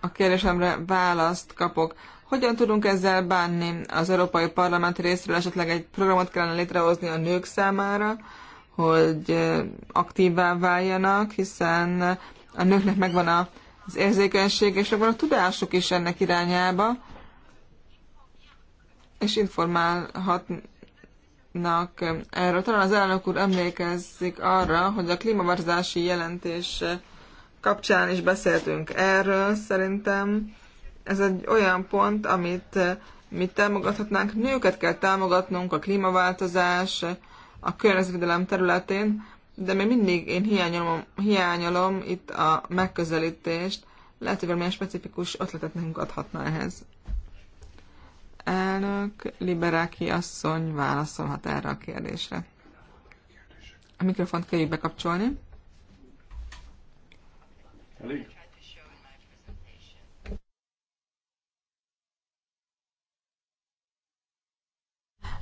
a kérdésemre választ kapok. Hogyan tudunk ezzel bánni? Az Európai Parlament részről esetleg egy programot kellene létrehozni a nők számára, hogy aktívvá váljanak, hiszen a nőknek megvan az érzékenység, és megvan a tudásuk is ennek irányába és informálhatnak erről. Talán az elnök úr emlékezzik arra, hogy a klímaváltozási jelentés kapcsán is beszéltünk erről. Szerintem ez egy olyan pont, amit mi támogathatnánk. Nőket kell támogatnunk a klímaváltozás, a környezetvédelem területén, de még mindig én hiányolom, hiányolom itt a megközelítést. Lehet, hogy valamilyen specifikus ötletet nekünk adhatna ehhez elnök, Liberáki asszony válaszolhat erre a kérdésre. A mikrofont kell bekapcsolni. Elég.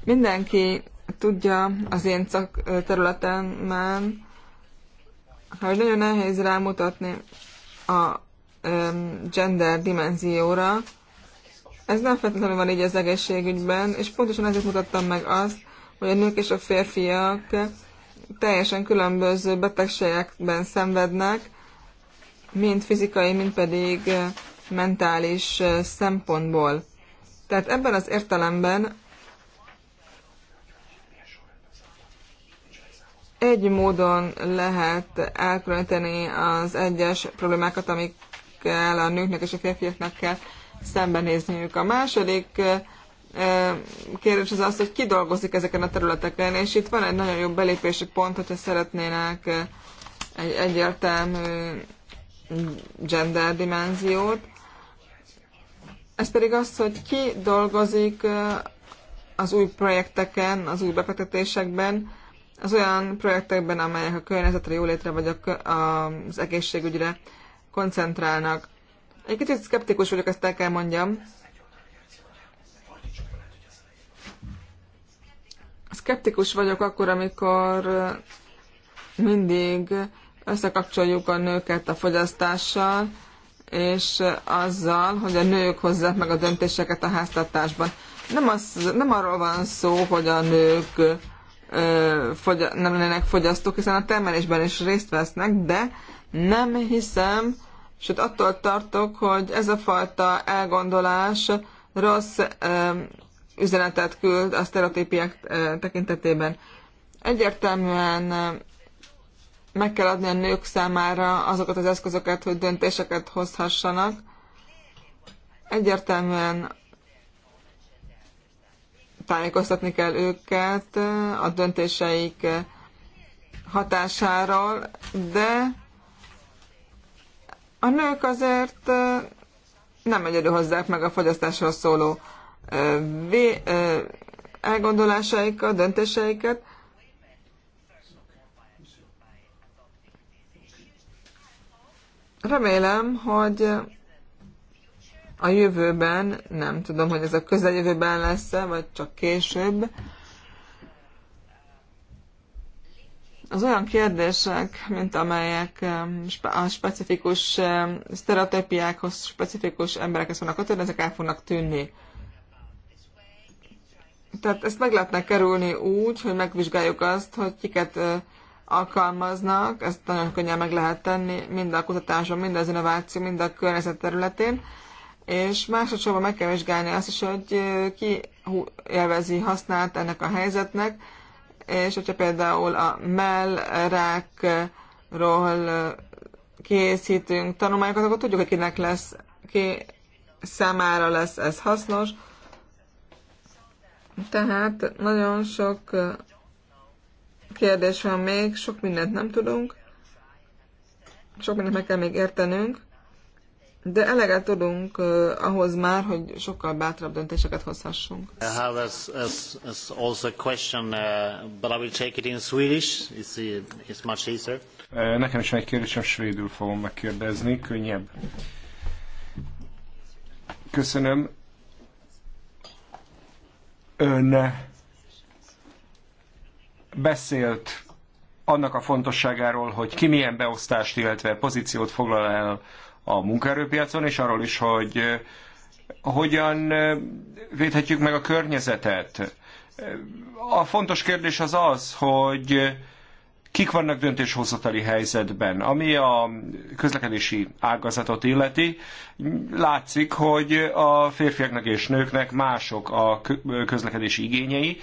Mindenki tudja az én területemben, hogy nagyon nehéz rámutatni a gender dimenzióra, ez nem feltétlenül van így az egészségügyben, és pontosan ezért mutattam meg azt, hogy a nők és a férfiak teljesen különböző betegségekben szenvednek, mind fizikai, mind pedig mentális szempontból. Tehát ebben az értelemben egy módon lehet elkülöníteni az egyes problémákat, amikkel a nőknek és a férfiaknak kell szembenézniük. A második kérdés az az, hogy ki dolgozik ezeken a területeken, és itt van egy nagyon jó belépési pont, hogyha szeretnének egy egyértelmű gender dimenziót. Ez pedig az, hogy ki dolgozik az új projekteken, az új befektetésekben, az olyan projektekben, amelyek a környezetre, jólétre vagy az egészségügyre koncentrálnak. Egy kicsit szkeptikus vagyok, ezt el kell mondjam. Szkeptikus vagyok akkor, amikor mindig összekapcsoljuk a nőket a fogyasztással, és azzal, hogy a nők hozzák meg a döntéseket a háztartásban. Nem, az, nem arról van szó, hogy a nők ö, fogy, nem lennének fogyasztók, hiszen a termelésben is részt vesznek, de nem hiszem, Sőt, attól tartok, hogy ez a fajta elgondolás rossz üzenetet küld a sztereotípiák tekintetében. Egyértelműen meg kell adni a nők számára azokat az eszközöket, hogy döntéseket hozhassanak. Egyértelműen tájékoztatni kell őket a döntéseik hatásáról, de a nők azért nem egyedül hozzák meg a fogyasztásról szóló elgondolásaikat, döntéseiket, remélem, hogy a jövőben, nem tudom, hogy ez a közeljövőben lesz-e, vagy csak később, az olyan kérdések, mint amelyek a specifikus sztereotípiákhoz, specifikus emberekhez vannak kötődve, ezek el fognak tűnni. Tehát ezt meg lehetne kerülni úgy, hogy megvizsgáljuk azt, hogy kiket alkalmaznak, ezt nagyon könnyen meg lehet tenni, mind a kutatáson, mind az innováció, mind a környezet területén, és másodszorban meg kell vizsgálni azt is, hogy ki élvezi használt ennek a helyzetnek, és hogyha például a mellrákról készítünk tanulmányokat, akkor tudjuk, hogy kinek lesz, ki számára lesz ez hasznos. Tehát nagyon sok kérdés van még, sok mindent nem tudunk, sok mindent meg kell még értenünk, de eleget tudunk uh, ahhoz már, hogy sokkal bátrabb döntéseket hozhassunk. I have as, as, as also a question, uh, but I will take it in Swedish. It's, uh, it's much easier. Uh, nekem is egy kérdésem, svédül fogom megkérdezni, könnyebb. Köszönöm. Ön uh, beszélt annak a fontosságáról, hogy ki milyen beosztást, illetve pozíciót foglal el a munkaerőpiacon, és arról is, hogy eh, hogyan eh, védhetjük meg a környezetet. Eh, a fontos kérdés az az, hogy kik vannak döntéshozatali helyzetben. Ami a közlekedési ágazatot illeti, látszik, hogy a férfiaknak és nőknek mások a közlekedési igényei,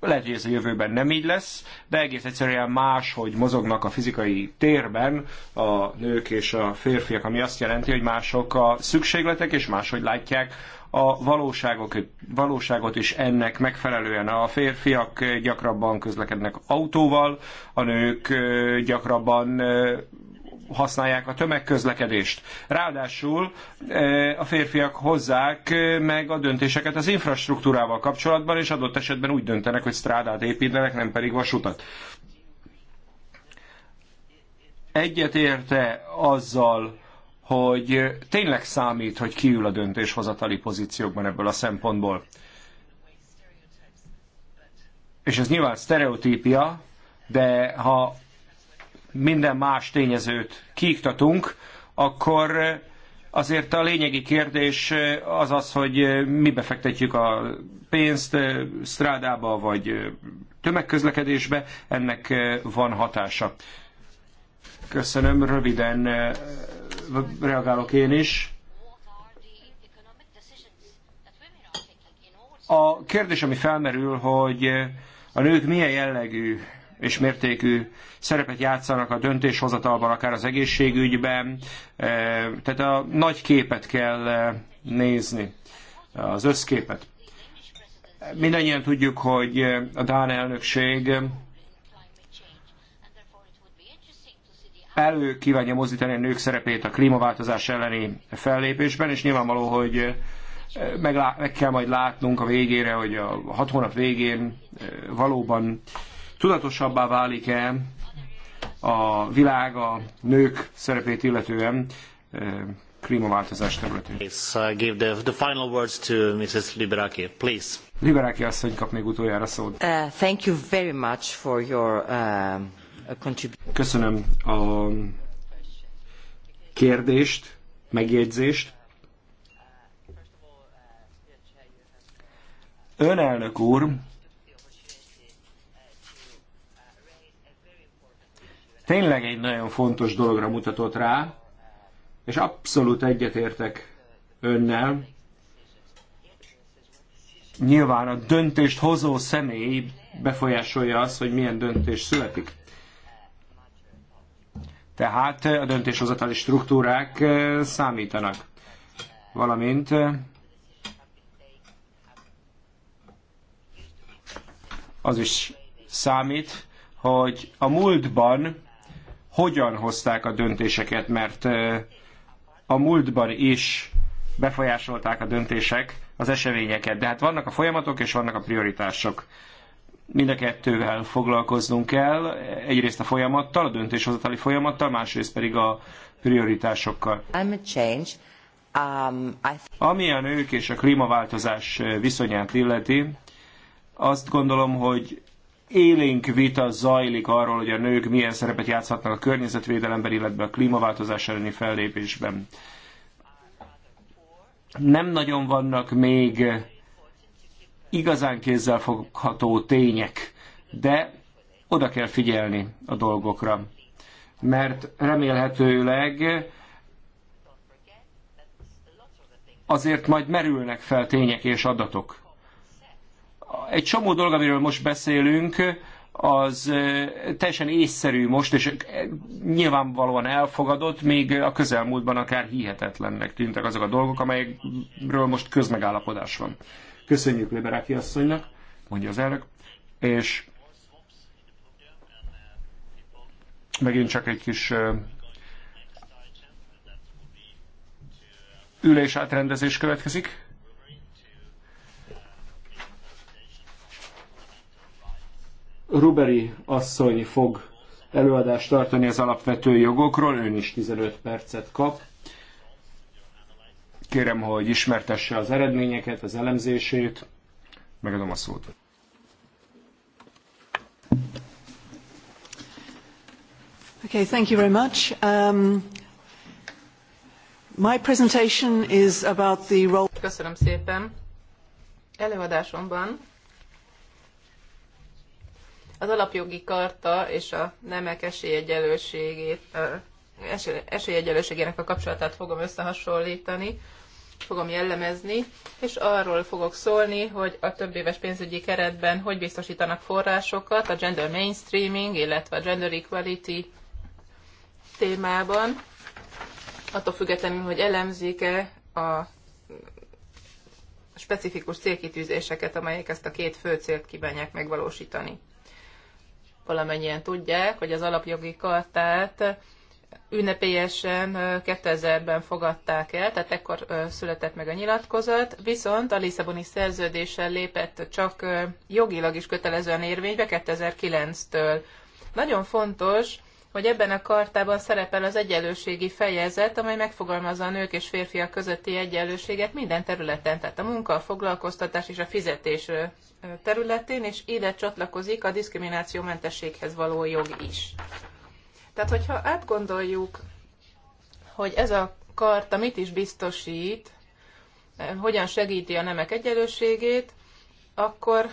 lehet, hogy ez a jövőben nem így lesz, de egész egyszerűen más, hogy mozognak a fizikai térben a nők és a férfiak, ami azt jelenti, hogy mások a szükségletek, és máshogy látják a valóságok, valóságot is ennek megfelelően. A férfiak gyakrabban közlekednek autóval, a nők gyakrabban használják a tömegközlekedést. Ráadásul e, a férfiak hozzák e, meg a döntéseket az infrastruktúrával kapcsolatban, és adott esetben úgy döntenek, hogy strádát építenek, nem pedig vasutat. érte azzal, hogy tényleg számít, hogy kiül a döntéshozatali pozíciókban ebből a szempontból. És ez nyilván sztereotípia, de ha minden más tényezőt kiiktatunk, akkor azért a lényegi kérdés az az, hogy mi befektetjük a pénzt eh, strádába vagy eh, tömegközlekedésbe, ennek eh, van hatása. Köszönöm, röviden reagálok én is. A kérdés, ami felmerül, hogy a nők milyen jellegű és mértékű szerepet játszanak a döntéshozatalban, akár az egészségügyben. E, tehát a nagy képet kell e, nézni, az összképet. Mindannyian tudjuk, hogy e, a Dán elnökség elő kívánja mozdítani a nők szerepét a klímaváltozás elleni fellépésben, és nyilvánvaló, hogy meg, meg kell majd látnunk a végére, hogy a hat hónap végén valóban Tudatosabbá válik-e a világ a nők szerepét illetően eh, klímaváltozás területén? Please, uh, give the, the final words to Mrs. Liberaki, please. Liberaki asszony kap még utoljára szót. Uh, thank you very much for your uh, contribution. Köszönöm a kérdést, megjegyzést. Önelnök úr, tényleg egy nagyon fontos dologra mutatott rá, és abszolút egyetértek önnel. Nyilván a döntést hozó személy befolyásolja az, hogy milyen döntés születik. Tehát a döntéshozatali struktúrák eh, számítanak. Valamint eh, az is számít, hogy a múltban hogyan hozták a döntéseket, mert a múltban is befolyásolták a döntések az eseményeket. De hát vannak a folyamatok és vannak a prioritások. Mind a kettővel foglalkoznunk kell, egyrészt a folyamattal, a döntéshozatali folyamattal, másrészt pedig a prioritásokkal. Um, Ami a nők és a klímaváltozás viszonyát illeti, azt gondolom, hogy élénk vita zajlik arról, hogy a nők milyen szerepet játszhatnak a környezetvédelemben, illetve a klímaváltozás elleni fellépésben. Nem nagyon vannak még igazán fogható tények, de oda kell figyelni a dolgokra. Mert remélhetőleg azért majd merülnek fel tények és adatok egy csomó dolog, amiről most beszélünk, az teljesen észszerű most, és nyilvánvalóan elfogadott, még a közelmúltban akár hihetetlennek tűntek azok a dolgok, amelyekről most közmegállapodás van. Köszönjük Liberáki asszonynak, mondja az elnök, és megint csak egy kis ülés átrendezés következik. Ruberi asszony fog előadást tartani az alapvető jogokról, ön is 15 percet kap. Kérem, hogy ismertesse az eredményeket, az elemzését. Megadom a szót. Okay, thank you very much. Um, my presentation is about the role... Köszönöm szépen. Előadásomban az alapjogi karta és a nemek esélyegyelőségét, esélyegyelőségének a kapcsolatát fogom összehasonlítani, fogom jellemezni, és arról fogok szólni, hogy a több éves pénzügyi keretben hogy biztosítanak forrásokat a gender mainstreaming, illetve a gender equality témában, attól függetlenül, hogy elemzik-e a specifikus célkitűzéseket, amelyek ezt a két fő célt kívánják megvalósítani valamennyien tudják, hogy az alapjogi kartát ünnepélyesen 2000-ben fogadták el, tehát ekkor született meg a nyilatkozat, viszont a Lisszaboni szerződéssel lépett csak jogilag is kötelezően érvénybe 2009-től. Nagyon fontos, hogy ebben a kartában szerepel az egyenlőségi fejezet, amely megfogalmazza a nők és férfiak közötti egyenlőséget minden területen, tehát a munka, a foglalkoztatás és a fizetés területén, és ide csatlakozik a diszkriminációmentességhez való jog is. Tehát, hogyha átgondoljuk, hogy ez a karta mit is biztosít, eh, hogyan segíti a nemek egyenlőségét, akkor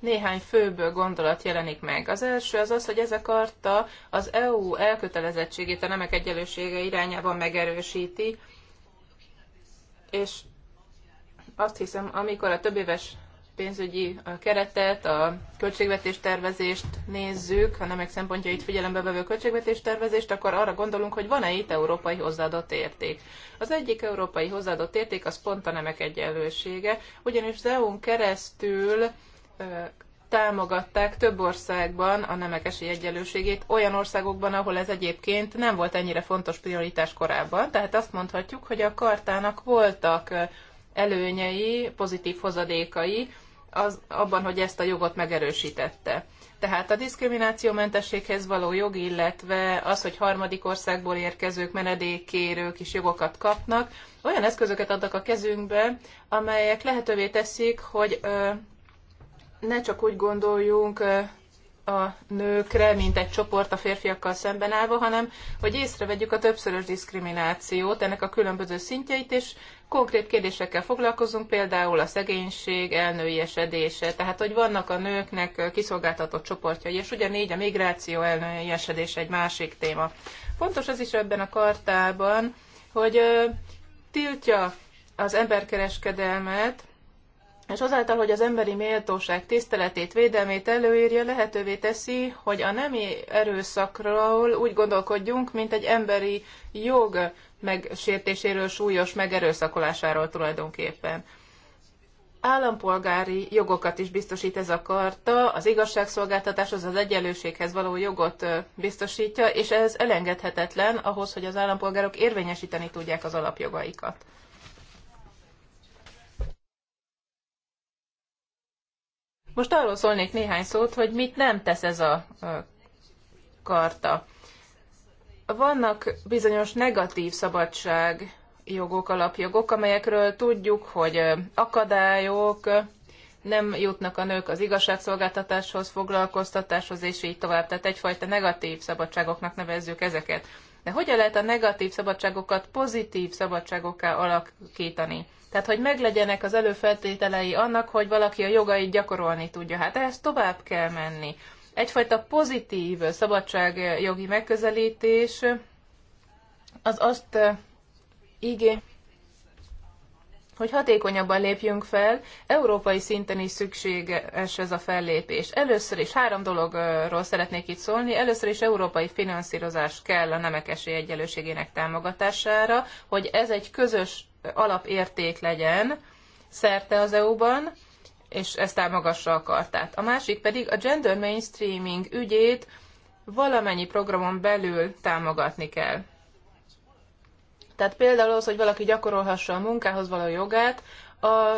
néhány főből gondolat jelenik meg. Az első az az, hogy ez a karta az EU elkötelezettségét a nemek egyenlősége irányában megerősíti, és azt hiszem, amikor a többéves pénzügyi keretet, a költségvetés tervezést nézzük, a nemek szempontjait figyelembe vevő költségvetés tervezést, akkor arra gondolunk, hogy van-e itt európai hozzáadott érték. Az egyik európai hozzáadott érték az pont a nemek egyenlősége, ugyanis az EU-n keresztül támogatták több országban a nemek esélyegyenlőségét, olyan országokban, ahol ez egyébként nem volt ennyire fontos prioritás korábban. Tehát azt mondhatjuk, hogy a kartának voltak előnyei, pozitív hozadékai, az, abban, hogy ezt a jogot megerősítette. Tehát a diszkriminációmentességhez való jog, illetve az, hogy harmadik országból érkezők, menedékkérők is jogokat kapnak, olyan eszközöket adnak a kezünkbe, amelyek lehetővé teszik, hogy ö, ne csak úgy gondoljunk ö, a nőkre, mint egy csoport a férfiakkal szemben állva, hanem hogy észrevegyük a többszörös diszkriminációt, ennek a különböző szintjeit, és konkrét kérdésekkel foglalkozunk, például a szegénység esedése. tehát hogy vannak a nőknek kiszolgáltatott csoportjai, és ugye négy a migráció esedése egy másik téma. Fontos az is ebben a kartában, hogy tiltja az emberkereskedelmet, és azáltal, hogy az emberi méltóság tiszteletét, védelmét előírja, lehetővé teszi, hogy a nemi erőszakról úgy gondolkodjunk, mint egy emberi jog megsértéséről, súlyos megerőszakolásáról tulajdonképpen. Állampolgári jogokat is biztosít ez a karta, az igazságszolgáltatáshoz, az egyenlőséghez való jogot biztosítja, és ez elengedhetetlen ahhoz, hogy az állampolgárok érvényesíteni tudják az alapjogaikat. Most arról szólnék néhány szót, hogy mit nem tesz ez a karta vannak bizonyos negatív szabadság jogok, alapjogok, amelyekről tudjuk, hogy akadályok, nem jutnak a nők az igazságszolgáltatáshoz, foglalkoztatáshoz, és így tovább. Tehát egyfajta negatív szabadságoknak nevezzük ezeket. De hogyan lehet a negatív szabadságokat pozitív szabadságokká alakítani? Tehát, hogy meglegyenek az előfeltételei annak, hogy valaki a jogait gyakorolni tudja. Hát ehhez tovább kell menni egyfajta pozitív szabadságjogi megközelítés az azt igé, eh, hogy hatékonyabban lépjünk fel, európai szinten is szükséges ez a fellépés. Először is három dologról szeretnék itt szólni. Először is európai finanszírozás kell a nemek esélyegyelőségének támogatására, hogy ez egy közös alapérték legyen szerte az EU-ban és ezt támogassa a kartát. A másik pedig a gender mainstreaming ügyét valamennyi programon belül támogatni kell. Tehát például az, hogy valaki gyakorolhassa a munkához való jogát, a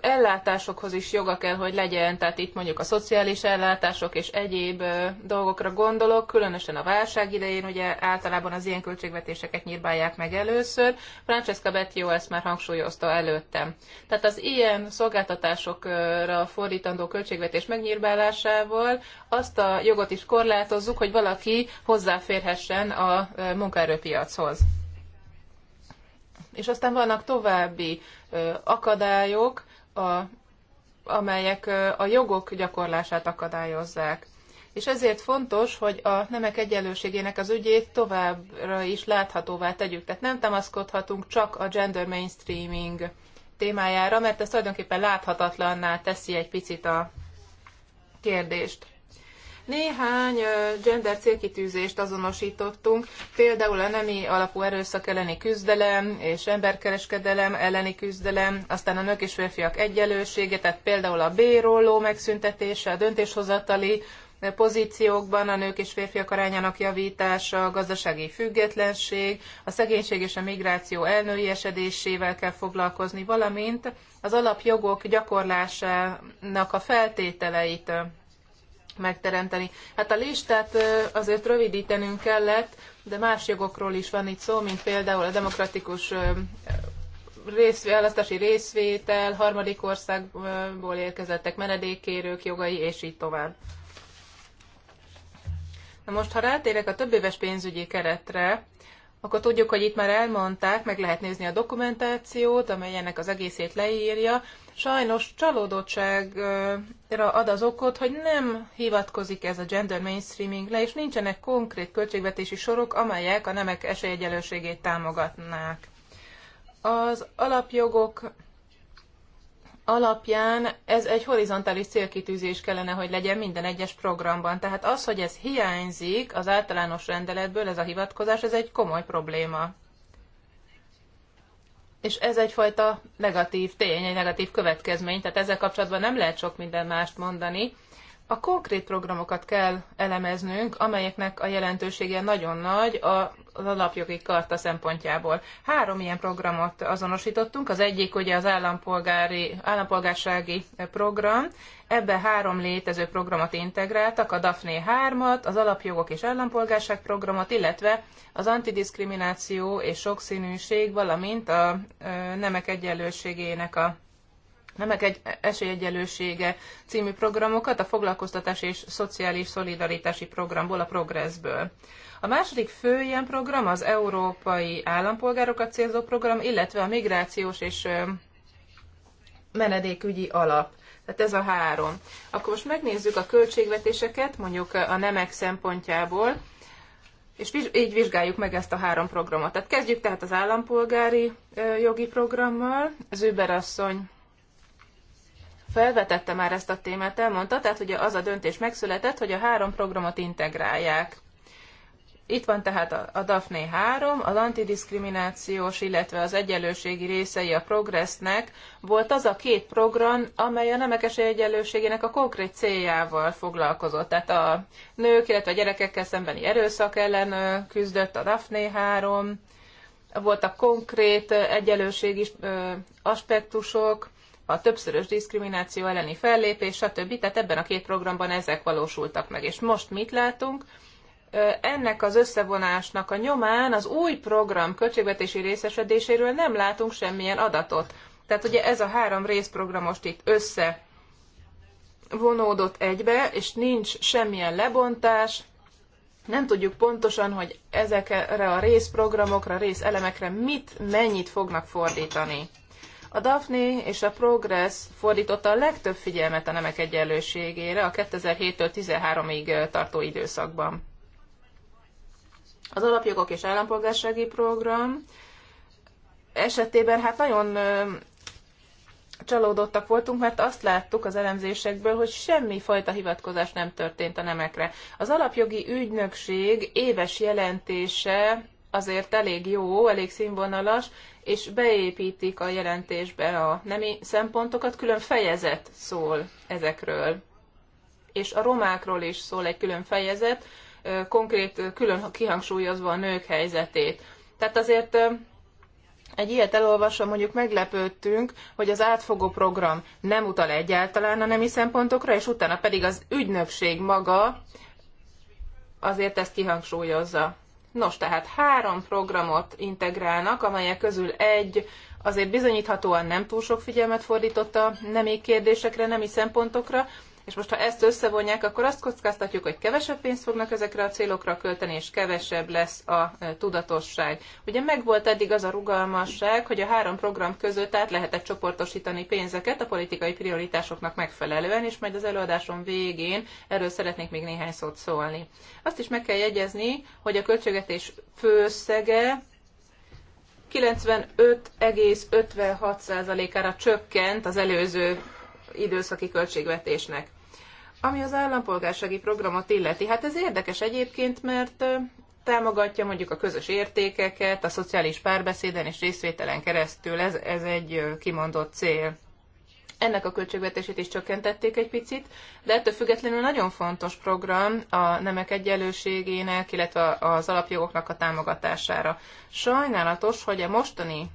ellátásokhoz is joga kell, hogy legyen, tehát itt mondjuk a szociális ellátások és egyéb dolgokra gondolok, különösen a válság idején, ugye általában az ilyen költségvetéseket nyírbálják meg először. Francesca Bettió ezt már hangsúlyozta előttem. Tehát az ilyen szolgáltatásokra fordítandó költségvetés megnyírbálásával azt a jogot is korlátozzuk, hogy valaki hozzáférhessen a munkaerőpiachoz. És aztán vannak további akadályok, a, amelyek a jogok gyakorlását akadályozzák. És ezért fontos, hogy a nemek egyenlőségének az ügyét továbbra is láthatóvá tegyük. Tehát nem támaszkodhatunk csak a gender mainstreaming témájára, mert ez tulajdonképpen láthatatlanná teszi egy picit a kérdést. Néhány gender célkitűzést azonosítottunk, például a nemi alapú erőszak elleni küzdelem és emberkereskedelem elleni küzdelem, aztán a nők és férfiak egyenlősége, tehát például a bérolló megszüntetése, a döntéshozatali pozíciókban a nők és férfiak arányának javítása, a gazdasági függetlenség, a szegénység és a migráció elnőiesedésével kell foglalkozni, valamint az alapjogok gyakorlásának a feltételeit megteremteni. Hát a listát azért rövidítenünk kellett, de más jogokról is van itt szó, mint például a demokratikus részvétel, választási részvétel, harmadik országból érkezettek menedékkérők jogai, és így tovább. Na most, ha rátérek a többéves pénzügyi keretre, akkor tudjuk, hogy itt már elmondták, meg lehet nézni a dokumentációt, amely ennek az egészét leírja. Sajnos csalódottságra ad az okot, hogy nem hivatkozik ez a gender mainstreaming le, és nincsenek konkrét költségvetési sorok, amelyek a nemek esélyegyelőségét támogatnák. Az alapjogok alapján ez egy horizontális célkitűzés kellene, hogy legyen minden egyes programban. Tehát az, hogy ez hiányzik az általános rendeletből, ez a hivatkozás, ez egy komoly probléma. És ez egyfajta negatív tény, egy negatív következmény, tehát ezzel kapcsolatban nem lehet sok minden mást mondani, a konkrét programokat kell elemeznünk, amelyeknek a jelentősége nagyon nagy az alapjogi karta szempontjából. Három ilyen programot azonosítottunk. Az egyik ugye az állampolgári, állampolgársági program. Ebbe három létező programot integráltak, a DAFNE 3-at, az alapjogok és állampolgárság programot, illetve az antidiszkrimináció és sokszínűség, valamint a nemek egyenlőségének a nemek egy esélyegyelősége című programokat a foglalkoztatás és szociális szolidaritási programból, a Progressből. A második fő ilyen program az európai állampolgárokat célzó program, illetve a migrációs és menedékügyi alap. Tehát ez a három. Akkor most megnézzük a költségvetéseket, mondjuk a nemek szempontjából, és így vizsgáljuk meg ezt a három programot. Tehát kezdjük tehát az állampolgári jogi programmal. Az Überasszony felvetette már ezt a témát, elmondta, tehát ugye az a döntés megszületett, hogy a három programot integrálják. Itt van tehát a, a DAFNE 3, az antidiskriminációs, illetve az egyenlőségi részei a progressznek volt az a két program, amely a nemek egyenlőségének a konkrét céljával foglalkozott. Tehát a nők, illetve a gyerekekkel szembeni erőszak ellen küzdött a DAFNE 3, voltak konkrét egyenlőségi aspektusok, a többszörös diszkrimináció elleni fellépés, stb. Tehát ebben a két programban ezek valósultak meg. És most mit látunk? ennek az összevonásnak a nyomán az új program költségvetési részesedéséről nem látunk semmilyen adatot. Tehát ugye ez a három részprogram most itt össze vonódott egybe, és nincs semmilyen lebontás, nem tudjuk pontosan, hogy ezekre a részprogramokra, részelemekre mit, mennyit fognak fordítani. A Daphne és a Progress fordította a legtöbb figyelmet a nemek egyenlőségére a 2007-től 13-ig tartó időszakban. Az alapjogok és állampolgársági program esetében hát nagyon csalódottak voltunk, mert azt láttuk az elemzésekből, hogy semmi fajta hivatkozás nem történt a nemekre. Az alapjogi ügynökség éves jelentése azért elég jó, elég színvonalas, és beépítik a jelentésbe a nemi szempontokat, külön fejezet szól ezekről. És a romákról is szól egy külön fejezet, konkrét külön kihangsúlyozva a nők helyzetét. Tehát azért egy ilyet elolvasva mondjuk meglepődtünk, hogy az átfogó program nem utal egyáltalán a nemi szempontokra, és utána pedig az ügynökség maga azért ezt kihangsúlyozza. Nos, tehát három programot integrálnak, amelyek közül egy azért bizonyíthatóan nem túl sok figyelmet fordított a nemi kérdésekre, nemi szempontokra, és most, ha ezt összevonják, akkor azt kockáztatjuk, hogy kevesebb pénzt fognak ezekre a célokra költeni, és kevesebb lesz a tudatosság. Ugye megvolt eddig az a rugalmasság, hogy a három program között át lehetett csoportosítani pénzeket a politikai prioritásoknak megfelelően, és majd az előadásom végén erről szeretnék még néhány szót szólni. Azt is meg kell jegyezni, hogy a költségvetés főszege 95,56%-ára csökkent az előző időszaki költségvetésnek. Ami az állampolgársági programot illeti, hát ez érdekes egyébként, mert támogatja mondjuk a közös értékeket, a szociális párbeszéden és részvételen keresztül, ez, ez egy kimondott cél. Ennek a költségvetését is csökkentették egy picit, de ettől függetlenül nagyon fontos program a nemek egyenlőségének, illetve az alapjogoknak a támogatására. Sajnálatos, hogy a mostani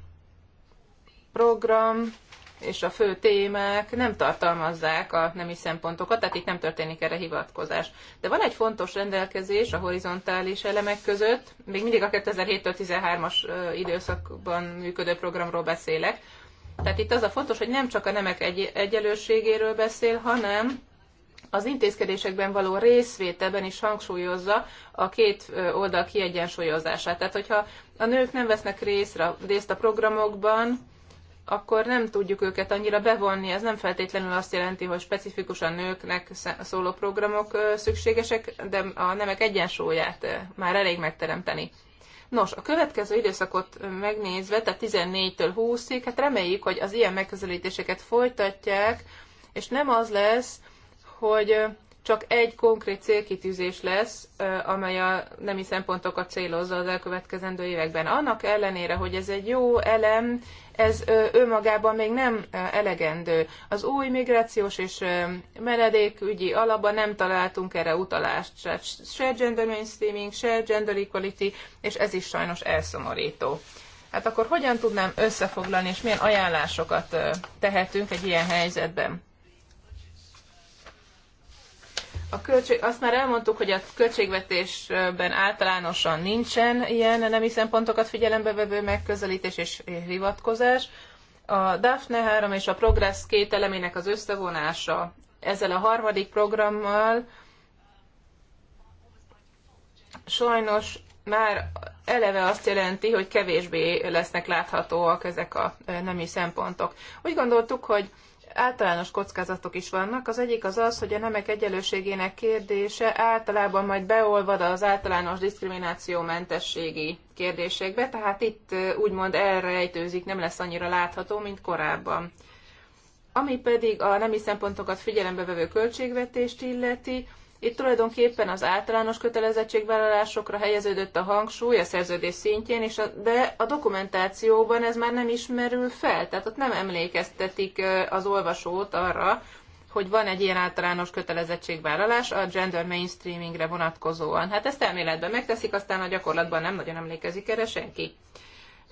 program és a fő témák nem tartalmazzák a nemi szempontokat, tehát itt nem történik erre hivatkozás. De van egy fontos rendelkezés a horizontális elemek között, még mindig a 2007-13-as időszakban működő programról beszélek, tehát itt az a fontos, hogy nem csak a nemek egy- egyenlőségéről beszél, hanem az intézkedésekben való részvételben is hangsúlyozza a két oldal kiegyensúlyozását. Tehát, hogyha a nők nem vesznek részre, részt a programokban, akkor nem tudjuk őket annyira bevonni. Ez nem feltétlenül azt jelenti, hogy specifikusan nőknek szóló programok szükségesek, de a nemek egyensúlyát már elég megteremteni. Nos, a következő időszakot megnézve, tehát 14-től 20-ig, hát reméljük, hogy az ilyen megközelítéseket folytatják, és nem az lesz, hogy csak egy konkrét célkitűzés lesz, amely a nemi szempontokat célozza az elkövetkezendő években. Annak ellenére, hogy ez egy jó elem, ez önmagában még nem elegendő. Az új migrációs és menedékügyi alapban nem találtunk erre utalást, se gender mainstreaming, se gender equality, és ez is sajnos elszomorító. Hát akkor hogyan tudnám összefoglalni, és milyen ajánlásokat tehetünk egy ilyen helyzetben? A költség, azt már elmondtuk, hogy a költségvetésben általánosan nincsen ilyen nemi szempontokat figyelembe vevő megközelítés és hivatkozás. A DAFNE 3 és a Progress két elemének az összevonása ezzel a harmadik programmal sajnos már eleve azt jelenti, hogy kevésbé lesznek láthatóak ezek a nemi szempontok. Úgy gondoltuk, hogy általános kockázatok is vannak. Az egyik az az, hogy a nemek egyenlőségének kérdése általában majd beolvad az általános diszkriminációmentességi kérdésekbe, tehát itt úgymond elrejtőzik, nem lesz annyira látható, mint korábban. Ami pedig a nemi szempontokat figyelembe vevő költségvetést illeti, itt tulajdonképpen az általános kötelezettségvállalásokra helyeződött a hangsúly a szerződés szintjén, és a, de a dokumentációban ez már nem ismerül fel, tehát ott nem emlékeztetik az olvasót arra, hogy van egy ilyen általános kötelezettségvállalás a gender mainstreamingre vonatkozóan. Hát ezt elméletben megteszik, aztán a gyakorlatban nem nagyon emlékezik erre senki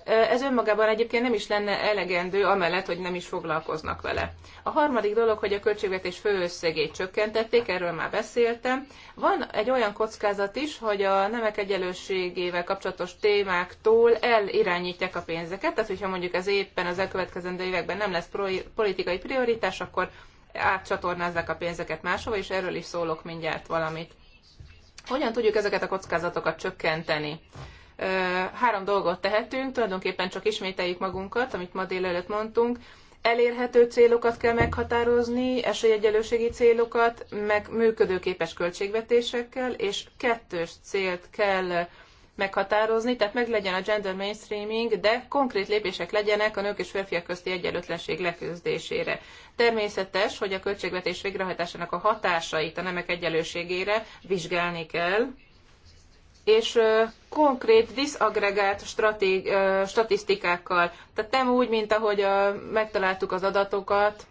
ez önmagában egyébként nem is lenne elegendő, amellett, hogy nem is foglalkoznak vele. A harmadik dolog, hogy a költségvetés főösszegét csökkentették, erről már beszéltem. Van egy olyan kockázat is, hogy a nemek egyenlőségével kapcsolatos témáktól elirányítják a pénzeket, tehát hogyha mondjuk ez éppen az elkövetkezendő években nem lesz politikai prioritás, akkor átcsatornázzák a pénzeket máshova, és erről is szólok mindjárt valamit. Hogyan tudjuk ezeket a kockázatokat csökkenteni? három dolgot tehetünk, tulajdonképpen csak ismételjük magunkat, amit ma délelőtt mondtunk, elérhető célokat kell meghatározni, esélyegyelőségi célokat, meg működőképes költségvetésekkel, és kettős célt kell meghatározni, tehát meg legyen a gender mainstreaming, de konkrét lépések legyenek a nők és férfiak közti egyenlőtlenség leküzdésére. Természetes, hogy a költségvetés végrehajtásának a hatásait a nemek egyenlőségére vizsgálni kell, és konkrét diszagregált stratég, statisztikákkal. Tehát nem úgy, mint ahogy megtaláltuk az adatokat,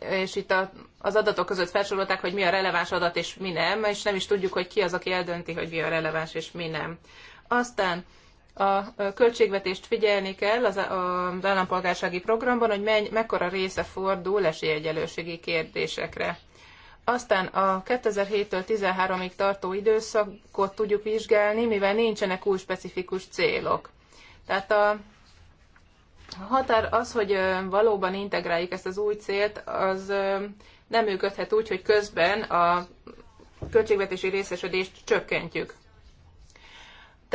és itt a, az adatok között felsorolták, hogy mi a releváns adat és mi nem, és nem is tudjuk, hogy ki az, aki eldönti, hogy mi a releváns és mi nem. Aztán a költségvetést figyelni kell az, az állampolgársági programban, hogy menny, mekkora része fordul esélyegyelőségi kérdésekre. Aztán a 2007-től 13-ig tartó időszakot tudjuk vizsgálni, mivel nincsenek új specifikus célok. Tehát a határ az, hogy valóban integráljuk ezt az új célt, az nem működhet úgy, hogy közben a költségvetési részesedést csökkentjük.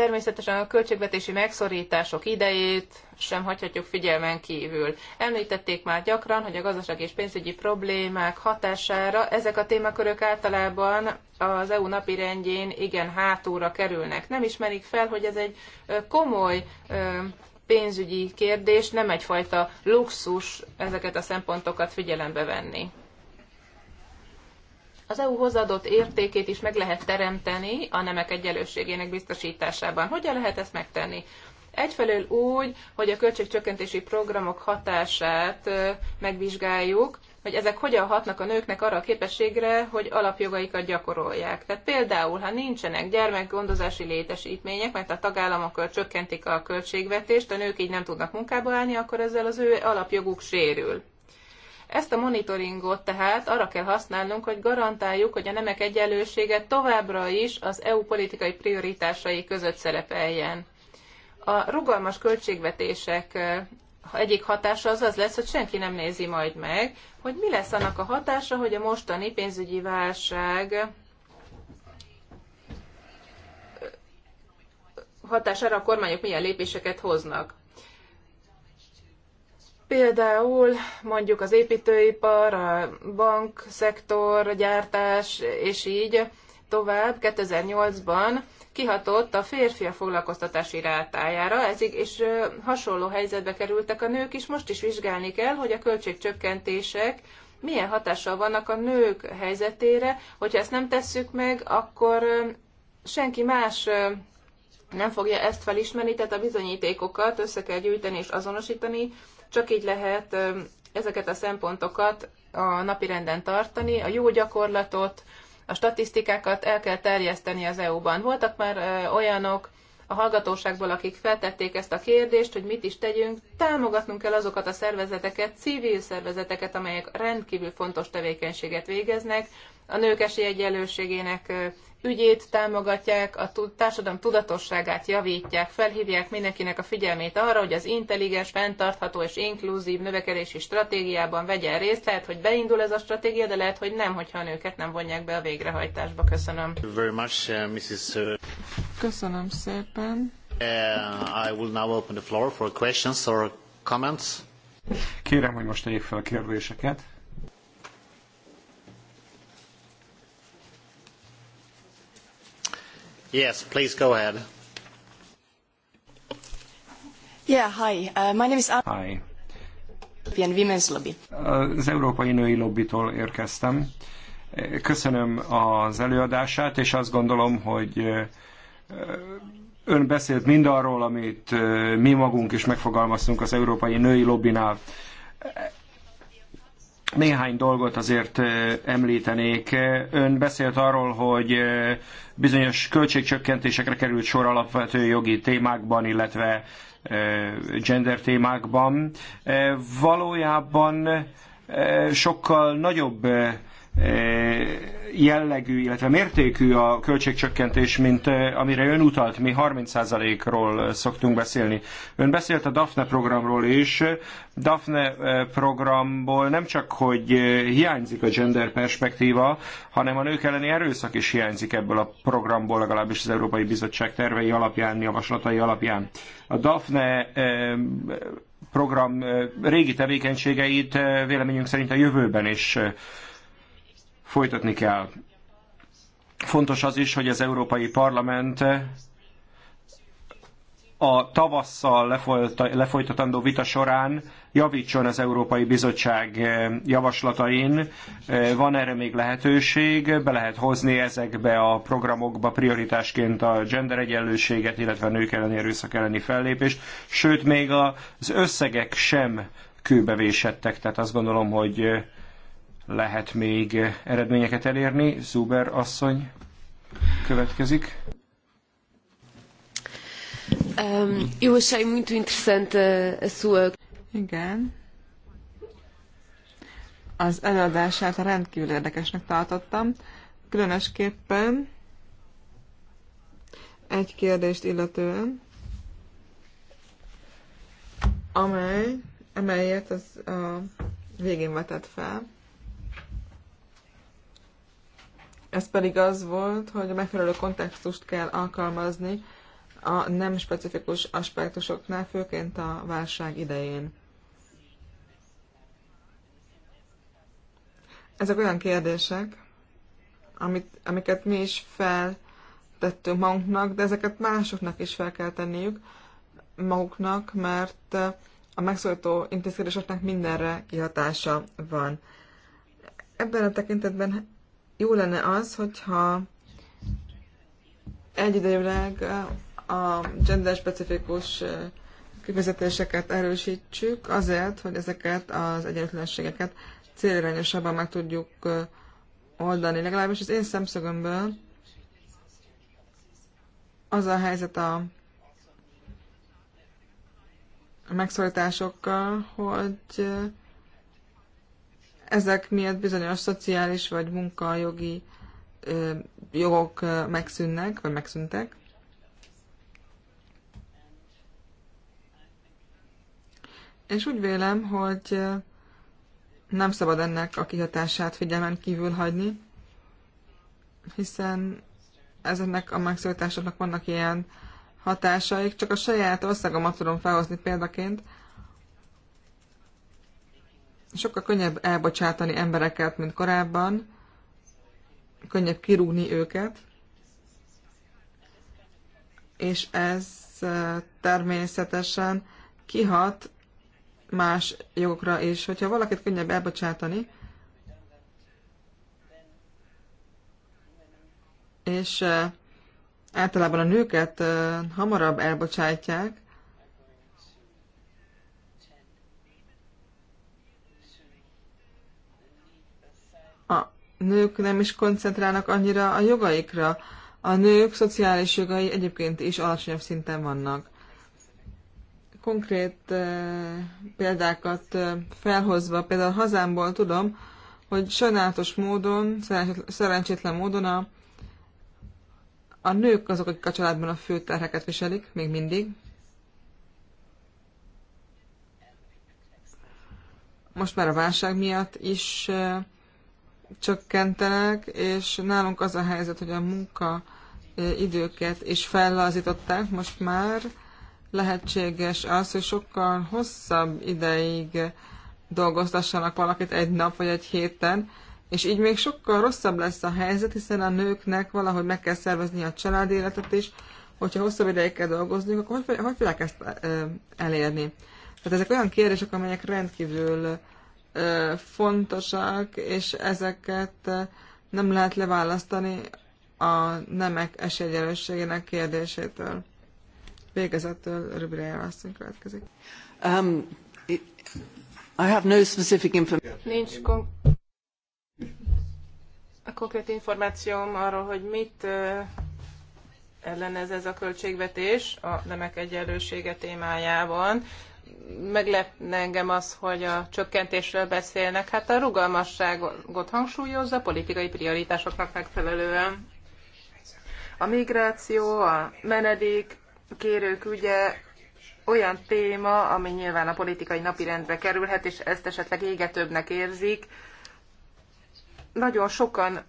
Természetesen a költségvetési megszorítások idejét sem hagyhatjuk figyelmen kívül. Említették már gyakran, hogy a gazdasági és pénzügyi problémák hatására ezek a témakörök általában az EU napirendjén igen hátúra kerülnek. Nem ismerik fel, hogy ez egy komoly pénzügyi kérdés, nem egyfajta luxus ezeket a szempontokat figyelembe venni az EU hozzáadott értékét is meg lehet teremteni a nemek egyenlőségének biztosításában. Hogyan lehet ezt megtenni? Egyfelől úgy, hogy a költségcsökkentési programok hatását megvizsgáljuk, hogy ezek hogyan hatnak a nőknek arra a képességre, hogy alapjogaikat gyakorolják. Tehát például, ha nincsenek gyermekgondozási létesítmények, mert a tagállamokkal csökkentik a költségvetést, a nők így nem tudnak munkába állni, akkor ezzel az ő alapjoguk sérül. Ezt a monitoringot tehát arra kell használnunk, hogy garantáljuk, hogy a nemek egyenlősége továbbra is az EU politikai prioritásai között szerepeljen. A rugalmas költségvetések eh, egyik hatása az az lesz, hogy senki nem nézi majd meg, hogy mi lesz annak a hatása, hogy a mostani pénzügyi válság eh, hatására a kormányok milyen lépéseket hoznak. Például mondjuk az építőipar, a bankszektor, a gyártás, és így tovább 2008-ban kihatott a férfiak foglalkoztatási rátájára, ez, és hasonló helyzetbe kerültek a nők is. Most is vizsgálni kell, hogy a költségcsökkentések milyen hatással vannak a nők helyzetére, hogyha ezt nem tesszük meg, akkor senki más nem fogja ezt felismerni, tehát a bizonyítékokat össze kell gyűjteni és azonosítani, csak így lehet ezeket a szempontokat a napirenden tartani, a jó gyakorlatot, a statisztikákat el kell terjeszteni az EU-ban. Voltak már olyanok, a hallgatóságból, akik feltették ezt a kérdést, hogy mit is tegyünk, támogatnunk kell azokat a szervezeteket, civil szervezeteket, amelyek rendkívül fontos tevékenységet végeznek, a nők esélyegyenlőségének ügyét támogatják, a társadalom tudatosságát javítják, felhívják mindenkinek a figyelmét arra, hogy az intelligens, fenntartható és inkluzív növekedési stratégiában vegyen részt. Lehet, hogy beindul ez a stratégia, de lehet, hogy nem, hogyha a nőket nem vonják be a végrehajtásba. Köszönöm. Very much, uh, Mrs. Uh, Köszönöm szépen. Uh, I will now open the floor for questions or comments. Kérem, hogy most tegyék fel a kérdéseket. Yes, please go ahead. Yeah, hi. Uh, my name is Anna. Hi. European Women's Lobby. Az Európai Női Lobbitól érkeztem. Köszönöm az előadását, és azt gondolom, hogy ön beszélt mindarról, amit mi magunk is megfogalmaztunk az Európai Női Lobbinál. Néhány dolgot azért említenék. Ön beszélt arról, hogy Bizonyos költségcsökkentésekre került sor alapvető jogi témákban, illetve gender témákban. Valójában sokkal nagyobb Eh, jellegű, illetve mértékű a költségcsökkentés, mint eh, amire ön utalt. Mi 30%-ról szoktunk beszélni. Ön beszélt a DAFNE programról is. DAFNE eh, programból nem csak, hogy hiányzik a gender perspektíva, hanem a nők elleni erőszak is hiányzik ebből a programból, legalábbis az Európai Bizottság tervei alapján, javaslatai alapján. A DAFNE program régi tevékenységeit véleményünk szerint a jövőben is folytatni kell. Fontos az is, hogy az Európai Parlament a tavasszal lefolytatandó vita során javítson az Európai Bizottság javaslatain. Van erre még lehetőség, be lehet hozni ezekbe a programokba prioritásként a gender egyenlőséget, illetve a nők elleni erőszak elleni fellépést, sőt még az összegek sem kőbevésettek, tehát azt gondolom, hogy lehet még eredményeket elérni. Zuber asszony következik. Um, eu achei muito interessante a, a sua... Igen. Az előadását rendkívül érdekesnek tartottam. Különösképpen egy kérdést illetően, amely, amelyet az a végén vetett fel. Ez pedig az volt, hogy a megfelelő kontextust kell alkalmazni a nem specifikus aspektusoknál, főként a válság idején. Ezek olyan kérdések, amit, amiket mi is feltettünk magunknak, de ezeket másoknak is fel kell tenniük maguknak, mert a megszólító intézkedéseknek mindenre kihatása van. Ebben a tekintetben jó lenne az, hogyha egyidejűleg a gender-specifikus kifizetéseket erősítsük azért, hogy ezeket az egyenlőtlenségeket célirányosabban meg tudjuk oldani. Legalábbis az én szemszögömből az a helyzet a megszólításokkal, hogy ezek miatt bizonyos szociális vagy munkajogi jogok megszűnnek, vagy megszűntek. És úgy vélem, hogy nem szabad ennek a kihatását figyelmen kívül hagyni, hiszen ezeknek a megszólításoknak vannak ilyen hatásaik, csak a saját országomat tudom felhozni példaként, sokkal könnyebb elbocsátani embereket, mint korábban, könnyebb kirúgni őket, és ez természetesen kihat más jogokra is. Hogyha valakit könnyebb elbocsátani, és általában a nőket hamarabb elbocsátják, nők nem is koncentrálnak annyira a jogaikra. A nők szociális jogai egyébként is alacsonyabb szinten vannak. Konkrét eh, példákat eh, felhozva, például hazámból tudom, hogy sajnálatos módon, szerencsétlen módon a, a nők azok, akik a családban a fő terheket viselik, még mindig. Most már a válság miatt is eh, csökkentenek, és nálunk az a helyzet, hogy a munka időket is fellazították most már, lehetséges az, hogy sokkal hosszabb ideig dolgoztassanak valakit egy nap vagy egy héten, és így még sokkal rosszabb lesz a helyzet, hiszen a nőknek valahogy meg kell szervezni a család életet is, hogyha hosszabb ideig kell dolgozniuk, akkor hogy, hogy fogják ezt elérni? Tehát ezek olyan kérdések, amelyek rendkívül fontosak, és ezeket nem lehet leválasztani a nemek esélyegyenlőségének kérdésétől. Végezettől Rübire asszony következik. Um, it, I have no specific information. Nincs kon- a konkrét információm arról, hogy mit uh, ellenez ez a költségvetés a nemek egyenlősége témájában meglepne engem az, hogy a csökkentésről beszélnek. Hát a rugalmasságot hangsúlyozza a politikai prioritásoknak megfelelően. A migráció, a menedék, kérők ugye olyan téma, ami nyilván a politikai napirendre kerülhet, és ezt esetleg égetőbbnek érzik. Nagyon sokan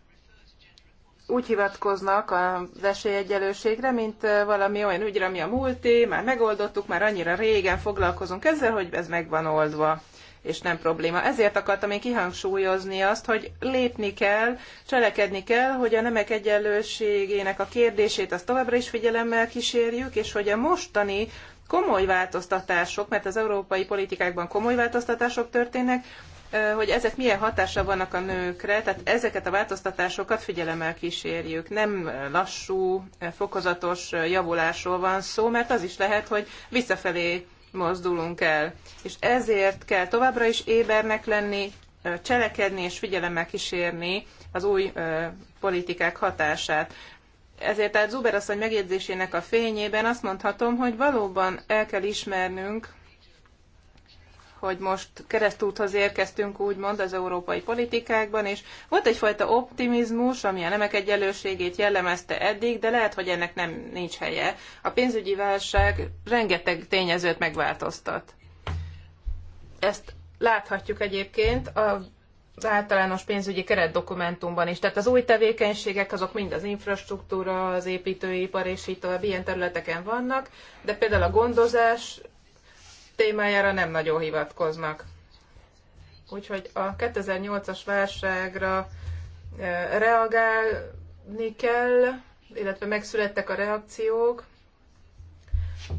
úgy hivatkoznak az esélyegyelőségre, mint valami olyan ügyre, ami a múlté, már megoldottuk, már annyira régen foglalkozunk ezzel, hogy ez meg van oldva és nem probléma. Ezért akartam én kihangsúlyozni azt, hogy lépni kell, cselekedni kell, hogy a nemek egyenlőségének a kérdését azt továbbra is figyelemmel kísérjük, és hogy a mostani komoly változtatások, mert az európai politikákban komoly változtatások történnek, hogy ezek milyen hatása vannak a nőkre, tehát ezeket a változtatásokat figyelemmel kísérjük. Nem lassú, fokozatos javulásról van szó, mert az is lehet, hogy visszafelé mozdulunk el. És ezért kell továbbra is ébernek lenni, cselekedni és figyelemmel kísérni az új politikák hatását. Ezért tehát Zuber asszony megjegyzésének a fényében azt mondhatom, hogy valóban el kell ismernünk hogy most keresztúthoz érkeztünk, úgymond az európai politikákban, és volt egyfajta optimizmus, ami a nemek egyenlőségét jellemezte eddig, de lehet, hogy ennek nem nincs helye. A pénzügyi válság rengeteg tényezőt megváltoztat. Ezt láthatjuk egyébként a az általános pénzügyi keretdokumentumban is. Tehát az új tevékenységek, azok mind az infrastruktúra, az építőipar és így tovább ilyen területeken vannak, de például a gondozás témájára nem nagyon hivatkoznak. Úgyhogy a 2008-as válságra e, reagálni kell, illetve megszülettek a reakciók.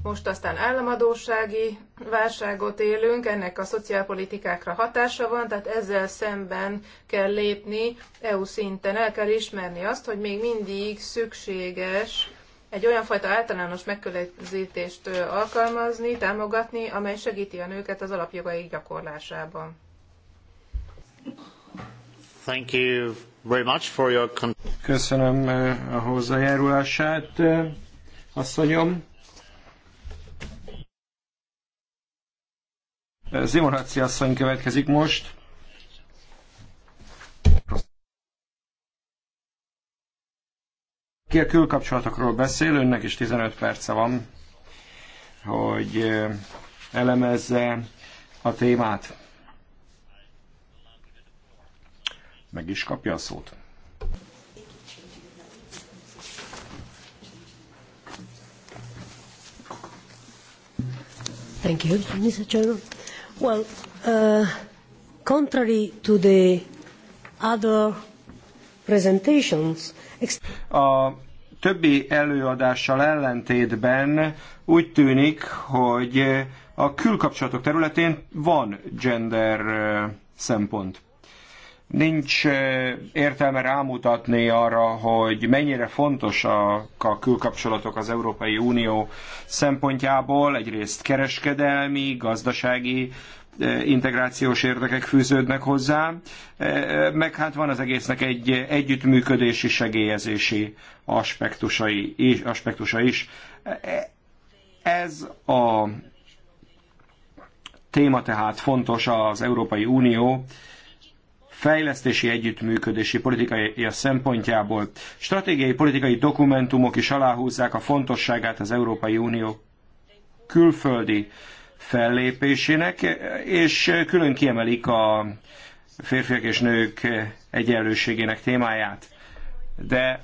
Most aztán államadósági válságot élünk, ennek a szociálpolitikákra hatása van, tehát ezzel szemben kell lépni EU szinten. El kell ismerni azt, hogy még mindig szükséges egy olyan fajta általános megközelítést alkalmazni, támogatni, amely segíti a nőket az alapjogai gyakorlásában. Thank you very much for your Köszönöm a hozzájárulását, asszonyom. Zimorháci asszony következik most. a külkapcsolatokról beszél, önnek is 15 perce van, hogy elemezze a témát. Meg is kapja a szót. Thank you, Mr. Chairman. Well, uh, contrary to the other presentations, a többi előadással ellentétben úgy tűnik, hogy a külkapcsolatok területén van gender szempont. Nincs értelme rámutatni arra, hogy mennyire fontos a külkapcsolatok az Európai Unió szempontjából, egyrészt kereskedelmi, gazdasági integrációs érdekek fűződnek hozzá, e, meg hát van az egésznek egy együttműködési, segélyezési aspektusai is, aspektusa is. E, ez a téma tehát fontos az Európai Unió fejlesztési együttműködési politikai szempontjából. Stratégiai politikai dokumentumok is aláhúzzák a fontosságát az Európai Unió külföldi fellépésének, és külön kiemelik a férfiak és nők egyenlőségének témáját. De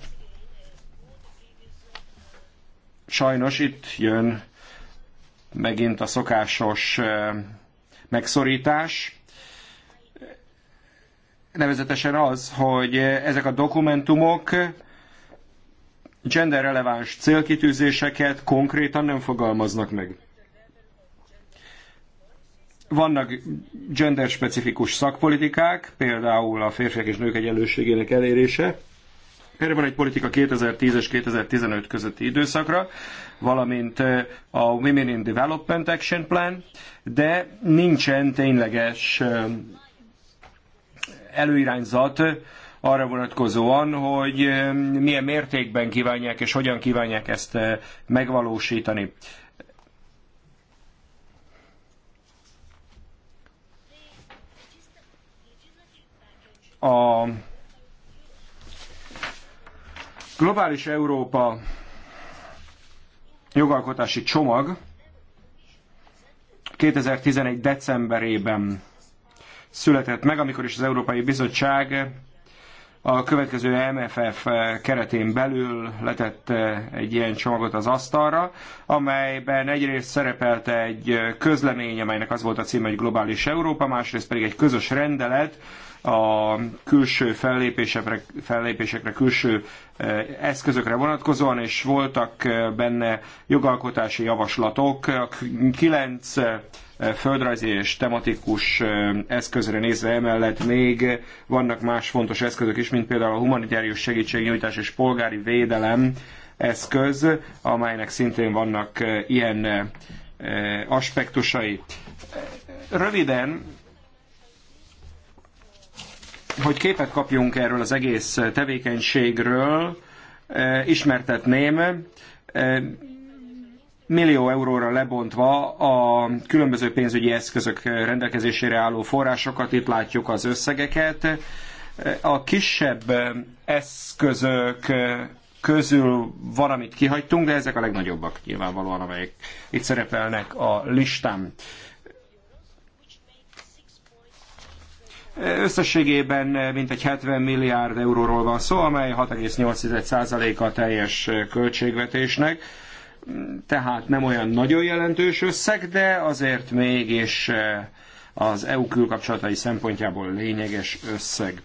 sajnos itt jön megint a szokásos megszorítás, nevezetesen az, hogy ezek a dokumentumok genderreleváns célkitűzéseket konkrétan nem fogalmaznak meg. Vannak gender-specifikus szakpolitikák, például a férfiak és nők egyenlőségének elérése. Erre van egy politika 2010 és 2015 közötti időszakra, valamint eh, a Women in Development Action Plan, de nincsen tényleges eh, előirányzat arra vonatkozóan, hogy eh, milyen mértékben kívánják és hogyan kívánják ezt megvalósítani. A globális Európa jogalkotási csomag 2011. decemberében született meg, amikor is az Európai Bizottság a következő MFF keretén belül letett egy ilyen csomagot az asztalra, amelyben egyrészt szerepelt egy közlemény, amelynek az volt a címe, hogy Globális Európa, másrészt pedig egy közös rendelet, a külső fellépésekre, fellépésekre külső e, eszközökre vonatkozóan, és voltak e, benne jogalkotási javaslatok. a Kilenc e, földrajzi és tematikus eszközre nézve emellett még vannak más fontos eszközök is, mint például a humanitárius segítségnyújtás és polgári védelem eszköz, amelynek szintén vannak ilyen aspektusai. Röviden hogy képet kapjunk erről az egész tevékenységről, e, ismertetném, e, millió euróra lebontva a különböző pénzügyi eszközök rendelkezésére álló forrásokat, itt látjuk az összegeket. E, a kisebb eszközök közül van, amit kihagytunk, de ezek a legnagyobbak nyilvánvalóan, amelyek itt szerepelnek a listán. Összességében mintegy 70 milliárd euróról van szó, amely 6,8% a teljes költségvetésnek, tehát nem olyan nagyon jelentős összeg, de azért mégis eh, az EU külkapcsolatai szempontjából lényeges összeg.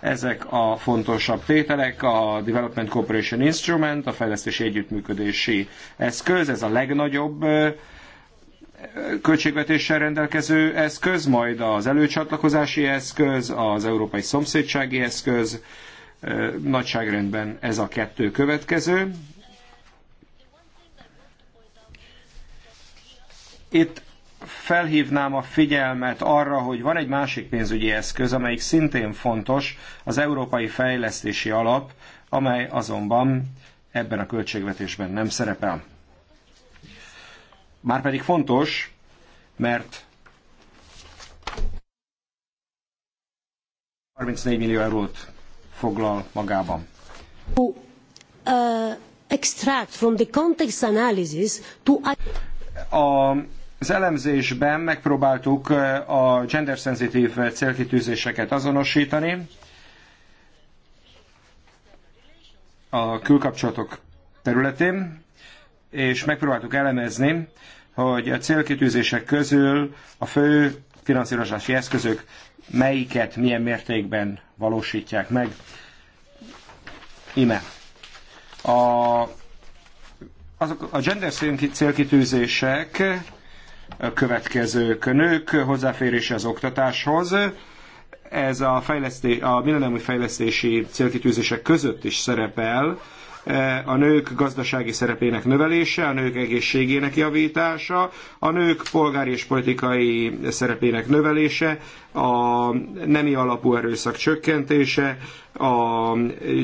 Ezek a fontosabb tételek, a Development Cooperation Instrument, a fejlesztési együttműködési eszköz, ez a legnagyobb eh, költségvetéssel rendelkező eszköz, majd az előcsatlakozási eszköz, az európai szomszédsági eszköz, nagyságrendben ez a kettő következő. Itt felhívnám a figyelmet arra, hogy van egy másik pénzügyi eszköz, amelyik szintén fontos, az Európai Fejlesztési Alap, amely azonban ebben a költségvetésben nem szerepel. Márpedig fontos, mert 34 millió eurót foglal magában. To, uh, extract from the context analysis to... A az elemzésben megpróbáltuk uh, a gender szenzitív célkitűzéseket azonosítani. A külkapcsolatok területén és megpróbáltuk elemezni, hogy a célkitűzések közül a fő finanszírozási eszközök melyiket milyen mértékben valósítják meg. Ime. A, azok a gender célkitűzések a következők. Nők hozzáférése az oktatáshoz. Ez a, fejleszté, a millenemű fejlesztési célkitűzések között is szerepel. Eh, a nők gazdasági szerepének növelése, a nők egészségének javítása, a nők polgári és politikai szerepének növelése, a nemi alapú erőszak csökkentése, a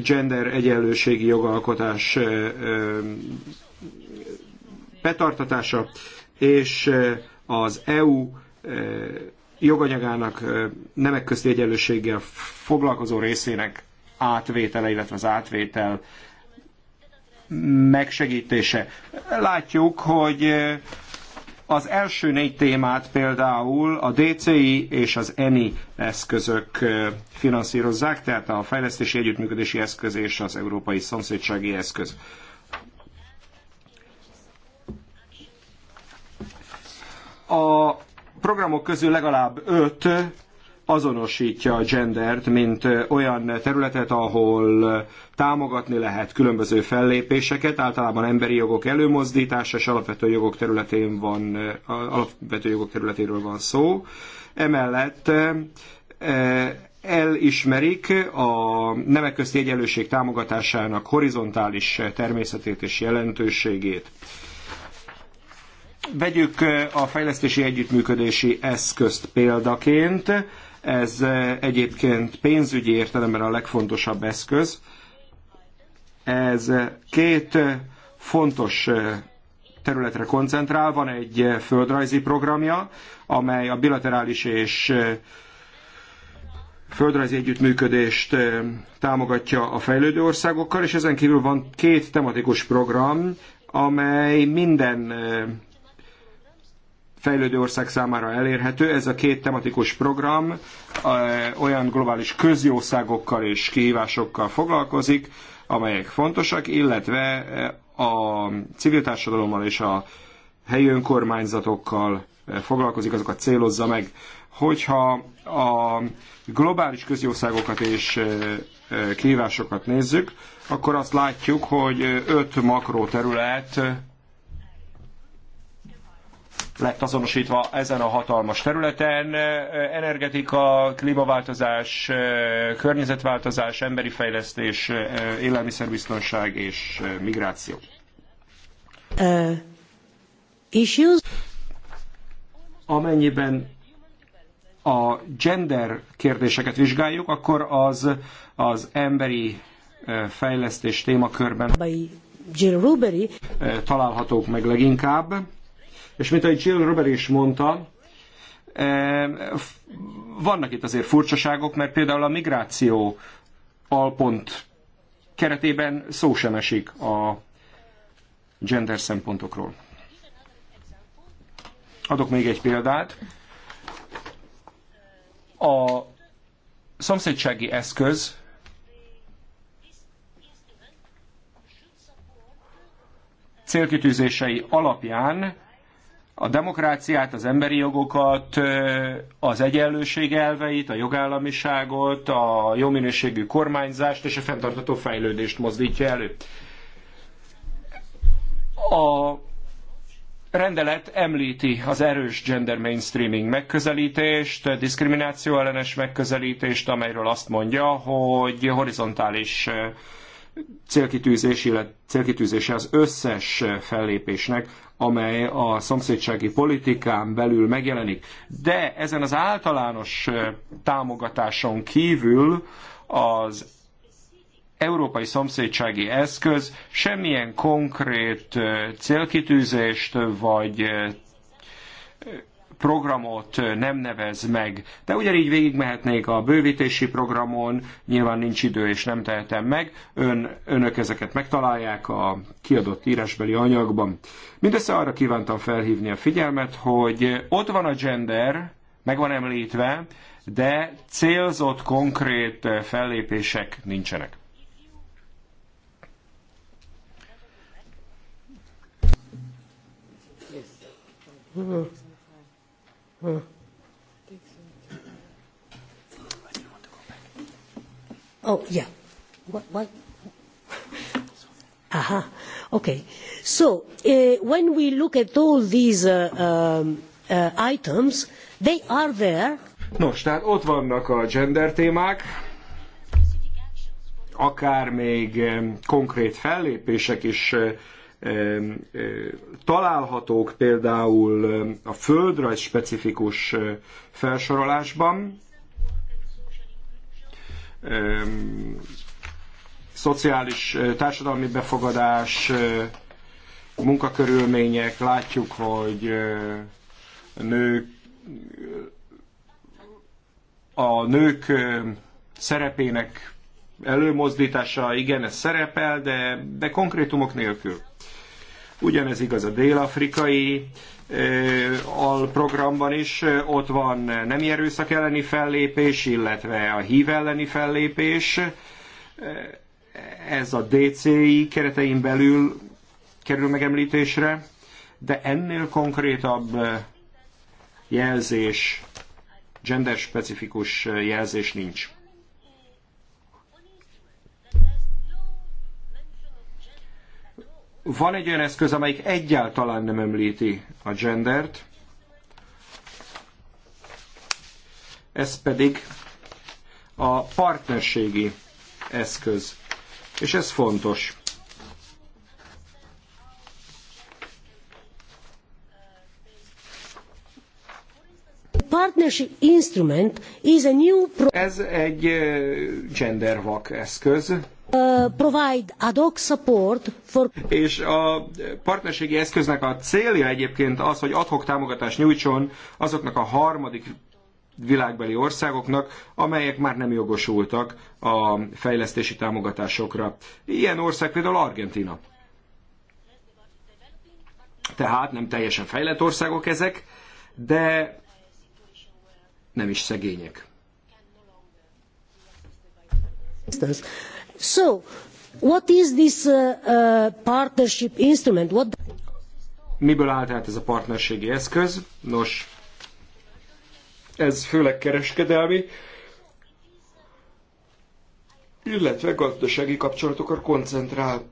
gender egyenlőségi jogalkotás eh, eh, betartatása, és az EU joganyagának nemek közti egyenlőséggel foglalkozó részének átvétele, illetve az átvétel megsegítése. Látjuk, hogy eh, az első négy témát például a DCI és az ENI eszközök eh, finanszírozzák, tehát a fejlesztési együttműködési eszköz és az európai szomszédsági eszköz. A programok közül legalább öt azonosítja a gendert, mint olyan területet, ahol támogatni lehet különböző fellépéseket, általában emberi jogok előmozdítása és alapvető jogok, területén van, alapvető jogok területéről van szó. Emellett elismerik a nemek közti egyenlőség támogatásának horizontális természetét és jelentőségét. Vegyük a fejlesztési együttműködési eszközt példaként. Ez eh, egyébként pénzügyi értelemben a legfontosabb eszköz. Ez eh, két eh, fontos területre koncentrál. Van egy földrajzi programja, amely a bilaterális és földrajzi együttműködést támogatja a fejlődő országokkal, és ezen kívül van két tematikus program, amely minden fejlődő ország számára elérhető. Ez a két tematikus program olyan globális közjószágokkal és kihívásokkal foglalkozik, amelyek fontosak, illetve a civil társadalommal és a helyi önkormányzatokkal foglalkozik, azokat célozza meg. Hogyha a globális közjószágokat és kihívásokat nézzük, akkor azt látjuk, hogy öt makró terület lett azonosítva ezen a hatalmas területen. Energetika, klímaváltozás, környezetváltozás, emberi fejlesztés, élelmiszerbiztonság és migráció. issues? Amennyiben a gender kérdéseket vizsgáljuk, akkor az az emberi fejlesztés témakörben találhatók meg leginkább. És mint ahogy Jill Robert is mondta, e, vannak itt azért furcsaságok, mert például a migráció alpont keretében szó sem esik a gender szempontokról. Adok még egy példát. A szomszédsági eszköz célkitűzései alapján a demokráciát, az emberi jogokat, az egyenlőség elveit, a jogállamiságot, a jó minőségű kormányzást és a fenntartható fejlődést mozdítja elő. A rendelet említi az erős gender mainstreaming megközelítést, diszkrimináció ellenes megközelítést, amelyről azt mondja, hogy horizontális célkitűzés, illetve célkitűzése az összes fellépésnek, amely a szomszédsági politikán belül megjelenik. De ezen az általános támogatáson kívül az európai szomszédsági eszköz semmilyen konkrét célkitűzést vagy programot nem nevez meg, de ugyanígy végigmehetnék a bővítési programon, nyilván nincs idő és nem tehetem meg, Ön, önök ezeket megtalálják a kiadott írásbeli anyagban. Mindössze arra kívántam felhívni a figyelmet, hogy ott van a gender, meg van említve, de célzott konkrét fellépések nincsenek. uh Oh, yeah. What? what? Aha. Okay. So uh, when we look at all these uh, um, uh, items, they are there. Nos, tehát ott vannak a gender témák, akár még um, konkrét fellépések is uh, találhatók például a földrajz specifikus felsorolásban, szociális, társadalmi befogadás, munkakörülmények, látjuk, hogy nők, a nők szerepének előmozdítása, igen, ez szerepel, de, de konkrétumok nélkül. Ugyanez igaz a dél-afrikai alprogramban is, ott van nemi erőszak elleni fellépés, illetve a hív elleni fellépés. Ez a DCI keretein belül kerül megemlítésre, de ennél konkrétabb jelzés, gender-specifikus jelzés nincs. Van egy olyan eszköz, amelyik egyáltalán nem említi a gendert, ez pedig a partnerségi eszköz. És ez fontos. partnership instrument is a new pro- Ez egy eh, gendervak eszköz, Uh, provide ad hoc support for... És a partnerségi eszköznek a célja egyébként az, hogy adhok támogatást nyújtson azoknak a harmadik világbeli országoknak, amelyek már nem jogosultak a fejlesztési támogatásokra. Ilyen ország például Argentina. Tehát nem teljesen fejlett országok ezek, de nem is szegények. So, what is this uh, uh, partnership instrument? What... Miből áll tehát ez a partnerségi eszköz? Nos, ez főleg kereskedelmi, illetve gazdasági kapcsolatokra koncentrál.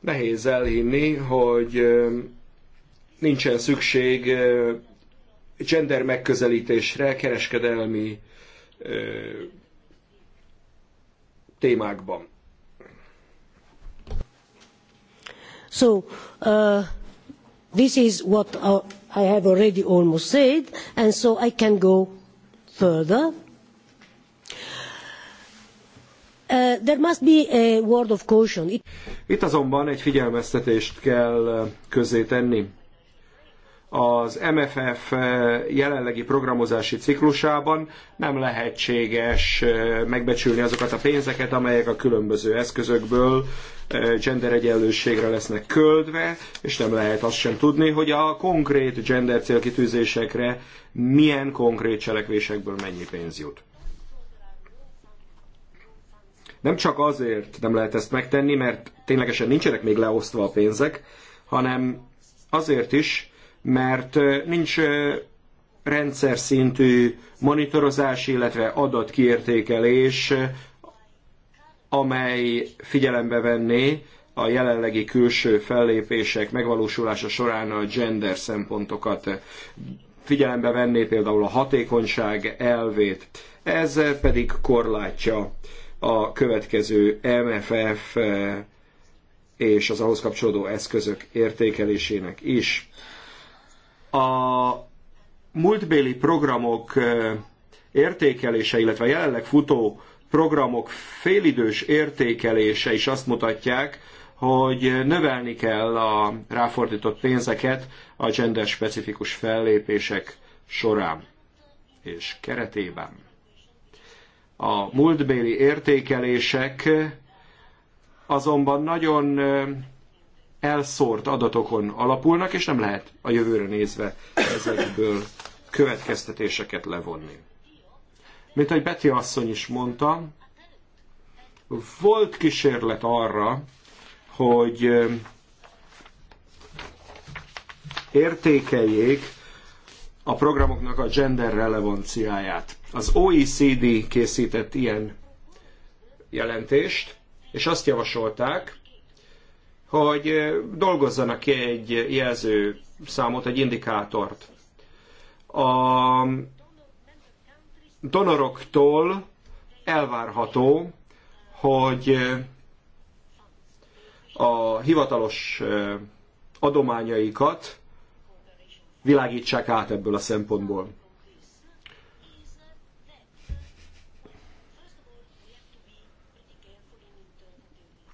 Nehéz elhinni, hogy nincsen szükség gender megközelítésre, kereskedelmi témákban. So, uh, this is what I have already almost said, and so I can go further. Uh, there must be a word of caution. It... Itt azonban egy figyelmeztetést kell közé tenni az MFF eh, jelenlegi programozási ciklusában nem lehetséges eh, megbecsülni azokat a pénzeket, amelyek a különböző eszközökből eh, genderegyenlőségre lesznek költve, és nem lehet azt sem tudni, hogy a konkrét gender célkitűzésekre milyen konkrét cselekvésekből mennyi pénz jut. Nem csak azért nem lehet ezt megtenni, mert ténylegesen nincsenek még leosztva a pénzek, hanem azért is, mert nincs rendszer szintű monitorozás, illetve adatkiértékelés, amely figyelembe venné a jelenlegi külső fellépések megvalósulása során a gender szempontokat figyelembe venné például a hatékonyság elvét. Ez pedig korlátja a következő MFF és az ahhoz kapcsolódó eszközök értékelésének is. A múltbéli programok értékelése, illetve a jelenleg futó programok félidős értékelése is azt mutatják, hogy növelni kell a ráfordított pénzeket a gender specifikus fellépések során és keretében. A múltbéli értékelések azonban nagyon elszórt adatokon alapulnak, és nem lehet a jövőre nézve ezekből következtetéseket levonni. Mint ahogy Beti asszony is mondta, volt kísérlet arra, hogy um, értékeljék a programoknak a gender relevanciáját. Az OECD készített ilyen jelentést, és azt javasolták, hogy dolgozzanak ki egy jelző számot, egy indikátort. A donoroktól elvárható, hogy a hivatalos adományaikat világítsák át ebből a szempontból.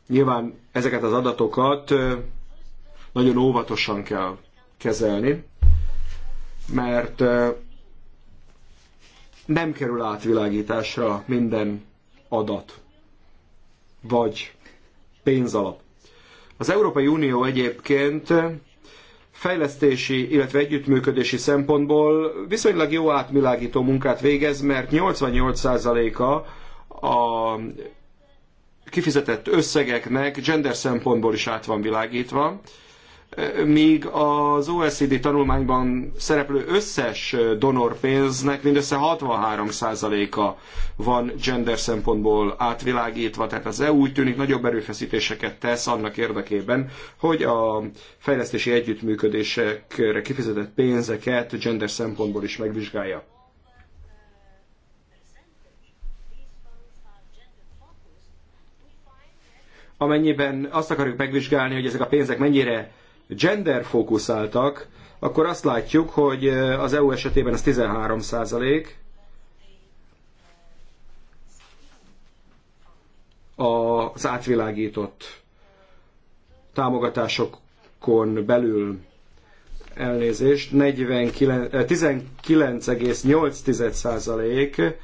Nyilván ezeket az adatokat nagyon óvatosan kell kezelni, mert nem kerül átvilágításra minden adat vagy pénzalap. Az Európai Unió egyébként fejlesztési, illetve együttműködési szempontból viszonylag jó átvilágító munkát végez, mert 88%-a a kifizetett összegeknek gender szempontból is át van világítva, míg az OECD tanulmányban szereplő összes donorpénznek mindössze 63%-a van gender szempontból átvilágítva, tehát az EU úgy tűnik nagyobb erőfeszítéseket tesz annak érdekében, hogy a fejlesztési együttműködésekre kifizetett pénzeket gender szempontból is megvizsgálja. amennyiben azt akarjuk megvizsgálni, hogy ezek a pénzek mennyire gender fókuszáltak, akkor azt látjuk, hogy az EU esetében ez 13 százalék, az átvilágított támogatásokon belül elnézést, 19,8%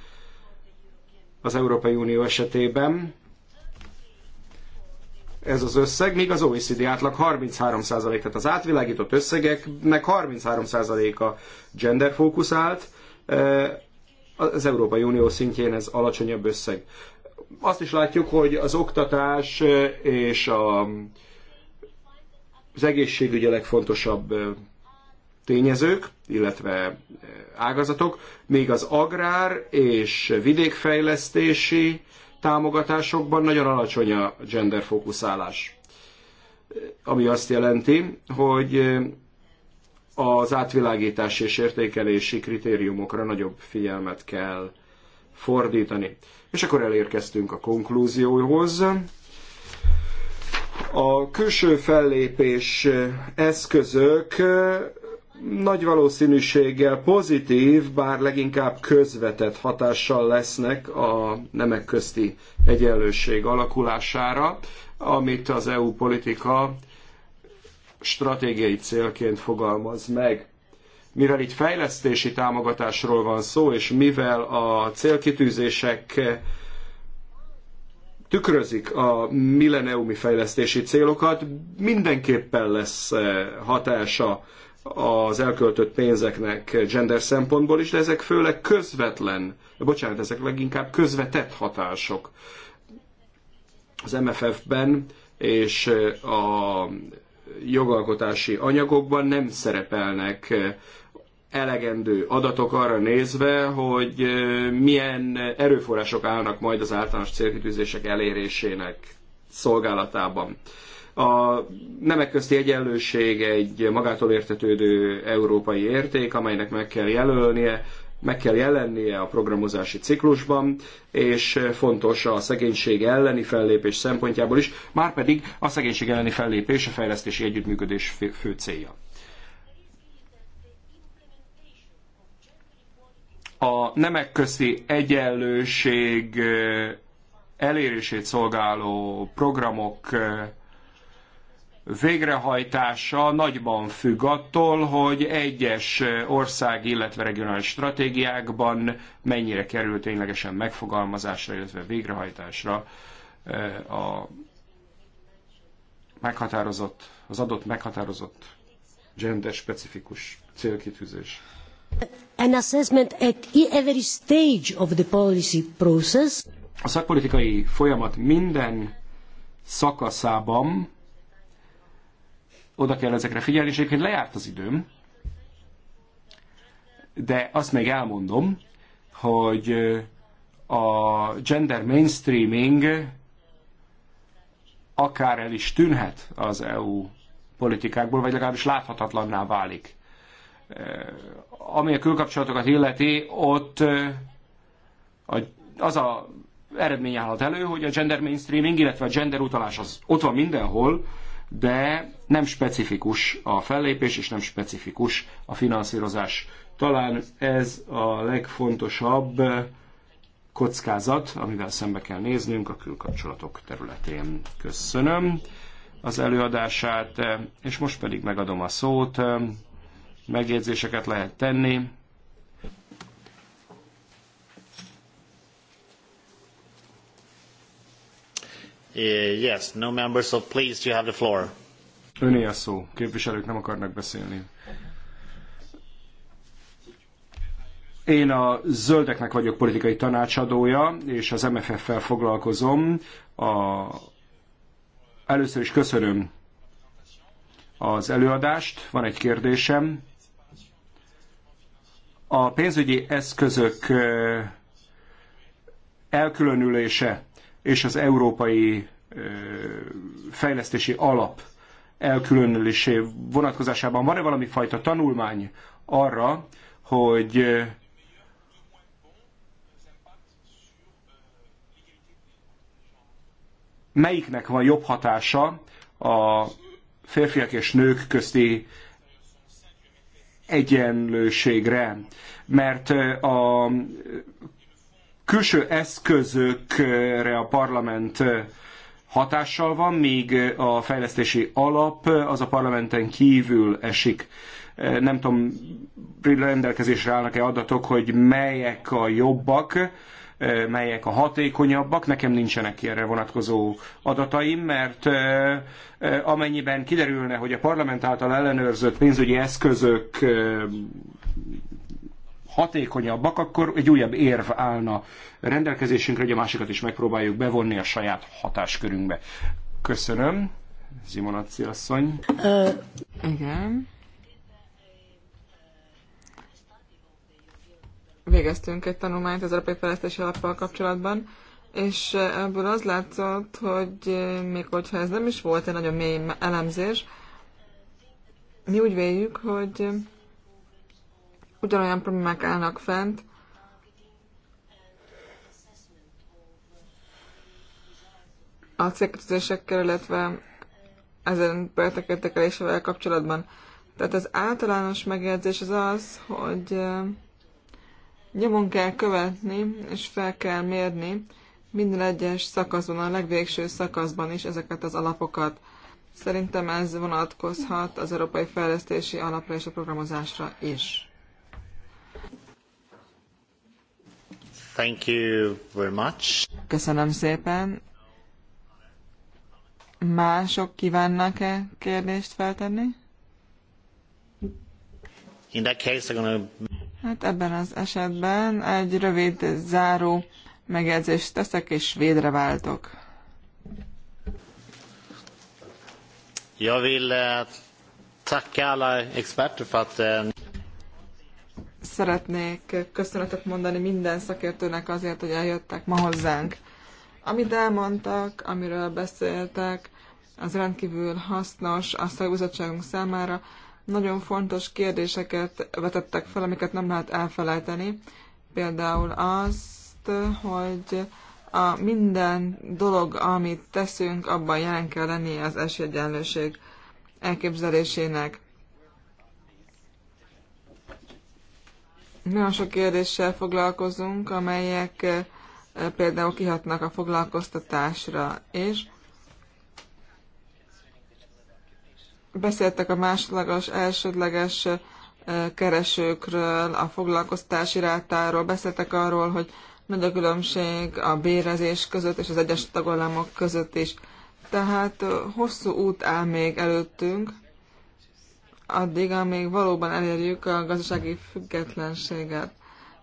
az Európai Unió esetében, ez az összeg, míg az OECD átlag 33%, tehát az átvilágított összegeknek 33%-a genderfókuszált, e, az Európai Unió szintjén ez alacsonyabb összeg. Azt is látjuk, hogy az oktatás e, és a, az egészségügy a legfontosabb e, tényezők, illetve ágazatok, még az agrár és vidékfejlesztési támogatásokban nagyon alacsony a gender fókuszálás. Ami azt jelenti, hogy az átvilágítás és értékelési kritériumokra nagyobb figyelmet kell fordítani. És akkor elérkeztünk a konklúzióhoz. A külső fellépés eszközök nagy valószínűséggel pozitív, bár leginkább közvetett hatással lesznek a nemek közti egyenlőség alakulására, amit az EU politika stratégiai célként fogalmaz meg. Mivel itt fejlesztési támogatásról van szó, és mivel a célkitűzések tükrözik a milleniumi fejlesztési célokat, mindenképpen lesz eh, hatása az elköltött pénzeknek gender szempontból is, de ezek főleg közvetlen, bocsánat, ezek leginkább közvetett hatások. Az MFF-ben és a jogalkotási anyagokban nem szerepelnek elegendő adatok arra nézve, hogy milyen erőforrások állnak majd az általános célkitűzések elérésének szolgálatában. A nemek közti egyenlőség egy magától értetődő európai érték, amelynek meg kell jelölnie, meg kell jelennie a programozási ciklusban, és fontos a szegénység elleni fellépés szempontjából is, márpedig a szegénység elleni fellépés a fejlesztési együttműködés fő célja. A nemek közti egyenlőség eh, elérését szolgáló programok eh, végrehajtása nagyban függ attól, hogy egyes ország, illetve regionális stratégiákban mennyire kerül ténylegesen megfogalmazásra, illetve végrehajtásra eh, a meghatározott, az adott meghatározott gender-specifikus célkitűzés. An assessment at every stage of the policy process. A szakpolitikai folyamat minden szakaszában oda kell ezekre figyelni, és egyébként lejárt az időm, de azt még elmondom, hogy a gender mainstreaming akár el is tűnhet az EU politikákból, vagy legalábbis láthatatlanná válik. Ami a külkapcsolatokat illeti, ott az a eredmény állhat elő, hogy a gender mainstreaming, illetve a gender utalás az ott van mindenhol, de nem specifikus a fellépés, és nem specifikus a finanszírozás. Talán ez a legfontosabb kockázat, amivel szembe kell néznünk a külkapcsolatok területén. Köszönöm az előadását, és most pedig megadom a szót, megjegyzéseket lehet tenni. Eh, yes, no members, so please you have the floor. Öné a szó, képviselők nem akarnak beszélni. Én a zöldeknek vagyok politikai tanácsadója, és az MFF-fel foglalkozom. A... Először is köszönöm az előadást. Van egy kérdésem. A pénzügyi eszközök eh, elkülönülése és az Európai Fejlesztési Alap elkülönülésé vonatkozásában van-e valami fajta tanulmány arra, hogy melyiknek van jobb hatása a férfiak és nők közti egyenlőségre, mert a külső eszközökre a parlament hatással van, még a fejlesztési alap az a parlamenten kívül esik. Nem tudom, rendelkezésre állnak-e adatok, hogy melyek a jobbak, melyek a hatékonyabbak. Nekem nincsenek erre vonatkozó adataim, mert amennyiben kiderülne, hogy a parlament által ellenőrzött pénzügyi eszközök hatékonyabbak, akkor egy újabb érv állna rendelkezésünkre, hogy a másikat is megpróbáljuk bevonni a saját hatáskörünkbe. Köszönöm, Zimonacci asszony. Uh, igen. Végeztünk egy tanulmányt az Európai Fejlesztési Alappal kapcsolatban, és ebből az látszott, hogy még hogyha ez nem is volt egy nagyon mély elemzés, mi úgy véljük, hogy ugyanolyan problémák állnak fent, a célkötözésekkel, illetve ezen projektek értékelésével kapcsolatban. Tehát az általános megjegyzés az az, hogy nyomon kell követni, és fel kell mérni minden egyes szakaszban, a legvégső szakaszban is ezeket az alapokat. Szerintem ez vonatkozhat az Európai Fejlesztési Alapra és a programozásra is. Thank you very much. Köszönöm szépen. Mások kívánnak-e kérdést feltenni? In that case, I'm gonna... Hát ebben az esetben egy rövid záró megjegyzést teszek, és védre váltok. Jag vill eh, tacka alla experter för att eh, szeretnék köszönetet mondani minden szakértőnek azért, hogy eljöttek ma hozzánk. Amit elmondtak, amiről beszéltek, az rendkívül hasznos a szakbizottságunk számára. Nagyon fontos kérdéseket vetettek fel, amiket nem lehet elfelejteni. Például azt, hogy a minden dolog, amit teszünk, abban jelen kell lenni az esélyegyenlőség elképzelésének. Nagyon sok kérdéssel foglalkozunk, amelyek eh, például kihatnak a foglalkoztatásra, és beszéltek a másodlagos, elsődleges eh, keresőkről, a foglalkoztási rátáról, beszéltek arról, hogy nagy a különbség a bérezés között és az egyes tagállamok között is. Tehát eh, hosszú út áll még előttünk, addig, amíg valóban elérjük a gazdasági függetlenséget.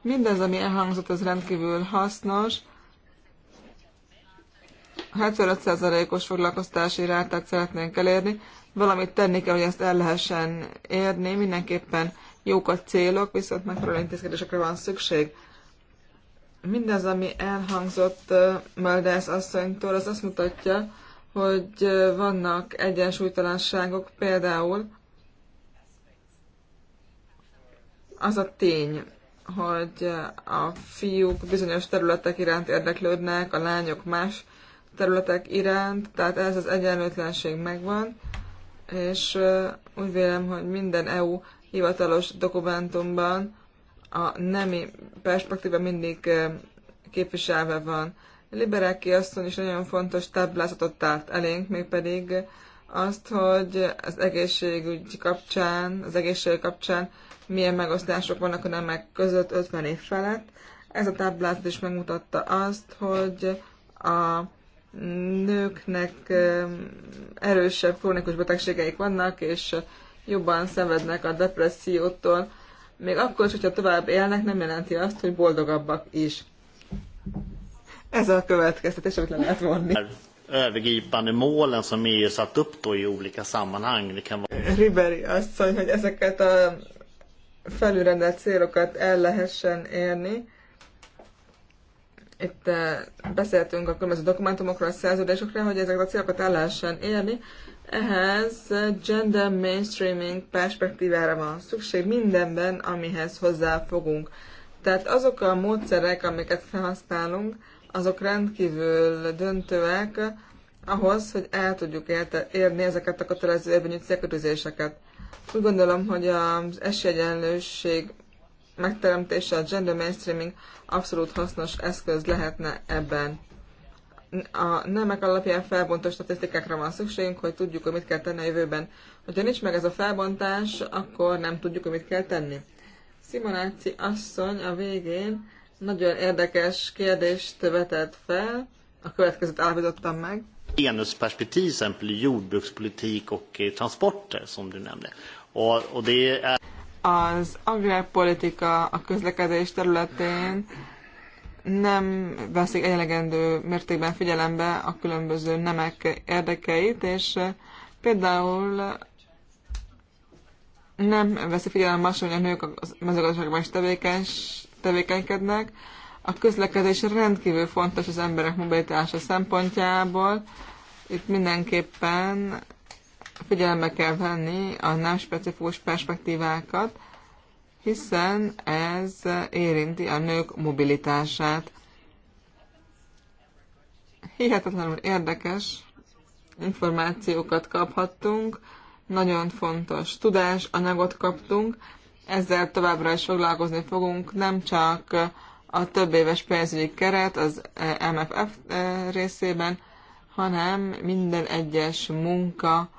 Mindez, ami elhangzott, az rendkívül hasznos. 75%-os foglalkoztási rátát szeretnénk elérni, valamit tenni kell, hogy ezt el lehessen érni, mindenképpen jók a célok, viszont megfelelő intézkedésekre van szükség. Mindez, ami elhangzott Möldász asszonytól, az azt mutatja, hogy vannak egyensúlytalanságok, például az a tény, hogy a fiúk bizonyos területek iránt érdeklődnek, a lányok más területek iránt, tehát ez az egyenlőtlenség megvan, és úgy vélem, hogy minden EU hivatalos dokumentumban a nemi perspektíva mindig képviselve van. Liberák asszony is nagyon fontos táblázatot tárt elénk, mégpedig azt, hogy az egészségügy kapcsán, az egészség kapcsán milyen megosztások vannak a nemek között 50 év felett. Ez a táblázat is megmutatta azt, hogy a nőknek erősebb krónikus betegségeik vannak, és jobban szenvednek a depressziótól. Még akkor is, hogyha tovább élnek, nem jelenti azt, hogy boldogabbak is. Ez a következtetés, amit le lehet vonni. övergripande målen som EU satt upp då i olika sammanhang. Det kan vara... azt mondja, hogy ezeket a felülrendelt célokat el lehessen érni. Itt eh, beszéltünk a különböző dokumentumokról, a szerződésekről, hogy ezeket a célokat el lehessen érni. Ehhez gender mainstreaming perspektívára van szükség mindenben, amihez hozzáfogunk. Tehát azok a módszerek, amiket felhasználunk, azok rendkívül döntőek ahhoz, hogy el tudjuk érni ezeket a kötelező érvényű célkötőzéseket. Úgy gondolom, hogy az esélyegyenlőség megteremtése, a gender mainstreaming abszolút hasznos eszköz lehetne ebben. A nemek alapján felbontó statisztikákra van szükségünk, hogy tudjuk, hogy mit kell tenni a jövőben. Hogyha nincs meg ez a felbontás, akkor nem tudjuk, hogy mit kell tenni. Simonáci asszony a végén nagyon érdekes kérdést vetett fel, a következőt állapítottam meg. Genusperspektiv, exempel i jordbrukspolitik och transporter som du nämnde. Och, och det är... Az agrárpolitika a közlekedés területén nem veszik elegendő mértékben figyelembe a különböző nemek érdekeit, és eh, például nem veszi figyelembe azt, hogy a nők a mezőgazdaságban is tevékenys, tevékenykednek, a közlekedés rendkívül fontos az emberek mobilitása szempontjából. Itt mindenképpen figyelembe kell venni a nem specifikus perspektívákat, hiszen ez érinti a nők mobilitását. Hihetetlenül érdekes információkat kaphattunk, nagyon fontos tudás anyagot kaptunk, ezzel továbbra is foglalkozni fogunk, nem csak a több éves pénzügyi keret az e, MFF e, részében, hanem minden egyes munka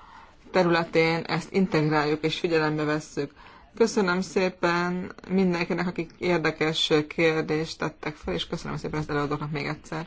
területén ezt integráljuk és figyelembe vesszük. Köszönöm szépen mindenkinek, akik érdekes kérdést tettek fel, és köszönöm szépen az előadóknak még egyszer.